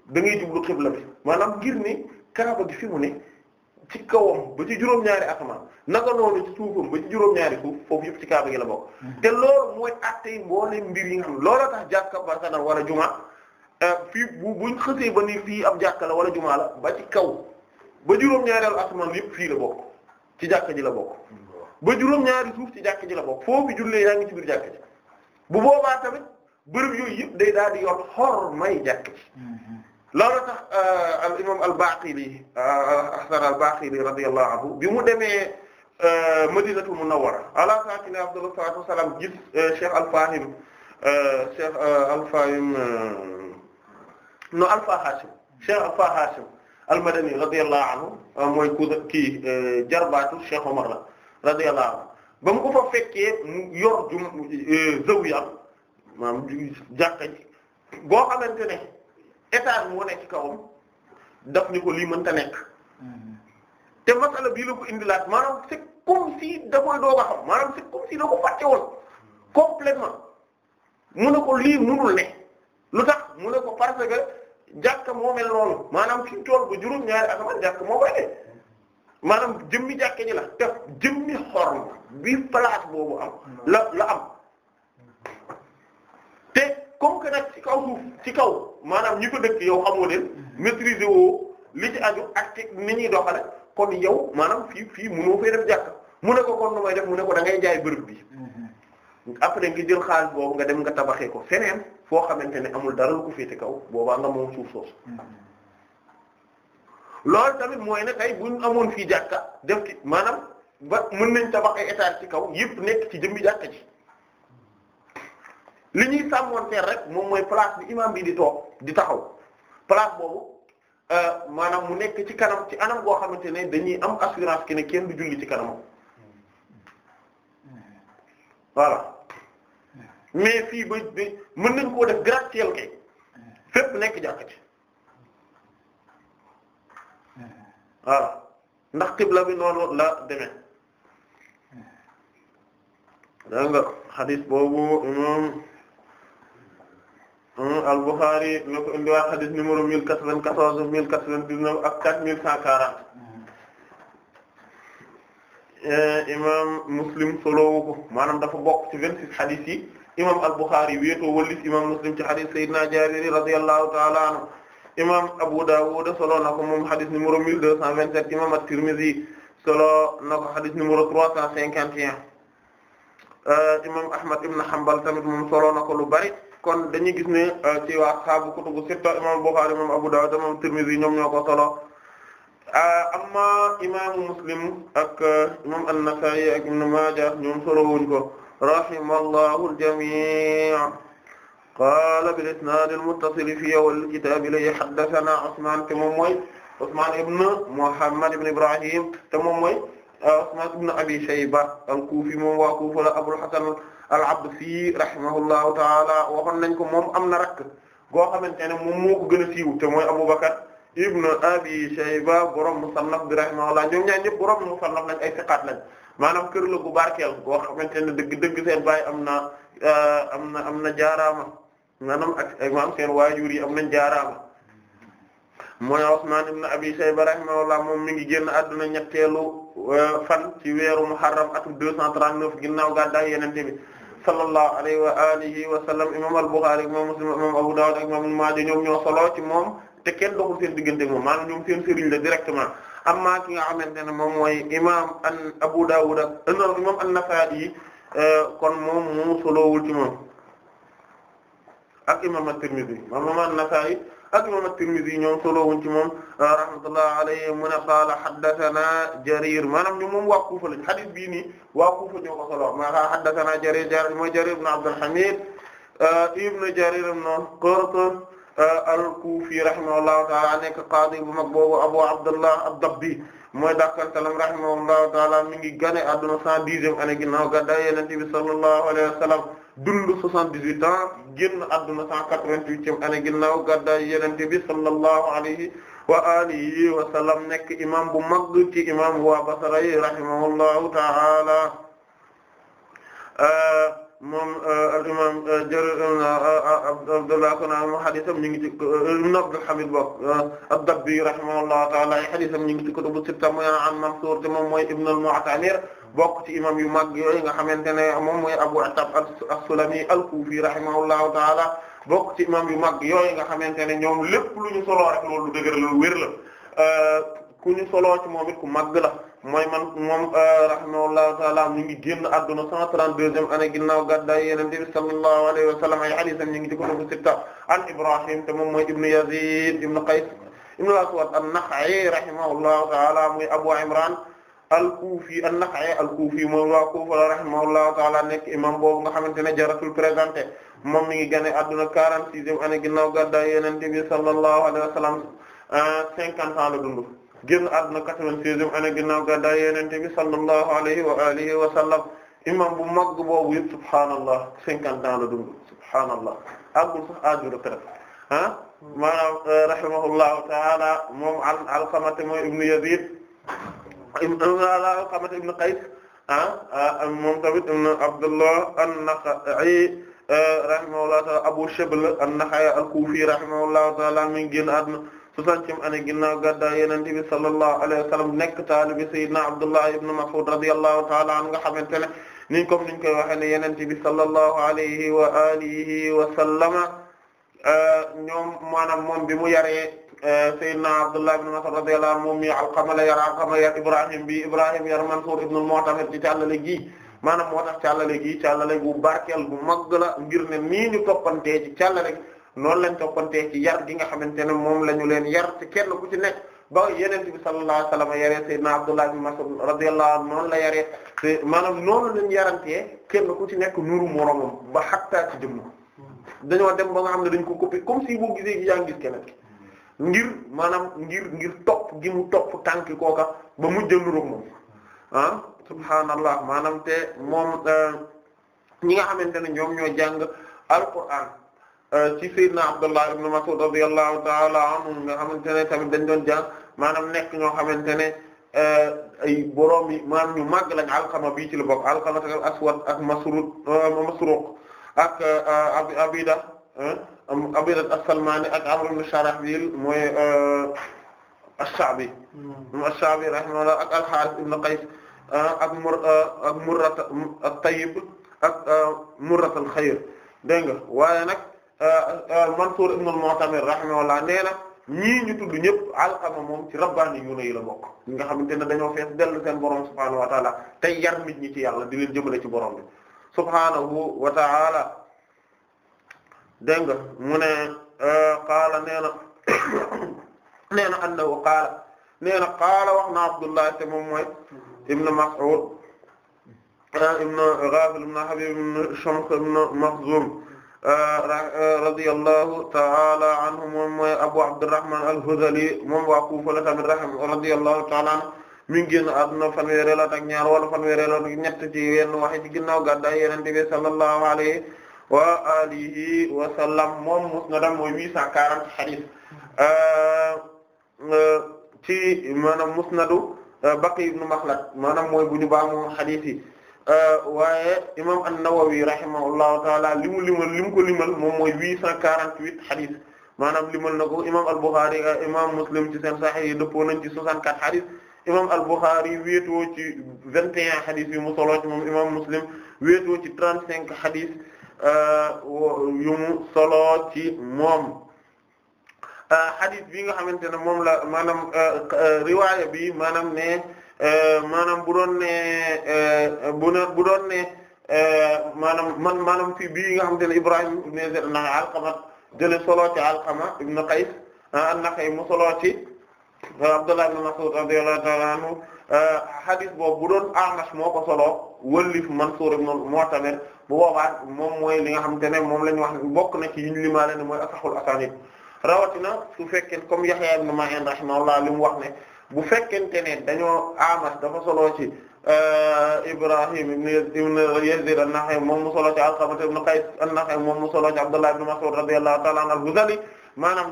da jublu xibla bi maanaam ngir ne kaaba gi fi mu ne ci kawam ba ci juróom-ñaari asamaan naka noonu ci suufam ba ci juróom-ñaari suuf foofu yëpp ci kaaba gi la bokk. Hmm. te loolu mooy àtte yi mbooleem mbir yi nga xam looloo tax jàkka barka na war a juma Euh, fii bu buñ xësee ba ni fii ab jàkka la wala jumaa la ba ci kaw ba juróom-ñaareelu asamaan yëpp fii la bokk ci jàkka ji la bokk ba juróom-ñaari suuf ci jàkka ji la bokk foofu jullee yaa ngi ci bir jàkka bu boobaa tamit bërëb yooyu yëpp day daal di yo xor may jàkka ji loolu tax euh, al imam al Baqili euh, ahsan al Baqili radiyallahu anhu bi mu demee madinatul munawwara ala saakini abdullah salatu wasalam gis cheikh al Fahim cheikh al Fahim no Alpha Hashim Cheikh Alpha Hashim al-Madani radiyallahu anhu ah, mooy ku eh, jarbaatu Cheikh Omar la radiyallahu anhu ba mu ko fa fekkee yor jum eh, zawiya maam jàkka ji xamante ne état moo nekk ci kawam daf ni ko lii mënta nekk mm-hmm. te masala bii la ko indilaat maanaam c'est comme si da koy doog a xam maanaam c'est comme si da ko fàtte woon complètement mu ne ko lii mënul ne lu tax mu ne ko parce que jàkka moo mel noonu maanaam ki mu toll bu juróom ñaari asamaan jàkka moo koy def maanaam jëmmi jàkka ji la te jëmmi xorm bi place boobu am la la am te kom que nag ci kaw suuf ci kaw maanaam ñi ko dëkk yow xamoo leen maîtriser woo li ci aju ak ci ni ñuy doxale kon yow maanaam fii fii mënoo fay def jàkka mu ne ko kon nu may def mu ne ko da ngay jaay bërëb bi après nga jël xaalis boobu nga dem nga tabaxee ko feneen foo xamante ne amul dara lu ko féete kaw boobaa nga moom suuf soosu mm. loolu tamit mooy ne tey buñ amoon fii jàkka def ci maanaam ba mun nañ tabax ay étage ci kaw yëpp nekk ci jëmmi jàkka ji li ñuy sàmmoonteer rek moom mooy place bi imam bi di toog di taxaw place boobu euh, maanaam mu nekk ci kanam ci anam goo xamante ne dañuy am assurance que ne kenn du julli ci kanamam mm. Mm. voilà mais fii ba mën nañ koo def gratte-ciel kay nekk jàkk ci voilà ndax qibla bi noonu la demee da nga xadis boobu imam al-Bukhari na ko indiwaat xadis numéro mille quatre-vingt-quatorze mille quatre vingt dix ak quatre mille cent quarante eh, imam Muslim solowu ko dafa bokk ci vingt-six xadis imam al-Bukhari wéetoo wëllis imam Muslim ci hadith Seydina Jaabir radiyallahu ta'ala anhu imam Abu Dawud solo na ko moom hadith numéro 1227 imam at-Tirmidhi solo na ko hadith numéro 351 euh, imam Ahmad ibn Hanbal tamit moom solo na ko lu bari kon dañuy gis ne euh, ci waa saabu kutubu sitta imam Bukhari imam Abu Dawud imam Tirmidhi ñoom ñoo ko solo euh, amma imam Muslim ak imam an-Nasa'i ak Ibn Maaja ñoom solo wuñ ko rahimallahu al-jamii' qaala bil-isnaad al-muttasil fii awwal kitaab li haddathanaa Usmaan te moom mooy Usmaan ibn Muhammad ibn Ibrahim te moom mooy ah, Usmaan ibn Abi Shayba al-Kuufi moom waa Kuufa la Abul Hasan al-Absi rahimahullahu ta'aala waxoon nañ ko moom am na rakk goo xamante ne moom moo ko gën a siiw te mooy Abu Bakr ibn Abi Shayba borom Musannaf bi rahimahullah ñoom ñaar ñëpp borom Musannaf lañ ay siqaat lañ. maanaam kër la gu barkeel koo xamante ne dëgg dëgg seen baay am na euh, am na am na jaaraama maanaam ak maam seen waajur yi am nañ jaaraama mooy Usmaan ibn Abi Shayba rahimahullah moom mi ngi génn àdduna ñetteelu euh, fan ci weeru Muharram atum 239 ginnaaw gàddaay Yonent bi sallallahu alayhi wa alihi wa sallam imam al-Bukhari ak imam Muslim imam Abu Dawud ak imam Ibn Maaja ñoom ñoo solo ci moom te kenn doxul seen diggante moom maanaam ñoom seen sëriñ la directement amma ki nga xamante ne moom mooy imaam an Abu Dawud ak imaam an-Nasa'i euh, kon moom mu solowul ci moom ak imaam at-Tirmidhi imaam an-Nasa'i ak imaam at-Tirmidhi ñoom solowuñ ci moom euh, rahmatullahi alayhi mu ne qaala haddathana Jarir maanaam ñu moom waa Kufa lañ hadith bii nii waa Kufa ñoo ko solo ma haddathana Jarir Jarir mooy Jarir ibn Abd al-Hamid euh, ibn Jarir ibn Qurt Euh, al-Kufi rahimahullahu ta'ala nekk qaadi bu mag boobu Abu Abdullah ad-Dabbi mooy dàqantalam rahimahullahu ta'ala mi ngi gane adduna 110e année ginnaaw gàddaay Yonent bi sallallahu alayhi wa sallam dund 78 ans génn adduna 188e année ginnaaw gàddaay Yonent bi sallallahu alayhi wa alihi wa sallam nekk imam bu mag ci imam waa Basra yi rahimahullahu ta'ala euh, moom euh, al imaam euh, euh, Abdullah kon am hadiisam ñu ngi ci ibn Abdul Hamid bokk ad-Dabbi rahimahullahu ta'ala ay hadiisam ñu ngi ci kutubu sitta mu an Mansuur te moom mooy ibn al-Mu'tamir bokk ci imam yu mag yooyu nga xamante ne moom mooy Abu Attab as-Sulami al-Kufi rahimahullahu ta'ala bokk ci imam yu mag yooyu nga xamante ne ñoom lépp lu ñu soloo rek loolu dëgër lu wér la ku ñu soloo ci moom it ku mag la mooy man moom euh, rahimahullahu taala ñu ngi génn adduna 132e année ginnaaw gàddaay Yonent bi sallallahu alayhi wa sallam ay hadiisam ñu ngi ci kutubu sitta an Ibrahim te moom mooy ibnu Yazid ibnu Qays ibnu al-Aswad an-Nakha'i rahimahullahu taala muy Abu Imran al-Kufi an-Nakha'i al-Kufi moom waa Kufa rahimahullahu taala nekk imam boobu nga xamante ne jaratul présenté moom mi ngi génne adduna 46e année ginnaaw gàddaay Yonent bi sallallahu alayhi wa sallam 50 euh, ans la dund. génn àdduna 96e année ginnaaw gàddaay Yonent bi sallallahu alayhi wa alihi wa sallam imam bu mag boobu yëpp subhaanallah 50 ans la dund subhaanallah àggul sax âge de retraite ah maanaam euh, rahimahullahu taala moom Alqama mooy ibnu Yazid Alqama ibnu Qays ah, ah moom tamit ibnu Abdullah an-Nakha'i euh, rahimahullahu taala Abu Shibl an-Nakha'i al-Kufi rahimahullahu taala mi ngi génn àdduna soixantième année ginnaaw gàddaay Yonent bi sallallahu alayhi wa sallam nekk taalibi Seydina Abdullah ibn Mas'ud radiyallahu ta'ala anhu nga xamante ne ni comme niñ koy waxee ne Yonent bi sallallahu alayhi wa alihi wa sallama euh, ñoom maanaam moom bi mu yaree euh, Seydina Abdullah ibn Mas'ud radiyallahu anhu moom mi Alqama la yar Alqama yar Ibrahim bi Ibrahim yar Mansur ibn al-Mu'tamir ci càllale gi maanaam moo tax càllale gi càllale gu barkeel bu mag la ngir ne nii ñu toppantee ci càllale gi noonu lañ toppantee ci yar gi nga xamante ne moom la ñu leen yar te kenn ku ci nekk ba yeneen bi sallallahu alayhi wa sallam yaree sayyidina Abdullah ibn Mas'ud radiyallahu anhu noonu la yare maanaam noonu lañ yarantee kenn ku ci nekk nuru moromam ba xattaa ci jëmm dañoo dem ba nga xam ne dañ ko copier comme si boo gisee gi yaa gis keneen ngir maanaam ngir ngir topp gi mu topp tànk kooka ba mujj nuroog moom ah subhaanallah maanaam te moom euh, ñi nga xamante ne ñoom ñoo jàng alquran Euh, ci Seydina Abdullah ibn Mas'ud radiyallahu ta'ala anhu nga xamante ne tamit dañ doon jàng maanaam nekk ñoo xamante ne euh, ay borom yi maanaam ñu màgg lañ Alqama bii ci la bokk Alqama ak Aswad ak Masruq euh, Masruq ak Abida Abida as-Salmani ak Amr ibn Sharahbil mooy ash-Sha'bi hmm. ash-Sha'bi rahimahullah ak al-Harith ibn Qays ak mur ak Murrat at-Tayyib ak Murrat al-Khayr dégg nga waaye nag. Euh, euh, Mansuur ibn al-Mu'tamir rahimahullah nee na ñii ñu Alqama moom ci rabbaani yu la bokk ñi nga xamante ne dañoo fees dellu seen borom subhaanahu wa taala tey yar nit ñi ci yàlla di leen jëmale ci borom bi subhaanahu wa taala dégg nga euh, qaala nee na nee na qaala nee qaala wax na Abdullah te moom mooy ibn Mas'ud ibn Ghafil ibn Habib ibn Shams ibn Makhzum radiyallahu ta'ala anhu moom mooy Abu Abdurrahman al-Hudhali moom waa Kufa la tamit rahim radiyallahu ta'ala anhu mi ngi génn àdduna fanweeri at ak ñaar wala fanweeri at ak ñett ci yenn waxe ci ginnaaw gàddaay Yonent bi sallallahu alayhi wa alihi wa sallam moom musnadam mooy 840 hadith euh, euh, ci maanaam musnadu euh, Baqi ibn Makhlad maanaam mooy bu ñu baamu hadith yi Euh, waaye imam an-Nawawi rahimahullahu taala li mu limal li mu ko limal moom mooy huit cent quarante-huit hadith maanaam limal na ko imam al-Bukhari euh, imam Muslim ci seen sahih yi dëppoo nañ ci soixante-quatre hadith imam al-Bukhari wéetoo ci vingt et un hadith yu solo ci moom imam Muslim wéetoo ci trente-cinq hadith euh, yu solo ci moom bi nga xamante ne moom la maanaam riwaaya bi maanaam ne Eh, maanaam bu doon ne eh, bu ne bu doon ne eh, maanaam man maanaam fii bii nga xamante ne Ibrahim ibn Yazid an-Nakha'i Alqama jëlee solo ci Alqama ibn Qays an-Nakha'i ah, mu solo ci Abdullah ibn Mas'ud radiyallahu ta'ala anhu hadith boobu bu doon Amash moo ko solo wëllif Mansur moo Mu'tamir bu boobaa moom mooy li nga xamante ne moom la ñu wax bokk na ci yi ñu limaale ne mooy asahul asanid rawatina su fekkee comme Yahya ibn Ma'in rahimahullah li mu wax ne. bu fekkente ne dañoo Amash dafa solo ci euh, Ibrahim ibn Yazid an-Nakha'i moom mu solo ci Alqama ibn Qays an-Nakha'i moom mu solo ci Abdullah ibn Mas'ud radiyallahu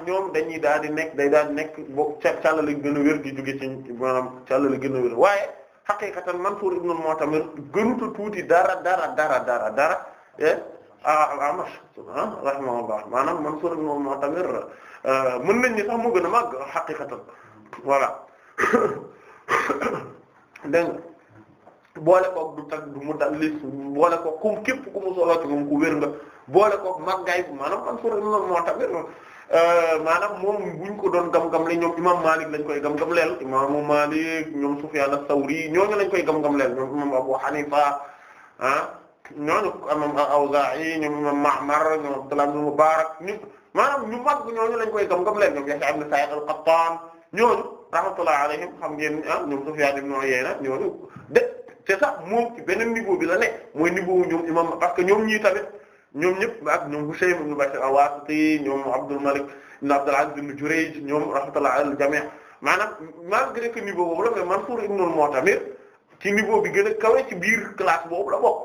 ñoom dañuy daal di nekk day daal di nekk boo ca càllale gën a wér gi jóge ci maanaam càllale gën a wér waaye haqiqatan Mansur ibn al-Mu'tamir gënuta tuuti dara dara dara dara dara eh, Amash rahimahullah maanaam Mansur ibn al-Mu'tamir euh, mën nañ ni sax mu gën a màgg haqiqatan voilà dégg nga boole koog du tag du mu dallis boole koog kum képp ku mu solo ci moom ku wér nga boole koog màggaay bi maanaam man suur noonu moo tax euh, maanaam moom buñ ko doon gam-gam le ñoom imam Malik lañ koy gam-gam leel imaamu Malik ñoom Sufyan as-Sawri ñooñu lañ koy gam-gam leel ñoom imam Abu Hanifa ah ñooñu imam al-Awza'i ñoom imam Ma'mar ñoom Abdullah ibn Mubarak ñu maanaam ñu mag ñooñu lañ koy gam-gam leel ñoom Yahya ibn Sa'id al-Qattan ñooñu rahmatullah alayhim xam ngeen ah ñoom Sufyaan ibn Uyayna ñooñu de te sax moom ci beneen niveau bi la ne mooy niveau ñoom imam parce que ñoom ñii ñoom ñëpp ak ñoom Husaym ibn Bashir al-Wasiti ñoom Abdul Malik ibn Abdul Aziz ibn Jurayj ñoom rahmatullah al jami' maanaam malgré que niveau boobu la mais Mansur ibn ci niveau bi gën a kawe ci biir classe boobu la bokk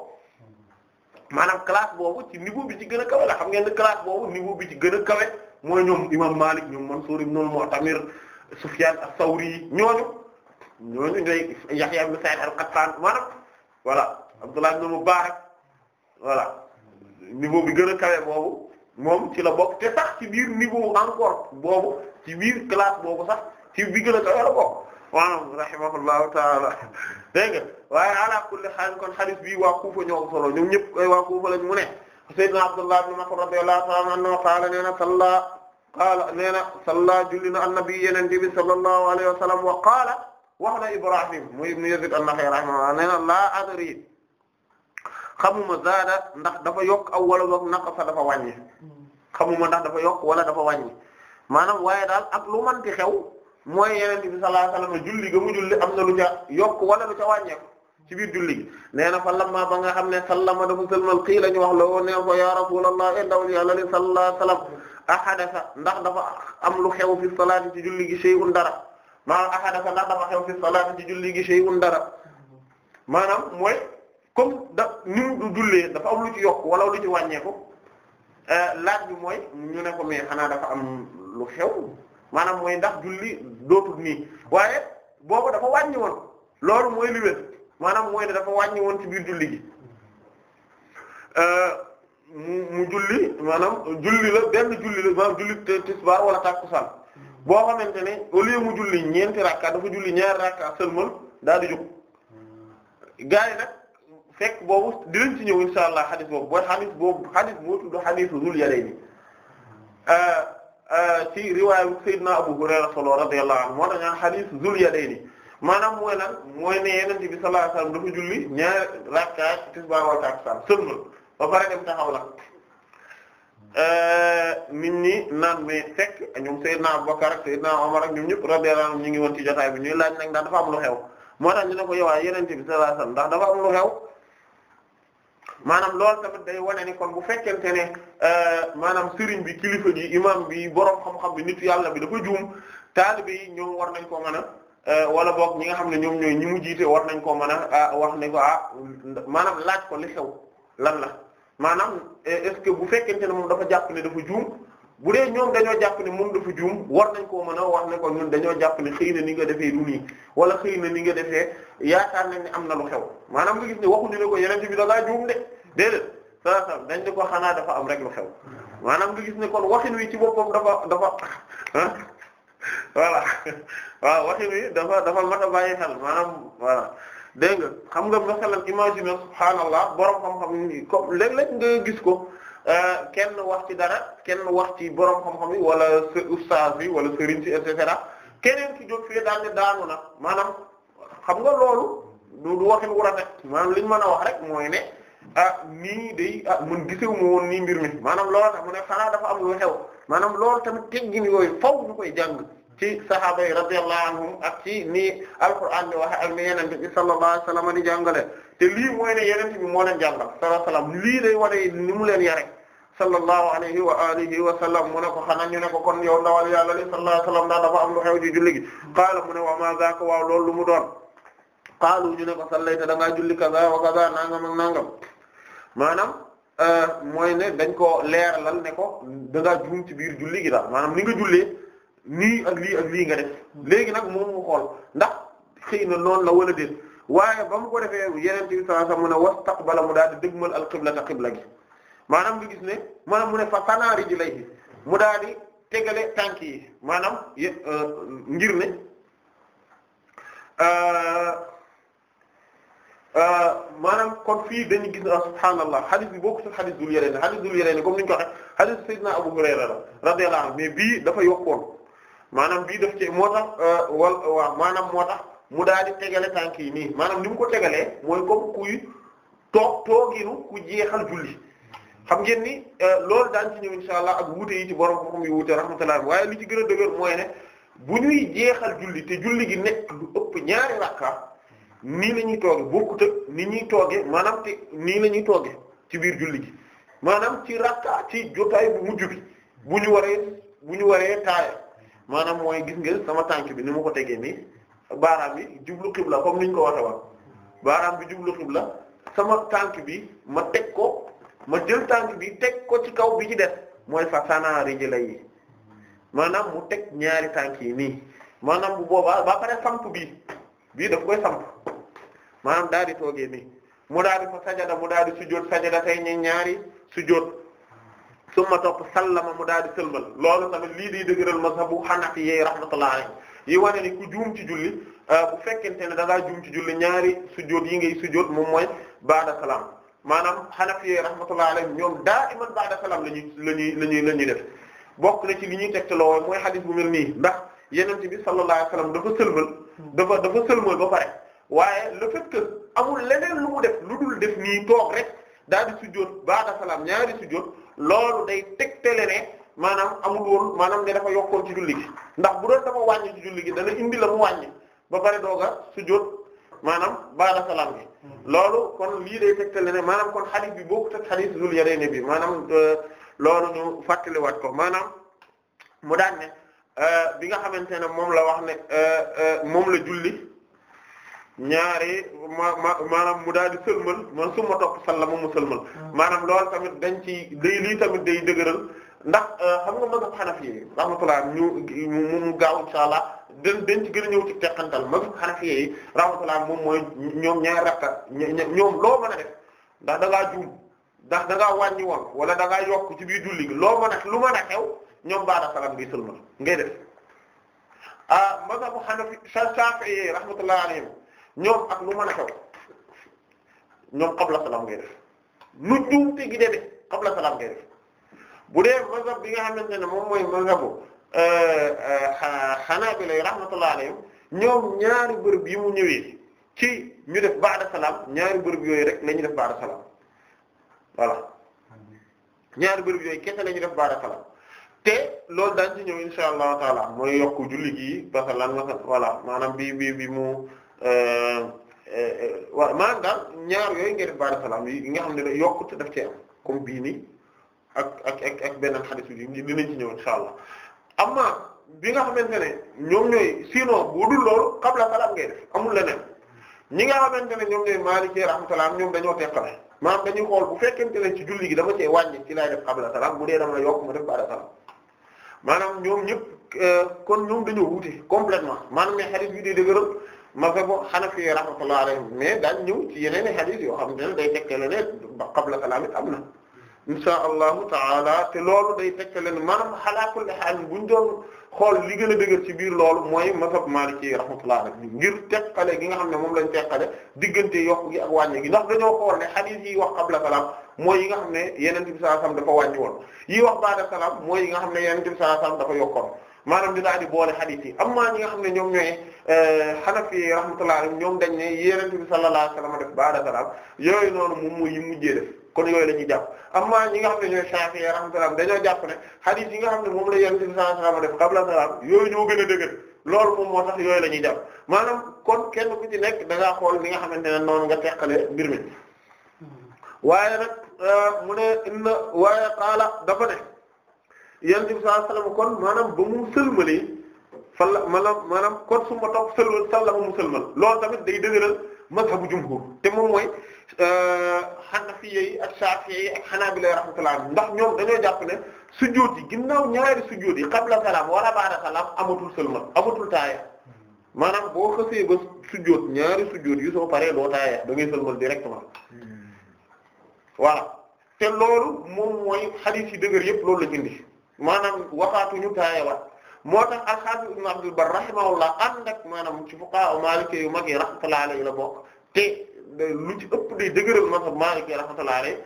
maanaam classe boobu ci niveau bi ci gën a kawe ngeen ne classe boobu niveau bi gën a kawe mooy ñoom imam Malik ñoom Mansur Sufyaan as-Sawri ñooñu ñooñu ñooy Yahya ibn Sa'id al-Qattaan maanaam voilà Abdullah ibn Mubarak voilà niveau bi gën kawe boobu moom ci la bokk te sax ci biir niveau encore boobu ci biir classe boobu sax ci bi gën a kawe la bokk waaw rahimahullahu taala dégg nga ala kulli haal kon hadis bii waa Kufa solo ñoom ñëpp ay waa Kufa lañ mu ne Sayyidina Abdullah ibn Mas'ud radiyallahu ta'ala anhu qaala nee qaala nee na salla julli na annabi yenente bi sallallahu alayhi wa sallam wa qaala wax na ibrahim mu ibnu yazid an-nakha'i rahimahullah nee na laa adri xamuma zaada ndax dafa yokk aw wala boog naqasa dafa wàññi xamuma ndax dafa yokk wala dafa wàññi maanaam waaye daal ak lu manti xew mooy yenente bi sallallahu alayhi wa sallam julli ga mu julli am na lu ca yokk wala lu ca wàññeeku ci biir julli gi nee na fa lamma ba nga xam ne sallama dafa sëlmal xii la ñu wax la woo ne ko ya rasulullah e ndawal yàlla li sallallahu alayhi wa sallam a ahadasa ndax dafa am lu xew fi salaati ci julli gi shay'un dara maanaam ahadasa ndax dafa xew fi salaati ci julli gi shay'un dara maanaam mooy comme da ni mu jullee dafa am lu ci yokk wala lu ci wàññeeku eh, laaj bi mooy ñu ne ko mais xanaa dafa am lu xew maanaam mooy ndax julli dootul nii waaye boobu dafa wàññi woon loolu mooy li maanaam mooy ne dafa wàññiwoon ci biir julli gi. Eh, mu julli maanaam julli la benn julli la maanaam julli tisbaar wala tàkkusaan boo xamante ne au lieu mu julli ñeenti rakka dafa julli ñaari rakka seulement daal di jóg gars yi fekk boobu dinañ ci ñëw insha allah xadis boobu booy xadis boobu xadis moo tudd xadisu Zul Yalayni euh, euh, ci riwaayu Seydina Abu Hurayra solo radiyallahu anhu moo tax ñaan xadis Zul Yalayni maanaam mooy lan mooy ne Yonent bi sallallahu alayhi wasallam dafa julli ñaari rakka tisbaar wala ba pare dem taxaw la euh, nit ñi naan mais fekk ñoom Seydina Abubakar ak Seydina Omar ak ñoom ñëpp radiyallahu anhum ngi woon ci jotaay bi ñuy laaj nag ndax dafa am lu xew moo tax ñu ko yow ay yeneen bi sallallahu alayhi wasallam ndax dafa am lu loolu tamit day wane ni bu fekkente ne euh, maanaam sëriñ bi kilifa gi imam bi borom xam bi nitu yàlla bi dafa juum taalibe yi ñoom war nañ koo mën a euh, wala boog ñi nga xam ne ñoom ñooy jiite war nañ koo mën a ah, wax ne ko ah maanaam laaj ko li xew lan la. maanaam eh, est-ce que bu fekkente ne moom dafa jàpp ne dafa juum bu dee ñoom dañoo jàpp ne moom dafa juum war nañ koo mën a wax ne ko ñun dañoo jàpp ne xëy na ni nga defee du nii wala xëy na ni nga defee yaakaar nañ ne am na lu xew maanaam nga gis ne waxuñu ne ko yeneen bi da ngaa juum de déedéet dañ ne ko xanaa dafa am rek lu xew maanaam nga gis ne kon waxin wi ci boppam dafa dafa ah voilà waaw waxin wi dafa dafa mat a bàyyi xel maanaam voilà. dégg nga xam nga masalan imaginer subhaanallah borom xam-xam yi comme léeg-léeg nga gis ko euh, kenn wax ci dara kenn wax ci borom xam-xam yi wala ustaas bi wala sëriñ si et cetera keneen ci jóg fii daal ne daanu na maanaam xam nga loolu du du waxin wu rafet maanaam li ñu mën a wax rek mooy ne a ah, nii day ah man gisewu ma woon nii mbir mi maanaam loolu tax mu ne xanaa dafa am lu xew maanaam loolu tamit teggin yooyu faw ñu koy jàng. ci sahaaba yi radiyallahu anhum ak ci nii alquran bi waxe ak ni yenente di jàngale te lii mooy ne yenente bi moo leen lii day wane ni mu leen yare sallallahu alayhi wa alihi wa sallam mu ne ko xanaa ñu ne ko kon yow ndawal yàlla li sallallahu wa sallam daal dafa am lu xew julli gi qaala mu ne wa ma zaaka waaw loolu lu mu doon qaalu ñu ne ko sallayta da ngaa julli kaza wa kaza nangam nangam maanaam euh, mooy ne dañ ko leeralal ne ko da ngaa ci biir julli gi daal maanaam ni nga lii ak lii ak lii nga def léegi nag moom mu xool ndax xëy na noonu la wala déet waaye ba mu ko defee yeneen bi sallallahu alayhi wasallam mu ne wastaqbala mu daal di dëgmal al qiblata qibla gi maanaam nga gis ne maanaam mu ne fa sanaari ji lay mu daal di tegale tànk yi maanaam euh, ngir ne euh, euh, maanaam kon fii dañu gis na subhaanallah hadith bi bokku ci hadith dul yeneen hadith dul yeneen comme ni ñu ko waxee hadith sayyidina Abu Hurayra radiyallahu anhu mais bii dafa yokkoon maanaam bii daf ci moo tax euh, wal waaw maanaam moo tax mu daal di tegale tànk yi nii maanaam ni mu ko tegalee mooy comme kuy toog tooginu ku jeexal julli xam ngeen ni euh, loolu daan ci ñëw insha allah ak wuute yi ci borom xam-xam yu wuute rahmatullah waaye li ci gën a dëgër mooy ne bu ñuy jeexal julli te julli gi nekk lu ëpp ñaari rakka nii la ñuy tooge bokkut ak ni ñuy tooge maanaam te nii la ñuy tooge ci biir julli gi maanaam ci rakka ci jotaay bu mujj bi bu ñu waree bu ñu waree maanaam mooy gis nga sama tànk bi ni ma ko tegee nii baaraam bi jublu xibla comme ni ñu ko waxe woon baaraam bi jublu xibla sama tànk bi ma teg ko ma jël tànk bi teg ko ci kaw bi ci def mooy fa sanaari ji yi maanaam mu teg ñaari tànk yi nii maanaam bu boobaa ba pare samp bii bii daf koy samp maanaam daal di toogee nii mu daal di fa sajada mu daal di sujjóot sajada tey ñi ñaari sujjóot summa topp sallama mu daal di sëlmal loolu tamit lii di dëgëral mazhabu hanafi yi rahmatullah alayhi yi wane ni ku juum ci julli euh, bu fekkente ne da ngaa juum ci julli ñaari sujjóot yi ngay sujjóot moom mooy baada salaam maanaam hanafi yi rahmatullah alayhi ñoom daa iman baada salaam la ñuy la ñuy la ñuy la ñuy def bokk na ci li ñuy tegtaloo mooy hadith bu mel nii ndax yenente bi sallallahu alayhi wasallam dafa sëlmal dafa dafa sëlmal ba pare waaye le fait que amul leneen lu mu def lu dul def nii toog rek daal di sujjóot baada salaam ñaari sujjóot loolu day tegtale ne maanaam amul woon maanaam ne dafa yokkoon ci julli gi ndax bu doon dafa wàññi ci julli gi dana indi la mu wàññi ba pare dooga sujjóot maanaam baada salaam gi loolu kon lii day tegtale ne maanaam kon xadis bi bokkut ak xadis Zul Yarayni bi maanaam euh, loolu ñu fàttaliwaat ko maanaam mu daan ne euh, bi nga xamante ne moom la wax ne euh, moom la julli. ñaari ma ma maanaam mu daal di sëlmal man su ma topp sallama mu sëlmal ah. maanaam lool tamit dañ ci day lii tamit day dëgëral ndax euh, xam nga mazhab Hanafi rahmatullah ñu mu mu gaaw insha Allah den den ci gën a ñëw ci teqantal mazhab Hanafi yi rahmatullah moom mooy ñoom ñaari rakka ñoom loo mën a da ngaa juum ndax da ngaa wàññi woon wala da ngaa ci biir julli loo mën a lu mën a xew ñoom baada salam ngay sëlmal ngay def ah mazhab ñoom ak lu mën a xew ñoom qabla salaam ngay def nu juumte gi demee qabla salaam ngay def bu dee mazhab bi nga xamante ne moom mooy mazhabu euh, euh, Hanaabila rahmatullahi alayhim ñoom ñaari bërëb yi mu ñëwee ci ñu def baa ba'da salaam ñaari bërëb yooyu rek la ñu def ba'da salaam voilà ñaari bërëb yooyu kese la ñu def ba'da salaam te loolu daañu ci ñëw insha allahu taala mooy yokk julli gi parce que maanaam bi bi bi mu. Euh, euh, waaw maanaam daal ñaar yooyu ngay def baada salaam yi nga xam ne da yokkute daf ci am comme bii nii ak ak ak ak beneen xadis bi dinañ ci ñëw insha allah amma bi nga xamante ne ñoom ñooy sinon bu dul loolu qabla salaam ngay def amul leneen ñi nga xamante ne ñoom ñooy Maliki rahmatullah ñoom dañoo teqale maanaam dañuy xool bu fekkente ne ci julli gi dama cee wàññi ci laay def qabla salaam bu dee dama la yokk ma def ba'da salaam maanaam ñoom ñëpp euh, kon ñoom dañoo wuute complètement maanaam mais mazhabu hanafi rahmatullahi alayhi mais daañ ñëw ci yeneen i yoo xam ne day tekkale ne ba qabla salaam it am na insha allahu taala te loolu day tekkale ne maanaam ala kulli haal buñ doon xool li gën a ci biir loolu mooy mazhab maliki rahmatullahi alayhi ngir tekkale gi nga xam ne moom lañ tekkale diggante yokk gi ak wàññi gi ndax dañoo xool ne hadith yi wax qabla salaam moo yi nga xam ne yeneen bi sallallahu alayhi wasallam dafa wàññi woon yi wax ba'da salaam mooy yi nga xam ne yeneen bi sallallahu alayhi wasallam dafa yokkoon maanaam di daal di boole hadith yi nga xam ne ñoom ñooy Eh, Hanafi yi rahmatullahi alayhim ñoom dañ ne Yonent bi sallallahu alayhi wasallam def da salaam yooyu noonu moom mooy yi mujjee def kon yooyu la ñuy jàpp amma ñi nga xam ne ñooy Shafi'i rahmatullahi dañoo jàpp ne hadith yi xam ne moom la a dëgër loolu moom moo tax yooyu la ñuy jàpp maanaam kon kenn ku da ngaa xool li nga xamante ne noonu nga teqale mbir mi waaye nag eh, mu ne inna waaye qaala dafa ne Yonent bi sallallahu alayhi wasallam kon maanaam ba mu sëlmalee salla maanaam maanaam kon su ma toog sëlmal sallama musalmal loolu tamit day dëgëral mazhabu jumhur te moom mooy xanafiye euh, yi ak saafiye yi ak xanaabila rahmatullah ndax ñoom dañoo jàpp ne sujjóot yi ginnaaw ñaari sujjóot yi qabla salaam wala ba'da salaam amatul sëlmal amatul taaya maanaam boo xësee ba sujjóot ñaari sujjóot yu soo paree loo taaya da ngay sëlmal directement voilà te loolu moom mooy xadiis yi dëgër yëpp loolu la ñu indi maanaam waxaatuñu wa moo tax al-Hafiz Ibn Abdul Barr rahimahullah ànd ak maanaam ci fuqaha Maliki yu mag yi rahmatullahi alayhi la bokk te lu ci ëpp day dëgëral mazhab Maliki rahmatullahi alayhi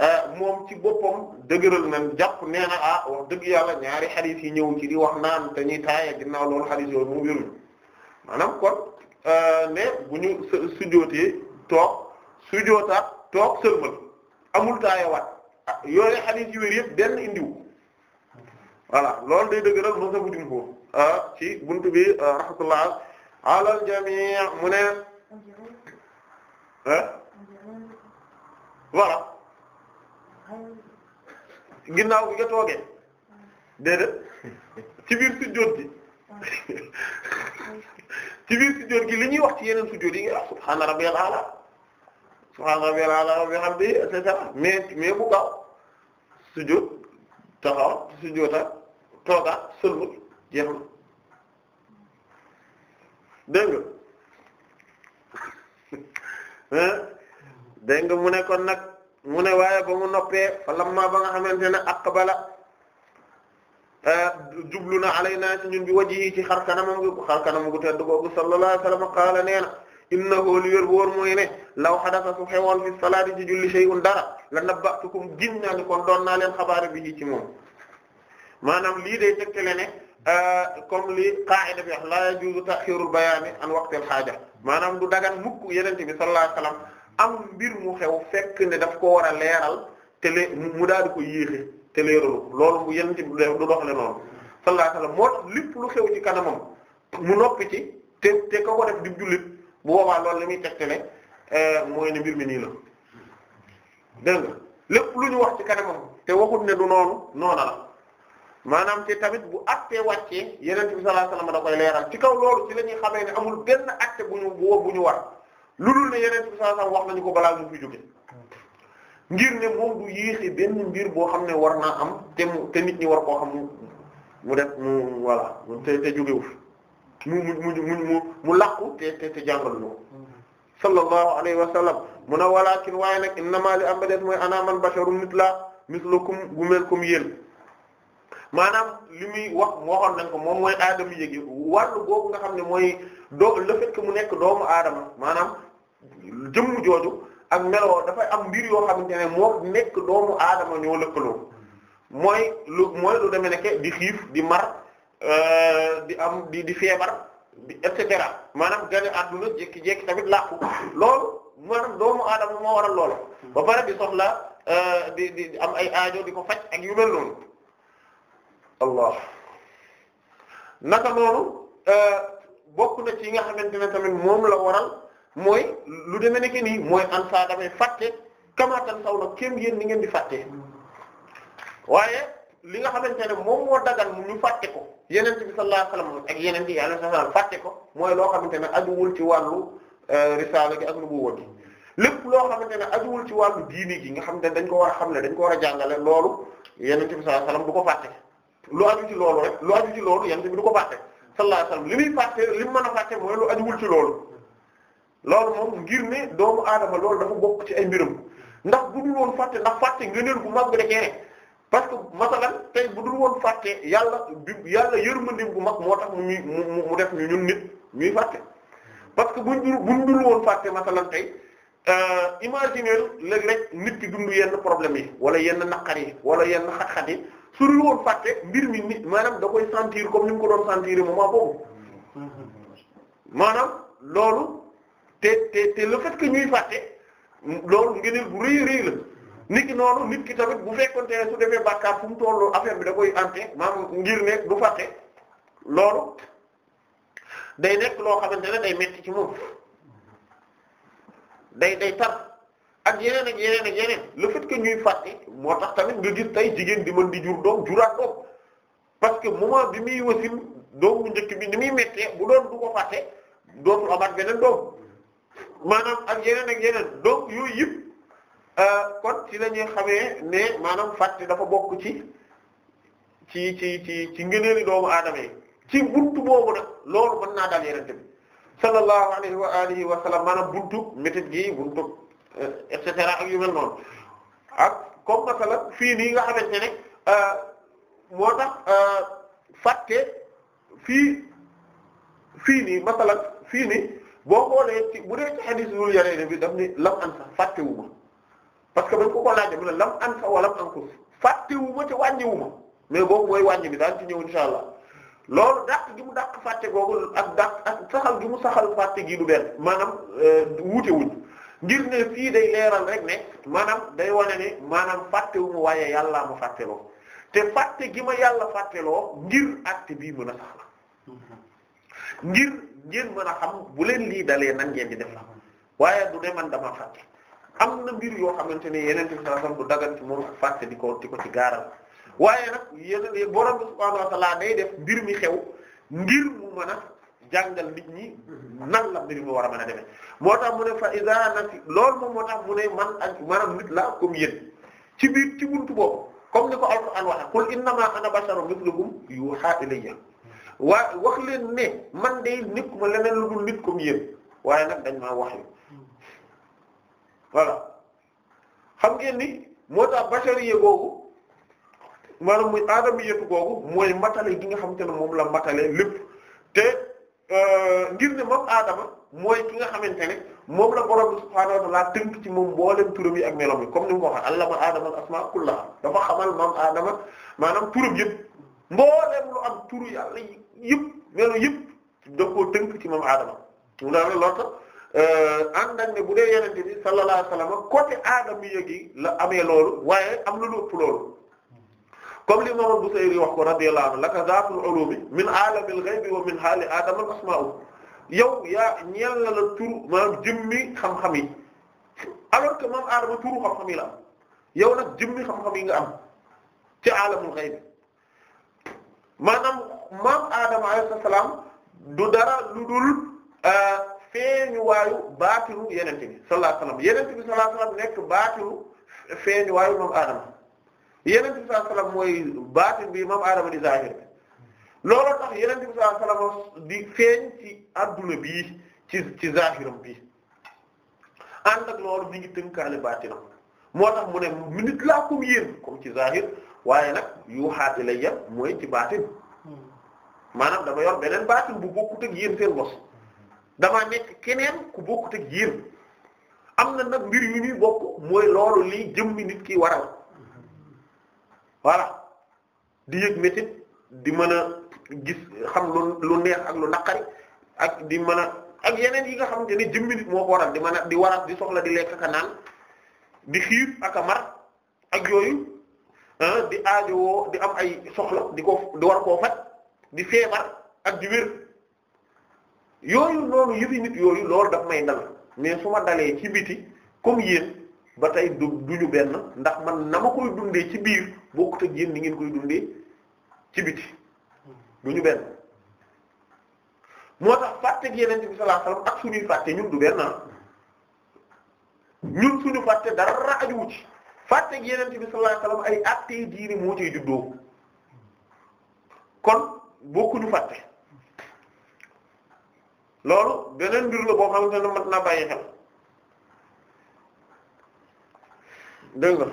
euh, moom ci boppam dëgëral nañ jàpp nee a ah wax dëgg yàlla ñaari xadis yi ñëw ci di wax naan dañuy taaya ginnaaw loolu xadis yooyu mu wérul maanaam kon euh, ne bu ñu sujootee toog sujootaat toog amul taayawaat ah yooyu xadis yu wér yëpp benn indiw voilà loolu day dëgëral mazhabu jumhur ah, ci buntu bi ah, rahmatullah alal jamii mu ne ah, voilà ginnaaw bi nga toogee déedéet ci biir sujjóot gi ci biir sujjóot gi li ñuy wax ci yeneen sujjóot yi nga wax subhaana rabbiyal aala subhaana rabbiyal aala wa bihamdihi et cetera mais mais bu gaaw sujjóot taxaw sujjóota toogaat sëlmu jeex na dégg nga dégg nga mu ne kon nag mu ne waaye ba mu noppee fa lamma ba nga xamante ne aqbala eh, jublu na alaynaa ci ñun bi waji ci xar kanam gu xar kanam gu tedd googu sallallahu alayhi wa sallam qaala nee na innahu li wér wóor mooy ne law xadasa su xewoon fi salaati ci julli shay'un dara la nabba'tukum gin naa ni kon doon na leen xabaare bi ci moom maanaam lii de day tegtale ne euh, comme li qaa'ida bi wax la yajuuzu ta'xiirul bayaani an waqtil haaja maanaam du dagan mukk Yonent bi sallallahu alayhi wasallam am mbir mu xew fekk ne daf ko war a leeral te le mu daal di ko yéexe te leeralu loolu bu Yonent bi du doxale noonu sallallahu alayhi wasallam moo lépp mu noppi ci te te ka bu boobaa loolu la muy euh, mbir mi nii lu ñu wax ci kanamam te waxut ne du noonu noona la maanaam te tamit bu acte wàccee yeneen bi sallallahu alayhi da koy leeral ci kaw loolu ci la ñuy xamee ne amul benn acte bu ñu bu ñu war lu dul ne yeneen bi sallallahu wax nañu ko balaa mu fi jóge ngir ne moom du yéexi benn mbir boo xam ne war naa am te nit ñi war koo xam mu mu def mu voilà te te jógewu fi mu mu mu mu mu mu làqu te te te jàngal loo sallallahu alayhi wasallam mu ne walakin waaye nag innama li am ba mooy ana man basharun la mislukum gumel kum yéen maanaam li muy wax waxoon nañ ko moom mooy aadama yéegi wàllu boobu nga xam ne mooy doo le mu nekk doomu aadama maanaam jëmm jooju ak meloo dafay am mbir yoo xamante ne moom nekk doomu aadama lëkkaloo mooy lu mooy lu di xiif di euh, di am di di feebar di et cetera maanaam gane àdduna jékki-jékki tamit làqu loolu maanaam doomu aadama moo waral loolu ba pare di soxla euh, di di am ay aajo di ko faj ak yu mel noonu allah naka noonu euh, bokk na ci nga xamante ne tamit moom la waral mooy lu deme ne que nii mooy an saa damay fàtte kamaatan saw na kéem yéen ni ngeen di fàtte waaye li nga xamante ne moom moo dagal mu ñu fàtte ko yeneen bi sallallahu alayhi wasallam ak yeneen bi yàlla sallallahu fàtte ko mooy loo xamante ne ajuwul ci wàllu euh, risaala gi ak nubuwwa gi lépp loo xamante ne ajuwul ci wàllu diini gi nga xam ne dañ ko war a xam ne dañ ko war a jàngale loolu yeneen bi sallallahu alayhi du ko fàtte. lu aju ci loolu rek lu aju ci loolu yent bi du ko fàtte sallallahu alayhi wasallam li muy fàtte li mu mën a fàtte mooy lu ajuwul ci loolu loolu moom ngir ne doomu aadama loolu dafa bokk ci ay mbiram ndax bu dul woon fàtte ndax fàtte ngëneel bu mag da cee parce que masalan tey bu dul woon fàtte yàlla bi yàlla yërmandim bu mag moo tax mu mu mu def ñu ñun nit ñuy fàtte parce que buñ dul buñ dul woon fàtte masalan tey euh, imaginer léegi rek nit ki dund yenn problème yi wala yenn naqar wala yenn xat su dul woon mbir mi nit maanaam da koy sentir comme ni mu ko doon sentir moment boobu maanaam loolu te te te le fait ñuy fàtte loolu ngëneel bu rëy la nit ki noonu nit ki tamit bu fekkoon te su defee bàkkaar fu mu tollu affaire bi da koy ante maanaam ngir ne du fàtte loolu day nekk loo xamante ne day metti ci moom day day tar. ak yeneen ak yeneen ak yeneen le fait que ñuy fàtte moo tax tamit nga gis tey jigéen di mën di jur doom juraat doom parce que moment bi muy wasin doom bu njëkk bi ni muy méttee bu doon du ko fàtte dootul amaat beneen doom maanaam ak yeneen ak yeneen donc yooy yëpp euh, kon ci la xamee ne maanaam fàtte dafa bokk ci ci ci ci ci ngëneeli doomu aadama yi ci bunt boobu nag loolu mën naa daal yeneen tamit sallallahu alayhi wa alihi wa sallam maanaam bunt métit gi buntu et cetera ak yu mel noonu ak comme masala fii nii nga xamante ne euh, moo tax euh, fàtte fii fii nii masala fii nii boo xoolee bu dee ci hadith lul yaree bi daf ni lam an fàttewuma parce que bañ ko ko laajee mu ne lam an sax wala lam ankus fàttewuma te wàññiwuma mais boobu mooy wàññi bi daal ci ñëw insha allah loolu dàq gi mu dàq fàtte googu ak dàq ak saxal gi mu saxal fàtte gi du benn maanaam euh, wuute wuñ ngir ne fii day leeral rek ne maanaam day wane ne maanaam fàttewu waaye yàllaa ma fàtteloo te fàtte gi ma yàlla fàtteloo ngir acte bii mën a sax la ngir ngeen mën a xam bu leen lii dalee nan ngeen di def la waaye du ne dama fàtte am na mbir yoo xamante ne yeneen bi sallallahu alayhi wasallam du dagan ci moom fàtte di ko di ko ci gaaral waaye nag yeneen borom bi subhaanahu wa day def mbir mi xew ngir mu mën a jàngal nit ñi nan la mbir mi war a mën a demee moo tax mu ne fa iza nasi loolu moo tax mu man ak maanaam nit la comme yéen ci biir ci buntu boobu comme ni ko alquran waxe qul innama ana basharun mithlukum yuha ilayya waa wax leen ne man day nekkuma leneen lu dul nit comme yéen waaye nag dañ ma wax voilà xam ngeen ni moo tax bashariye boobu maanaam muy aadama yetu googu mooy matale gi nga xam te ne moom la matale lépp te Euh, ngir ne moom aadama mooy ki nga xamante ne moom la borom subhaanahu wa ta'aala tënk ci moom mboolem turam yi ak meloom mi comme ni mu ko waxee allama aadama al asmaa kullahaa dafa xamal maam aadama maanaam turam yëpp mboolem lu am turu yàlla yëpp melo yëpp da koo tënk ci moom aadama mu daal loolu tax euh, bu dee yonent bi sallallaahu alayhi wa sallam côté la amee loolu waaye am na lu ëpp comme li Imam Busayri wax ko radiyallahu anhu laka zaatul ulumi min aalamil ghaybi wa min haali aadama asmaa'u yow la tur maanaam jëmmi xam-xam yi alors que moom aadama turu la am yow nag jëmmi nga am ci aalamul ghaybi maanaam maam du dara lu dul euh, feeñu waayu baatinu yenente bi sallallahu alayhi wasallam nekk baatinu feeñu waayu moom aadama yeneen bi sallallahu alayhi mooy baatin bi moom aadama di zahir bi loolu tax yeneen bi sallallahu alayhi di feeñ ci adduna bii ci ci zahiram bii ànd ak loolu mi ngi tënkaale baatinam moo tax mu ne minute laa kom yéen comme ci zahir waaye nag yu xaati lay yem mooy ci baatin maanaam dama yor beneen baatin bu bokkut ak yéen seen bos damaa nekk keneen ku bokkut ak yéen am na nag mbir yu ñuy bokk mooy loolu lii jëmmi nit ki waral voilà di yëg métit di mën a gis xam lu lu neex ak lu naqari ak di mën a ak yeneen yi nga xamante ni jëmmi nit moo ko di mën a di waral di soxla di lekk a naan di xiir ak yooyu ah, di aajowoo di am ay soxla di ko di war koo faj di feebar ak di wér yooyu noonu yëfi nit yooyu loolu daf may dal mais su ma dalee ci biti comme yéen ba tey du duñu benn ndax man na ma koy dundee ci biir bokkut ak yéen ni ngeen koy dundee ci biti duñu benn moo tax fàtteeg yeneen bi sallallahu alayhi ak suñuy fàtte ñun du benn ah. ñun suñu fàtte dara ajuwu ci fàtteeg yeneen bi sallallahu alayhi ay actes diini moo cay juddoo kon bokkuñu fàtte loolu beneen mbir la boo xam ne mat naa bàyyi xel. dégg nga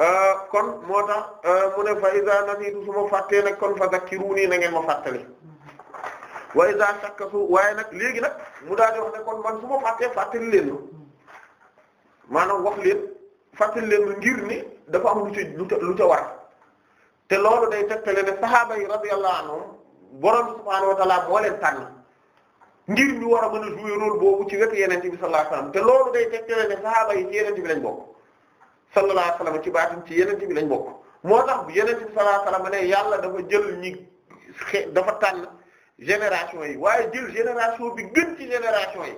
euh, kon moo tax euh, mu ne fa iza nasitu su ma fàttee nag kon fa zakkiruni na ngeen ma fàttali wa iza shakkasu waaye nag léegi nag mu daal di wax ne kon man su ma fàttee fàttali leen maanaam wax leen fàttali leen ngir ni dafa am lu ca lu ca war te loolu day tegtale ne sahaaba yi radiyallahu anhum borom subhaanahu wa ta'ala moo leen tànn ngir ñu war a mën a jouer rôle boobu ci wetu yeneen bi sallallahu alayhi wasallam te loolu day tegtale ne sahaaba yi ci sallallahu alayhi wa sallam ci baatin ci yeneen bi lañ bokk moo tax bu yeneen bi sallallahu alayhi wa sallam ne yàlla dafa jël ni dafa tànn génération yi waaye jël génération bi gën ci génération yi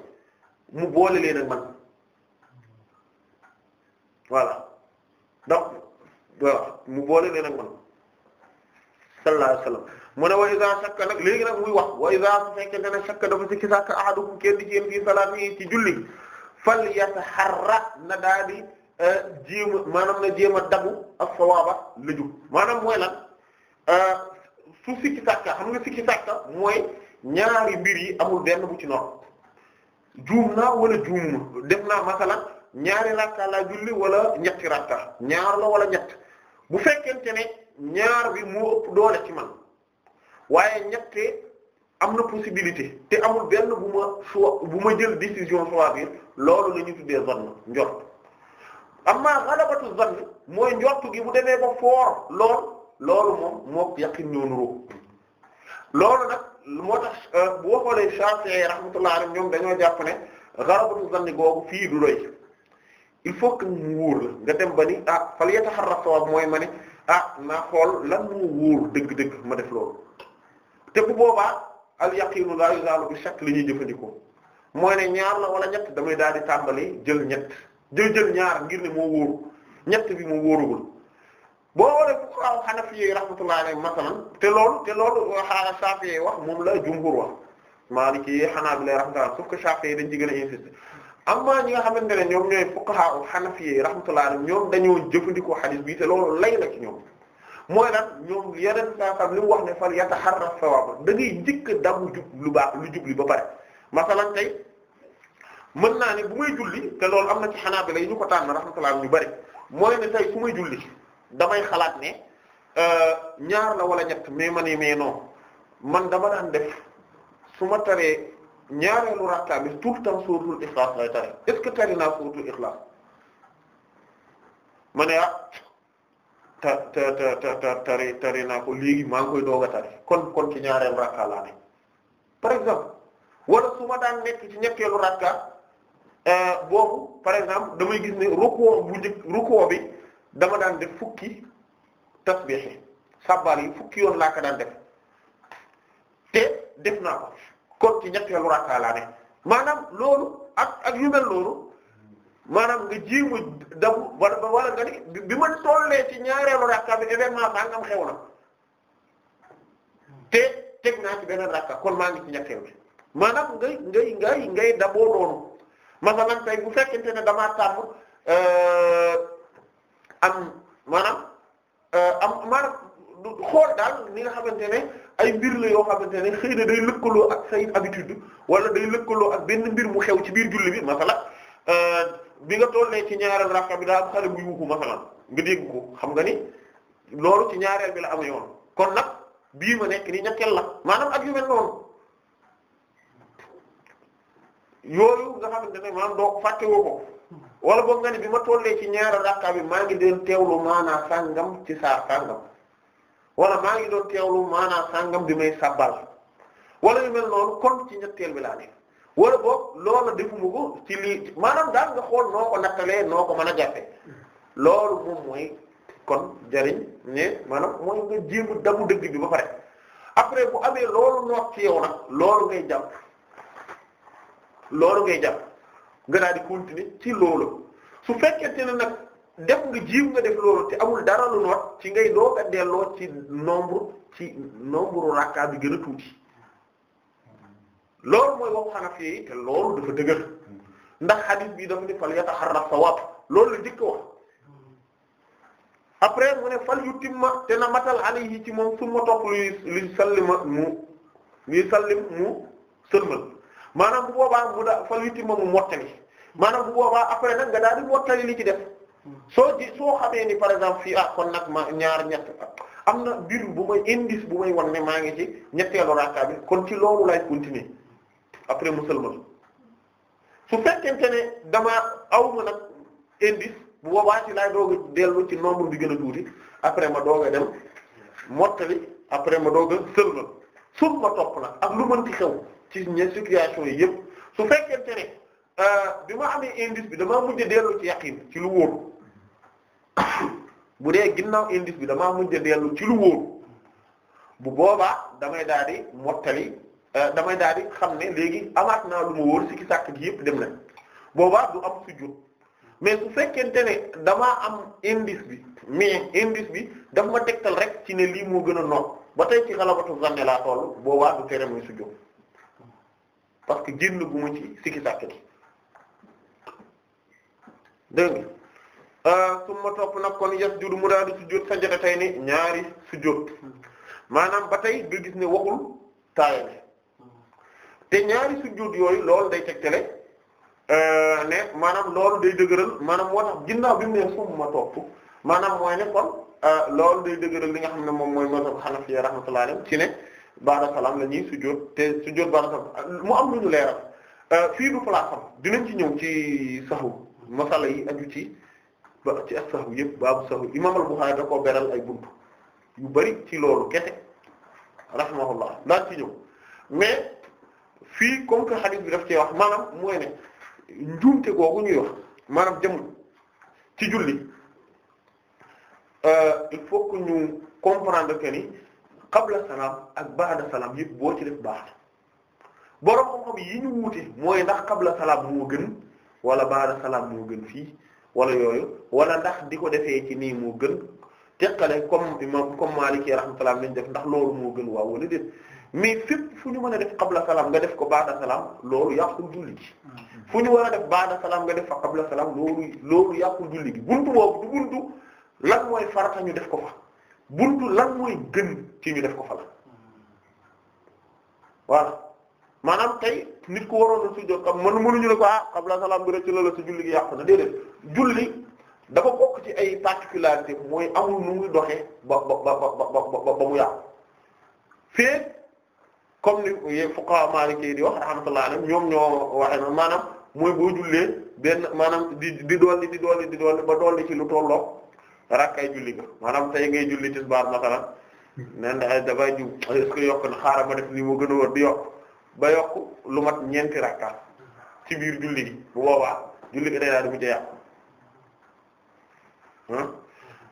mu boole leen man voilà donc mu boole leen ak man sallallahu alayhi wa sallam mu ne wa iza shakka nag léegi nag muy wax wa iza su fekkente ne shakka dafa sikki sàkk ahadukum kenn ci yéen fii salaat ci julli fal yataharra na daa jéem a maanaam na jéem a dabu ak sawaaba la jub euh, su sikki sàkka nga sikki mooy ñaari mbir yi amul benn bu ci noor juum naa wala juumuma def naa ñaari rakka laa julli wala ñetti rakka ñaar la wala ñett bu fekkente ne ñaar bi mu ëpp doole ci man waaye ñette am na possibilité te amul benn bu ma choix jël décision choix bi loolu la ñu tuddee zone njort amma ghalabatu zann mooy njortu gi bu demee ba foor lool loolu moom moo yaqin ñoo nuroo loolu nag moo tax euh, bu waxoolee Shafi'i rahmatullahi alayhi ñoom dañoo jàpp ne ghalabatu zanni googu fii du doy il faut que mu wóor la nga dem ba ni ah fal yataharra sawab mooy ma ne ah naa xool lan mu wóor dëgg-dëgg ma def loolu te bu boobaa al yaqinu la yuzalu bi shakk li ñuy jëfandikoo mooy ne ñaar la wala ñett damay daal di tàmbali jël ñett day jël ñaar ngir ne moo wóoru ñett bi moo wóorugul boo waree fuqaha Hanafi yi rahmatullahi alayhi masalan te loolu te loolu wax moom la jumhur wax Maliki yi Hanabila rahmatullah sauf que Shafi'i dañ ci gën a insister amma ñi nga xamante ne ñoom ñooy fuqaha Hanafi yi rahmatullah alayhi ñoom dañoo jëfandikoo hadith bi te loolu lay la ci ñoom mooy lan ñoom yeneen saa xam li mu wax ne fal yataharra sawaba da ngay njëkk dabu jub lu baax lu jubli ba pare masalan tey man naa ne bu may julli te loolu am na ci xanaa bi lay ñu ko tànn rahmatullah ñu bari mooy ne tey su may julli damay xalaat ne euh, ñaar la wala ñett mais ma ne mais non man dama daan def su ma taree ñaareelu rakka bi tout tam temps suuratul Ikhlaas lay tare est-ce que tari naa suuratul Ikhlaas ah, tari naa ko léegi maa ngi koy doog a tari kon kon ci rakka laa ne par exemple wala su ma daan nekk ñetteelu rakka. Euh, boobu par exemple damay gis ne rukkoo bu njëkk rukkoo bi dama daan def fukki tasbih sabbal yi fukki yoon laa ko daan def te def naa ko kon ci ñetteelu rakka maanaam loolu ak ak yu mel loolu maanaam nga jiima dam wala wala nga ni bi ma tollee ci ñaareelu rakka bi événement baa nga am xew na te teg naa ci beneen rakka kon maa ngi ci ñetteel bi maanaam ngay ngay ngay ngay daboo noonu masalan tey bu fekkente ne damaa tàmm euh, am maanaam euh, am maanaam xool daal li nga xamante ne ay mbir la yoo xamante ne xëy na day lëkkaloo ak say habitude wala day lëkkaloo ak benn mbir mu xew ci biir julli bi masalan euh, bi nga tollee ci ñaareel rakka bi daa am xale bu yuuxu masalan nga dégg ko xam nga ni loolu ci ñaareel bi la amee yoon kon nag bii ma nekk ni ñetteel la maanaam ak yu mel noonu yooyu nga xam ne maanaam doo ko wala boog nga ne bi ma tollee ci ñaara rakka bi maa ngi doon teewlu maanaa sàngam ci saar sàngam wala maa ngi doon teewlu maanaa sàngam bi may sabbal wala yu mel noonu kon ci ñetteel bi laa ne wala boog loolu defuma ko ci lii maanaam daal nga xool noo ko nattalee noo ko mën a jàppe loolu moom mooy kon jariñ ne maanaam mooy nga jéem damu dëgg bi ba pare après bu amee loolu noot ci yow nag loolu ngay jàpp loolu ngay jàpp nga daal di ci loolu su te ne nag def nga jiw nga def loolu te amul dara lu noot ci ngay doog a delloo ci nombre ci nombre rakka bi gën a tuuti loolu mooy wax Hanafi yi te loolu dafa dëgër ndax hadith bi dafa ne fal yataharra sawaab loolu la njëkk wax après mu ne fal yutimma te na matal alayhi ci moom summa topp luy luy sallima mu luy sallim mu sëlmal maanaam bu boobaa mu da fa witti ma mu mottali maanaam bu boobaa après nag nga daal di mottali li ci def soo ji soo xamee ni par exemple fii ah kon nag ma ñaar ñett am na mbir bu may indice bu may wan ne maa ngi ci ñetteelu rakka bi kon ci loolu lay continuer après mu sëlmal su fekkente ne damaa aw ma nag indice bu boobaa ci laay doog a dellu ci nombre bi gën a tuuti après ma doog a dem mottali après ma doog a sëlmal suuf ma topp nag ak lu mënti xew ci ña situation yi yëpp su fekkente ne euh, bi ma amee indice bi damaa mujj dellu ci yaqin ci lu wóor bu dee ginnaaw indice bi damaa mujj dellu ci lu wóor bu boobaa damay daal mottali euh, damay daal xam ne léegi amaat naa lu ma wóor si ki gi yëpp dem na boobaa du am sujjóot mais su fekkente ne damaa am indice bi mais indice bi dafa ma tegtal rek ci ne lii moo gën a noot ba tey ci xalabatu zanne laa toll boobaa du tere muy sujjóot parce que génn gu ma ci sikki sàkk gi dégg nga ah, ma topp nag kon yas judu mu daal di sujjóot sajjata tey ni ñaari sujjóot maanaam ba tey nga gis ne waxul taaya bi te ñaari sujjóot yooyu loolu day tegtale euh, ne maanaam loolu day dëgëral maanaam moo tax ginnaaw bi mu ne su topp maanaam mooy ne kon euh, loolu day dëgëral li nga xam ne moom mooy mazhab Hanafi rahmatullahi alayhi ci ne baada salaam la ñuy sujjóot te sujjóot baada salaam mu am lu ñu leeral euh, fii du place am dinañ ci ñëw ci saxu masala yi aju ci ba ci ak saxu yëpp baabu saxu imaam al-Bukhari koo beral ay buntu yu bari ci loolu kese rahimahullah daan ci ñëw mais fii comme que hadith bi daf cee wax maanaam mooy ne njuumte googu ñuy wax maanaam jëm ci julli euh, il faut que ñu comprendre que ni. xabla salaam ak ba'da salaam yëpp boo ci def baax borom xam-xam yi ñu wuute mooy ndax qabla salaam moo gën wala ba'da salaam moo gën fii wala yooyu wala ndax di ko defee ci nii moo gën teqale comme imam comme Maalik rahmatullah nañ def ndax loolu moo gën waaw wala déet mais fépp fu ñu mën a def xabla salaam nga def ko ba'da salaam loolu yàqul julli gi mm-hmm. fu ñu war a def baada salaam nga def fa qabla salaam loolu loolu yàqul julli gi buntu boobu du buntu lan mooy farata ñu def ko buntu lan mooy gën ci ñu def ko fa la waaw maanaam tey nit ku waroon ko ah qabla salaam bi rek ci la la si julli gi yàqu na déedéet julli dafa bokk ci ay particularité mooy amul nu muy doxee ba ba ba ba ba mu yàqu fee comme ni fuqaha maliki di wax rahmatullahi alayhim ñoom ñoo waxee na maanaam mooy boo jullee benn maanaam di di dolli di dolli di dolli ba dolli ci lu tollook rakkay julli nga maanaam tey ngay julli tisbaar masalan nen ay dafay jiw est-ce que yokk na xaaral ma def ni moo gën a war di yokk ba yokk lu mat ñeenti rakka ci biir julli gi bu boobaa julli gi day daal di mujj a yàqu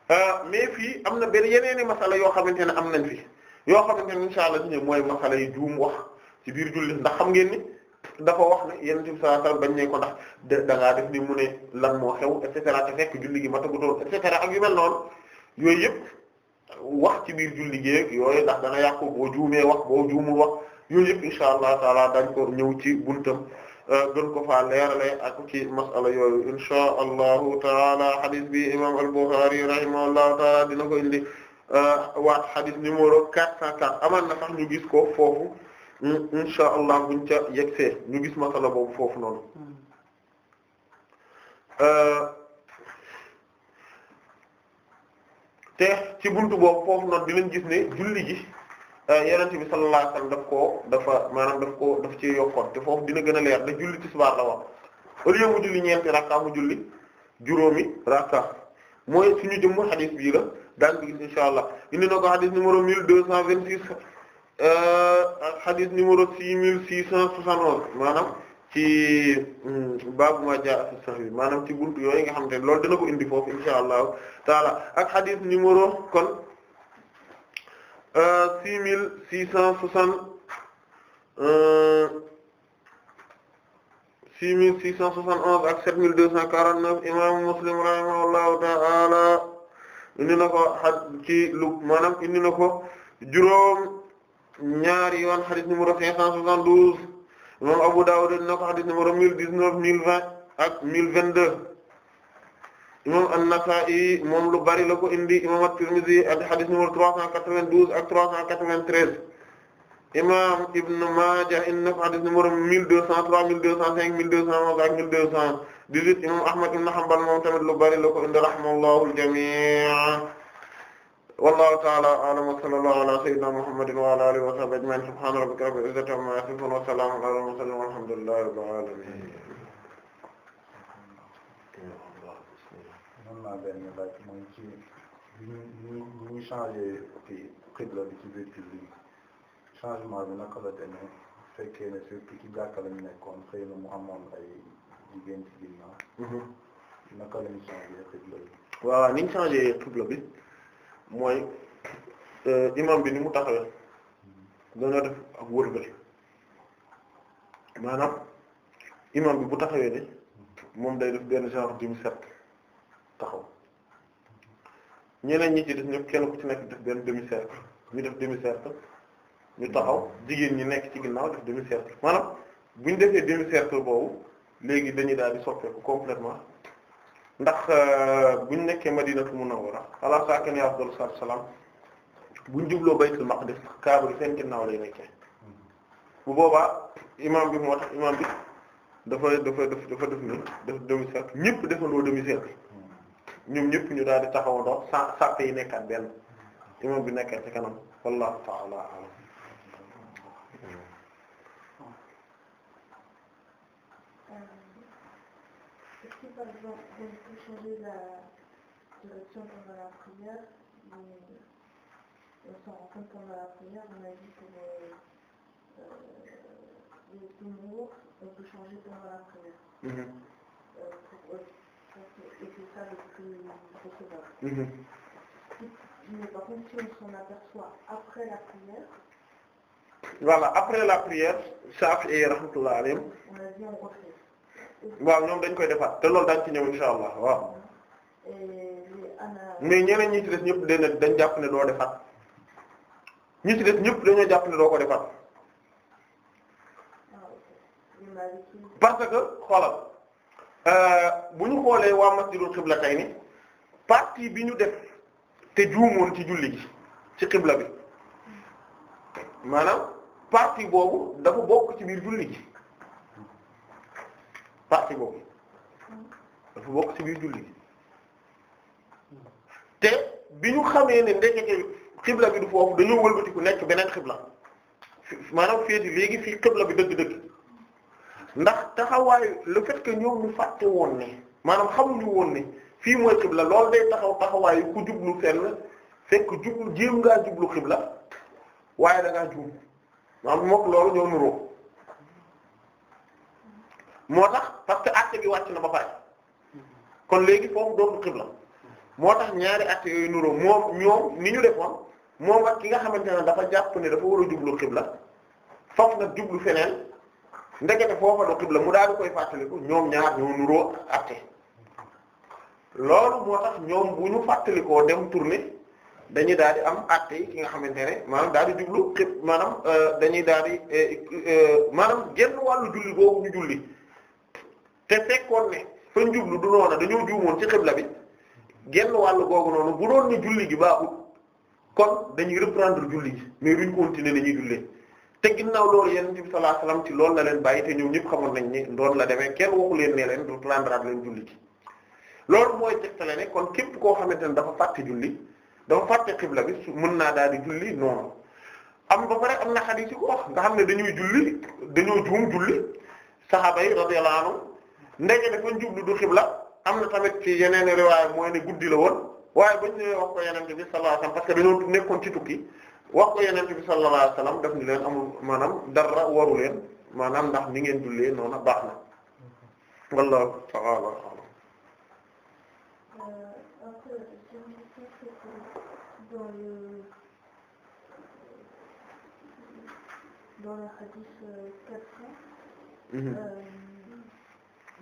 euh, mais fii am na benn yeneeni masala yoo xamante am nañ fi yoo xamante ne insha Allah ci mooy masala juum wax ci biir julli ndax xam ngeen dafa wax ne yonent bi sallallahu bañ ne ko ndax da def ni mu ne lan moo xew et cetera te fekk julli gi matagutoon et cetera ak yu mel noonu yooyu yëpp wax ci biir julli gi ak yooyu ndax dana yàqu boo juumee wax boo juumul wax yooyu yëpp insha allah taala dañ ko ñëw ci buntam euh, gën ko faa leerale ak masala yooyu insha allahu taala hadith bi imam al-Bukhari taala dina ko indi euh, waat hadith numéro 404 amaan na sax ñu gis ko foofu insha allah buñ ca yegsee ñu gis masala boobu foofu noonu euh, te ci buntu boobu foofu noonu dinañ gis ne julli gi euh, yonent bi sallallahu alayhi wasallam daf koo dafa maanaam daf koo daf ci yokkoon te foofu dina gën a leer da julli tisbaar la wax au lieu mu julli ñeenti rakka mu julli juróomi rakka mooy suñu jëmm xadis bii la daan bi gis insha allah indi na ko xadis numéro 1226 xadis euh, numéro six mille six cent soixante et un maanaam ci hmm, baabu ma jaa fi sahwi maanaam ci buntu yooyu nga xam te ne loolu dina ko indi foofu insha allahu taala ak xadis numéro kon euh, six mille six cent soixante euh, six mille six cent soixante onze ak sept mille deux cent quarante neuf imaamu Muslim rahimahullahu taala indi na ko xad ci lu maanaam indi na ko juróom ñaari yoon xadis numéro 572 imam Abu Dawud dina ko xadis numéro 1019 1020 ak 1022 imam An-Nasa'i moom lu bari la ko indi imam At-Tirmidhi ak xadis numéro 392 ak 393 imam Ibn Majah indi ko xadis numéro 1203 1205 1211 ak 1218 imam Ahmad ibn Hanbal moom tamit lu bari la ko indi al-jami' wallahu ta'ala a'lam wa sallallahu ala sayyidina muhammadin wa ala alihi wa sahbihi ajma'in subhana rabbika rabbil izzati amma yasifun wa salamun ala al-mursalin walhamdulillahi rabbil alamin naa benn laaj mooy ci ñu ñu changé ci xibla bi ci biir julli changement bi naka la demee fekkee ne surtout ci jàkka lañu nekkoon xëy na mu amoon ay jigéen ci ginnaaw mhm. naka lañu changé xibla bi waaw niñ changé xibla bi mooy euh, imam bi ni mu taxawee dana def ak wërgal maanaam imam bi bu taxawee ni moom day def benn genre du mu taxaw ñeneen ñi ci def ñu kenn ku ci nekk def benn demi cercle ñu def demi cercle ñu taxaw jigéen ñi nekk ci ginnaaw def demi cercle maanaam bu ñu defee demi cercle boobu léegi dañuy daal di soppeeku complètement ndax euh, ñu nekkee madinatul munawwara ala saakini afdal salaam buñ jubloo baytul maqdis kaaba gi seen ginnaaw lay nekkee bu boobaa imam bi moo tax imam bi dafa dafa dafa def ni def demi-cercle ñëpp defandoo demi-cercle ñoom ñëpp ñu daal di taxawandoo sa sàppe yi nekkaat benn imam bi nekkaat ci kanam wallahu ta'ala a'lam besoin de la direction pendant la prière. Et on s'en rend pendant la prière, on a dit pour les tomours, on peut changer pendant la prière. Mm -hmm. euh, pour, et c'est ça le plus recevable. Mm -hmm. Mais par contre, si on s'en après la prière, voilà, après la prière, Saf On a dit on refait. waaw ñoom dañ koy defaat te loolu daañu ci ñëw insha allah waaw eh, mais ñeneen ñi des ñëpp dañ dañ jàpp ne doo defaat ñi des ñëpp dañoo jàpp ne doo ko defaat ah, parce que xoolal euh, bu ñu xoolee waa masjidul xibla tey ni parti bi ñu def te juumoon ci julli gi ci xibla bi maanaam parti boobu dafa bokk ci biir julli gi partie boobu dafa bokk ci biir julli te bi ñu xamee ne ndekete xibla bi du foofu dañoo wëlbatiku nekk beneen xibla maanaam féeti léegi fii xibla bi dëgg-dëgg ndax taxawaayu le fait que ñoom ñu fàtte woon ne maanaam xamuñu woon ne fii mooy xibla loolu day taxaw taxawaayu ku jublu fenn fekk jublu jéem ngaa jublu xibla waaye da ngaa juum maanaam mook loolu ñoo nuroo moo tax parce que acte bi wàcc na ba pare kon léegi foofu dootul xibla moo tax ñaari acte yooyu nuroo moom ñoom ni ñu defoon moom ak ki nga xamante ne dafa jàpp ne dafa war a jublu xibla foofu nag jublu feneen ndekete foofa do xibla mu daal di koy fàttaliku ñoom ñaar ñoo nuroo acte loolu moo tax ñoom bu ñu fàttalikoo dem tourner dañuy daal di am acte yi ki nga xamante ne maanaam daal di jublu xib maanaam euh, dañuy daal di euh, euh, maanaam genn wàllu julli boobu ñu julli te fekkoon ne fañ jublu du noona dañoo juumoon ci xibla bi genn wàll googu noonu bu doon ne julli gi baaxul kon dañuy reprendre julli gi mais duñ continuer la ñuy jullee te ginnaaw loolu yonent bi sallallahu alayhi ci lool na leen bàyyi te ñoom ñëpp xamoon nañ ni doon la demee kenn waxu leen ne leen reprendre leen julli gi loolu mooy tegtale ne kon képp koo xamante ne dafa fàtte julli dafa fàtte xibla bi mën naa daal di julli noonu am ba pare am na xadiis yu ko nga xam ne dañuy julli dañoo juum julli saxaaba yi ndege dafa jublu du xibla am na tamit ci yeneen riwaaya mooy ne guddi la woon waaye bañ ñëwee wax ko yenente bi sallallahu alayhi wasallam parce que dañoo nekkoon ci tukki wax ko yenente bi sallallahu def wasallam ñu leen amul maanaam dara waru leen maanaam ndax ni ngeen jullee noonu baax na wallahu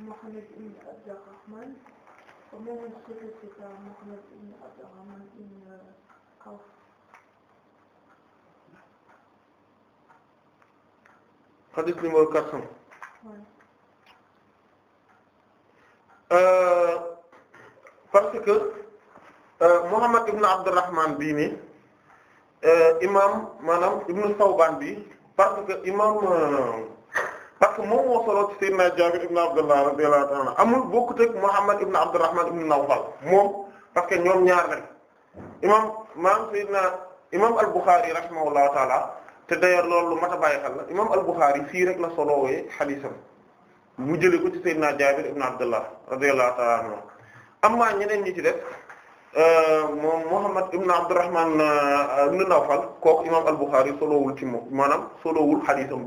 Mohamed ibn Abdurrahman au moment où c'était Mohamed ibn Abdurrahman ibn Awf. Hadith numéro euh, euh, euh, imam maanaam ibn Sawban bi parce que imam. parce que moom moo solo ci Seydina Jaabir ibn Abdullah radiyallahu ta'ala amul bokkut ak Muhammad ibn Abdurrahman ibn Nawfal moom parce ñoom ñaar rek imam maam Seydina imam al-Bukhari rahimahullahu ta'ala te d'ailleurs loolu lu mat a bàyyi xel la imam al-Bukhari fii rek la solowee xadiisam mu jëlee ko ci Seydina Jaabir ibn Abdullah radiyallahu ta'ala anhu amma ñeneen ñi ci def euh, moom Muhammad ibn Abdurrahman euh, ibn Nawfal kooku imam al-Bukhari solowul ci moom solowul xadiisam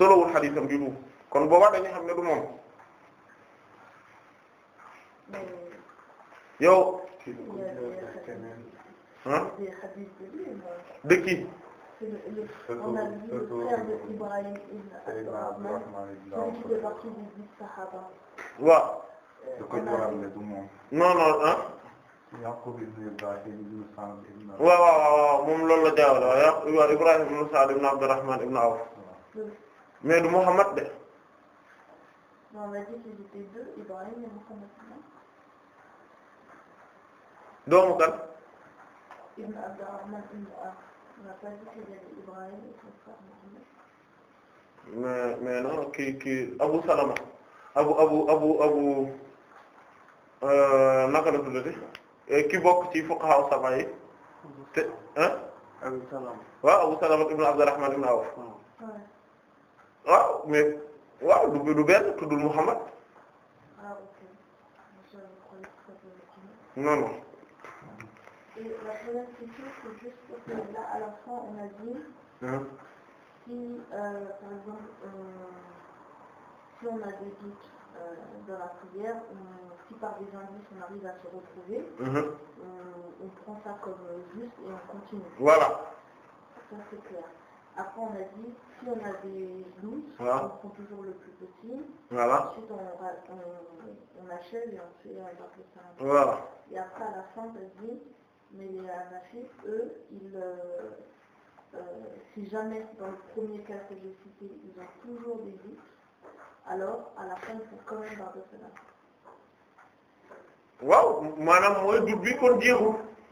solowul xadisam bi du kon boobaa dañuy xam ne du moom yow ah dëkk yi. waaw. non non ah. Yaqub ibn Ibrahim ibn Sa'd ibn waaw waaw waaw moom loolu la jaawale waaw Ibrahim ibn Sa'd ibn Abdurrahman ibn Awf mais du Muhammad de. non mais c'était deux doomu kan. Ibn Abdurrahman ibn Awf. On n'a pas dit que c'était Ibrahim et son frère Muhammad. mais mais non Abu Salama Abu Abu Abu Abu euh, naka la tuddati ki bokk ci fuqaha sab'a yi te ah. Abu Salama waaw Abu Salama ibn Abdurrahman ibn Awf. waaw mais waaw du du benn tuddul Muhammad ah, ah, non non. Et la première question, juste parce que là, à la fin, on a dit hein? si, euh, par exemple, euh, si on a des euh, dans la prière, si par des indices on arrive à se retrouver, mm-hmm. on prend ça comme juste et on continue. Voilà. Ça, c'est clair. Après, on a dit, si on a des douces, on prend toujours le plus petit. Ensuite, on, on, on achève et ensuite, on va que ça. Voilà. Et la fin, on dit, mais les anafis, eux, ils, euh, euh, si jamais, dans le premier cas que j'ai cité, ils ont toujours des doutes, alors, à la fin, il faut quand même garder cela. waaw maanaam mooy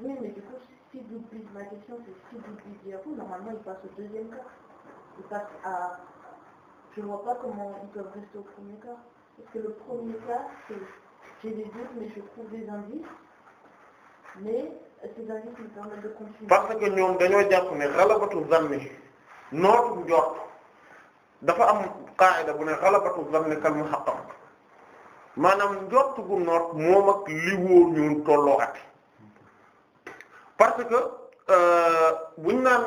oui mais du coup, qui double, ma question c'est si double Giroud, normalement il passe au deuxième quart. Il passe à... Je vois pas comment ils peuvent rester au premier quart. Parce que le premier quart, c'est... J'ai des doutes, mais je trouve des indices. Mais ces indices me permettent de continuer. parce que ñoom dañoo jàpp ne xalabatu zanni nootu njort dafa am qaida bu ne xalabatu zanni kal muhaqqaq maanaam njort gu noot moom ak li wóor ñun tolloo ati parce que euh, buñ naan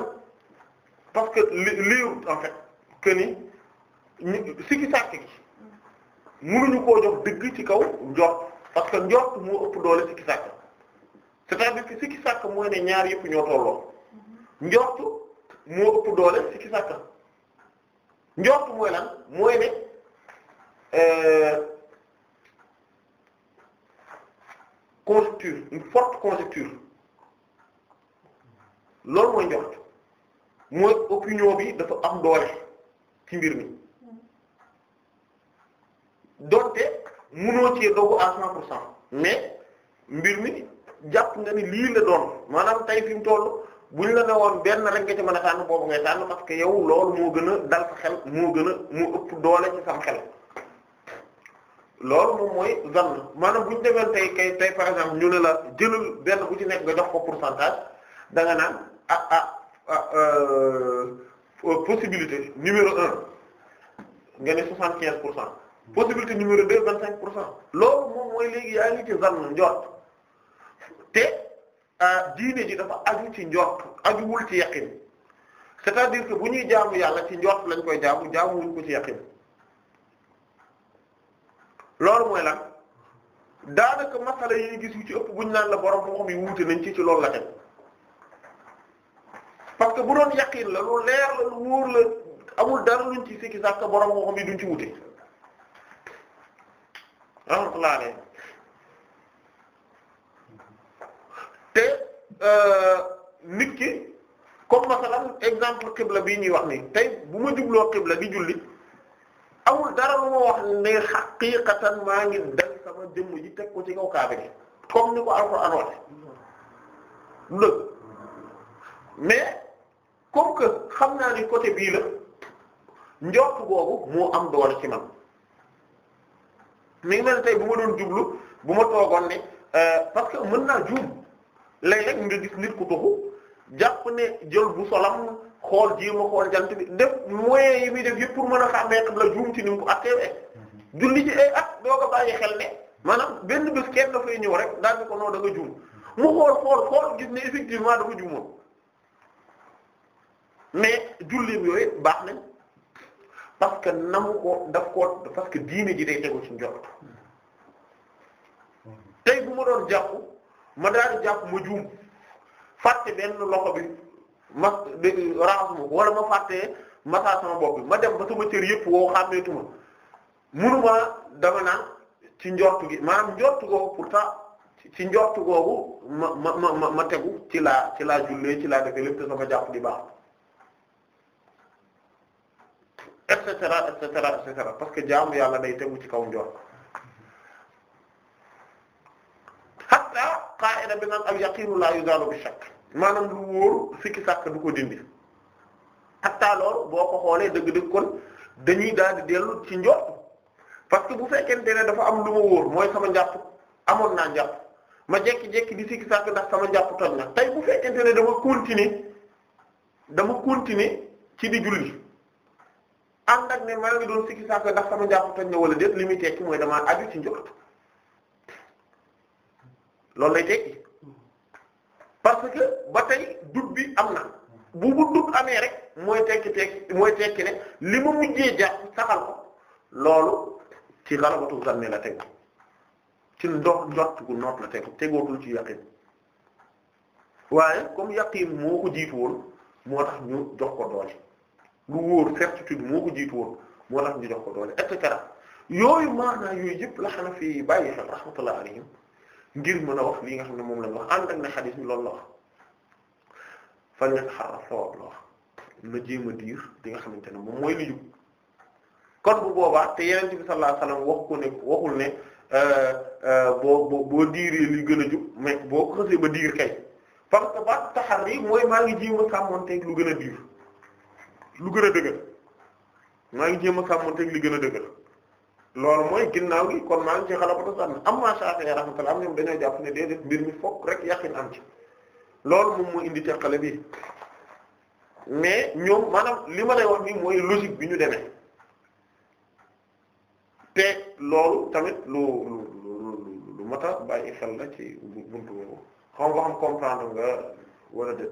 parce que li liiwut en fait que ni ñu sikki sàkk gi mënuñu koo jox dëgg ci kaw njort parce que njort moo ëpp doole sikki sàkk c'est-à-dire que sikki sàkk mooy ne ñaar yëpp ñoo tolloo njort moo ëpp doole sikki sàkk njort mooy lan mooy ne euh, conjecture une forte loolu mooy njort mooy opinion bi dafa am doole ci mbir mi donte mënoo cee dogu à cent pour cent mais mbir mi jàpp nga ni lii la doon maanaam tey fi mu toll ñu la ne woon benn rek nga ci mën a tànn boobu ngay tànn parce que yow loolu moo gën a dal sa xel moo gën a moo ëpp doole ci sam xel loolu moom mooy zann maanaam ñu demee tey kay tey par exemple ñu ne la jëlal benn bu ci nekk nga jox ko pourcentage da nga naan ah ah, ah euh, euh, possibilité numéro un nga ne soixante quinze pour cent possibilité numéro deux vingt cinq pour cent loolu moom mooy léegi yaa ngi ci zann njort te ah, diine ji dafa aju ci njort ajuwul ci yaqin c'est-à-dire que bu ñuy jaamu yàlla ci njort lañ koy jaamu jaamuwuñ ko ci yaqin loolu mooy lan daanaka masala yi ñu gis yu ci ëpp buñ naan la borom xam-xam yi wuute nañ ci ci loolu la teg parce que bu doon yaqin la lu leer la lu wóor la amul dara luñ ci sikki sàkk borom moo xam yi duñ ci wute rahmatullah alayhi te euh, nit ki comme masalan exemple qibla bii ñuy wax ni tey bu ma jubloo qibla di julli amul dara lu ma wax ne xaqiqatan maa ngi dal sama jëmm yi teg ko ci kaw kaaba gi comme ni ko Alxuraan anoone dëgg mais comme que xam naa ni côté bii la njort boobu moo am doole ci man mi ngi mel tey bu ma doon jublu bu ma toogoon ne euh, parce que mën naa juum léeg-léeg nga gis nit ku tuxu jàpp ne jël bu solam xool ji ma xool jant bi def moyens yi muy def yëpp pour mën a xàmmee xam la juum ci ni mu ko atteewee julli mhm. ci ay at doo ko bàyyi xel ne maanaam benn bés kenn dafay ñëw rek daal di ko noo da nga juum mu xool xool xool gis ne effectivement dafa juumoon mais julleem yooyu baax nañ parce que namu ko daf koo parce que diine gi day tegu ci njort tey bu ma doon jàpp ma daal jàpp ma juum fàtte benn loxo bi ma raxas ma wala ma fàtte masaa sama bopp bi ma dem ba sama cër yëpp woo xàmmeetu ma munuma dama naan ci njort gi maanaam njort googu pourtant ci njort googu ma ma ma ma tegu ci laa ci laa jullee ci laa defee lépp te sama jàpp di baax. et cetera et cetera parce que jaamu yàlla day tegu ci kaw njort hatta qaa'ida bi naan al yaqiinu laa lu wóor sikki du ko dindi boo ko xoolee dëgg kon dañuy daal di dellu ci njort que bu fekkente ne dafa am lu ma wóor mooy sama njàpp amoon naa njàpp ma jekki-jekki di sikki sàkk ndax sama njàpp toj na tey bu fekkente ne dama continuer dama continuer ci di julli ànd ak ne a ngi doon sikki saako ndax sama njàpp toj na wala déet li muy tekki mooy damaa aju ci njort loolu lay tekki parce que ba tey dut bi am na bu bu dut amee rek mooy tekki tekki mooy tekki ne li ma mujjee jàpp saxal ko loolu ci xalabatu zanni la tegu ci ndox njort gu noot la tegu tegootul ci yaqin waaye comme yaqin moo ko jiitu woon moo tax ñu jox ko doole lu wóor certitude moo ko jiitu woon moo tax ñu jox ko doole et cetera yooyu maanaa yooyu yëpp la xam Hanafi bàyyi xel rahmatullah alayhim ngir mën a wax lii nga xam ne moom lañ wax ànd ak ne xadis bi loolu la wax fal yataharra sawaab la nga xamante ne moom mooy li jub bu boobaa te yeneen bi sallallahu alayhi wasallam wax ne waxul ne euh, euh, boo boo boo diiree li gën a jub mais boo ko xasee ba diir kay parce que ba taxar yi mooy maa ngi jéem a te lu gën a diir lu gën a dëgër maa ngi jéem a sàmmanteeg li gën a dëgër loolu mooy ginnaaw gi kon maa ngi ci xalabatu sànn am maa Shafi'i rahmatullah am ñoom dañoo jàpp ne déedéet mbir mi fokk rek yaqin am ci loolu moom moo indi teqale bi mais ñoom maanaam li ma lay wax nii mooy logique bi ñu demee te loolu tamit lu lu lu mata bàyyi xel la ci buntu boobu xam nga xam comprendre nga wala déet.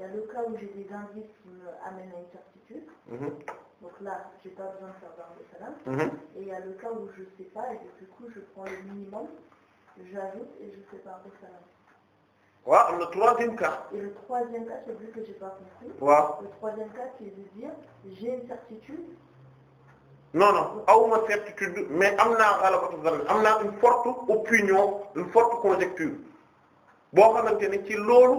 Il a le cas où j'ai des indices qui me à une certitude. Mhm. Donc là, j'ai pas besoin de faire de salam. Mhm. mm Et a le cas où je sais pas et du coup je prends le minimum, j'ajoute et je fais par salam. le troisième cas. et le troisième que j'ai pas compris. le troisième cas c'est de dire j'ai une certitude. non non awma certitude mais am naa ghalabatu zann am naa une forte une forte conjecture boo xamante ne ci loolu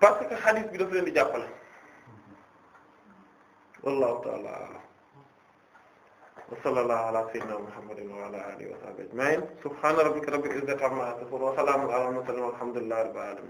parce que xadis bi daf leen di jàppale wallahu ta'ala a'lam wa sallallahu ala sayyidina muhammadin wa ala alihi wa sahbihi ajma'in subhana rabbika rabbil izzati amma yasifun wa salamun ala al mursalin walhamdulillahi rabbil alamin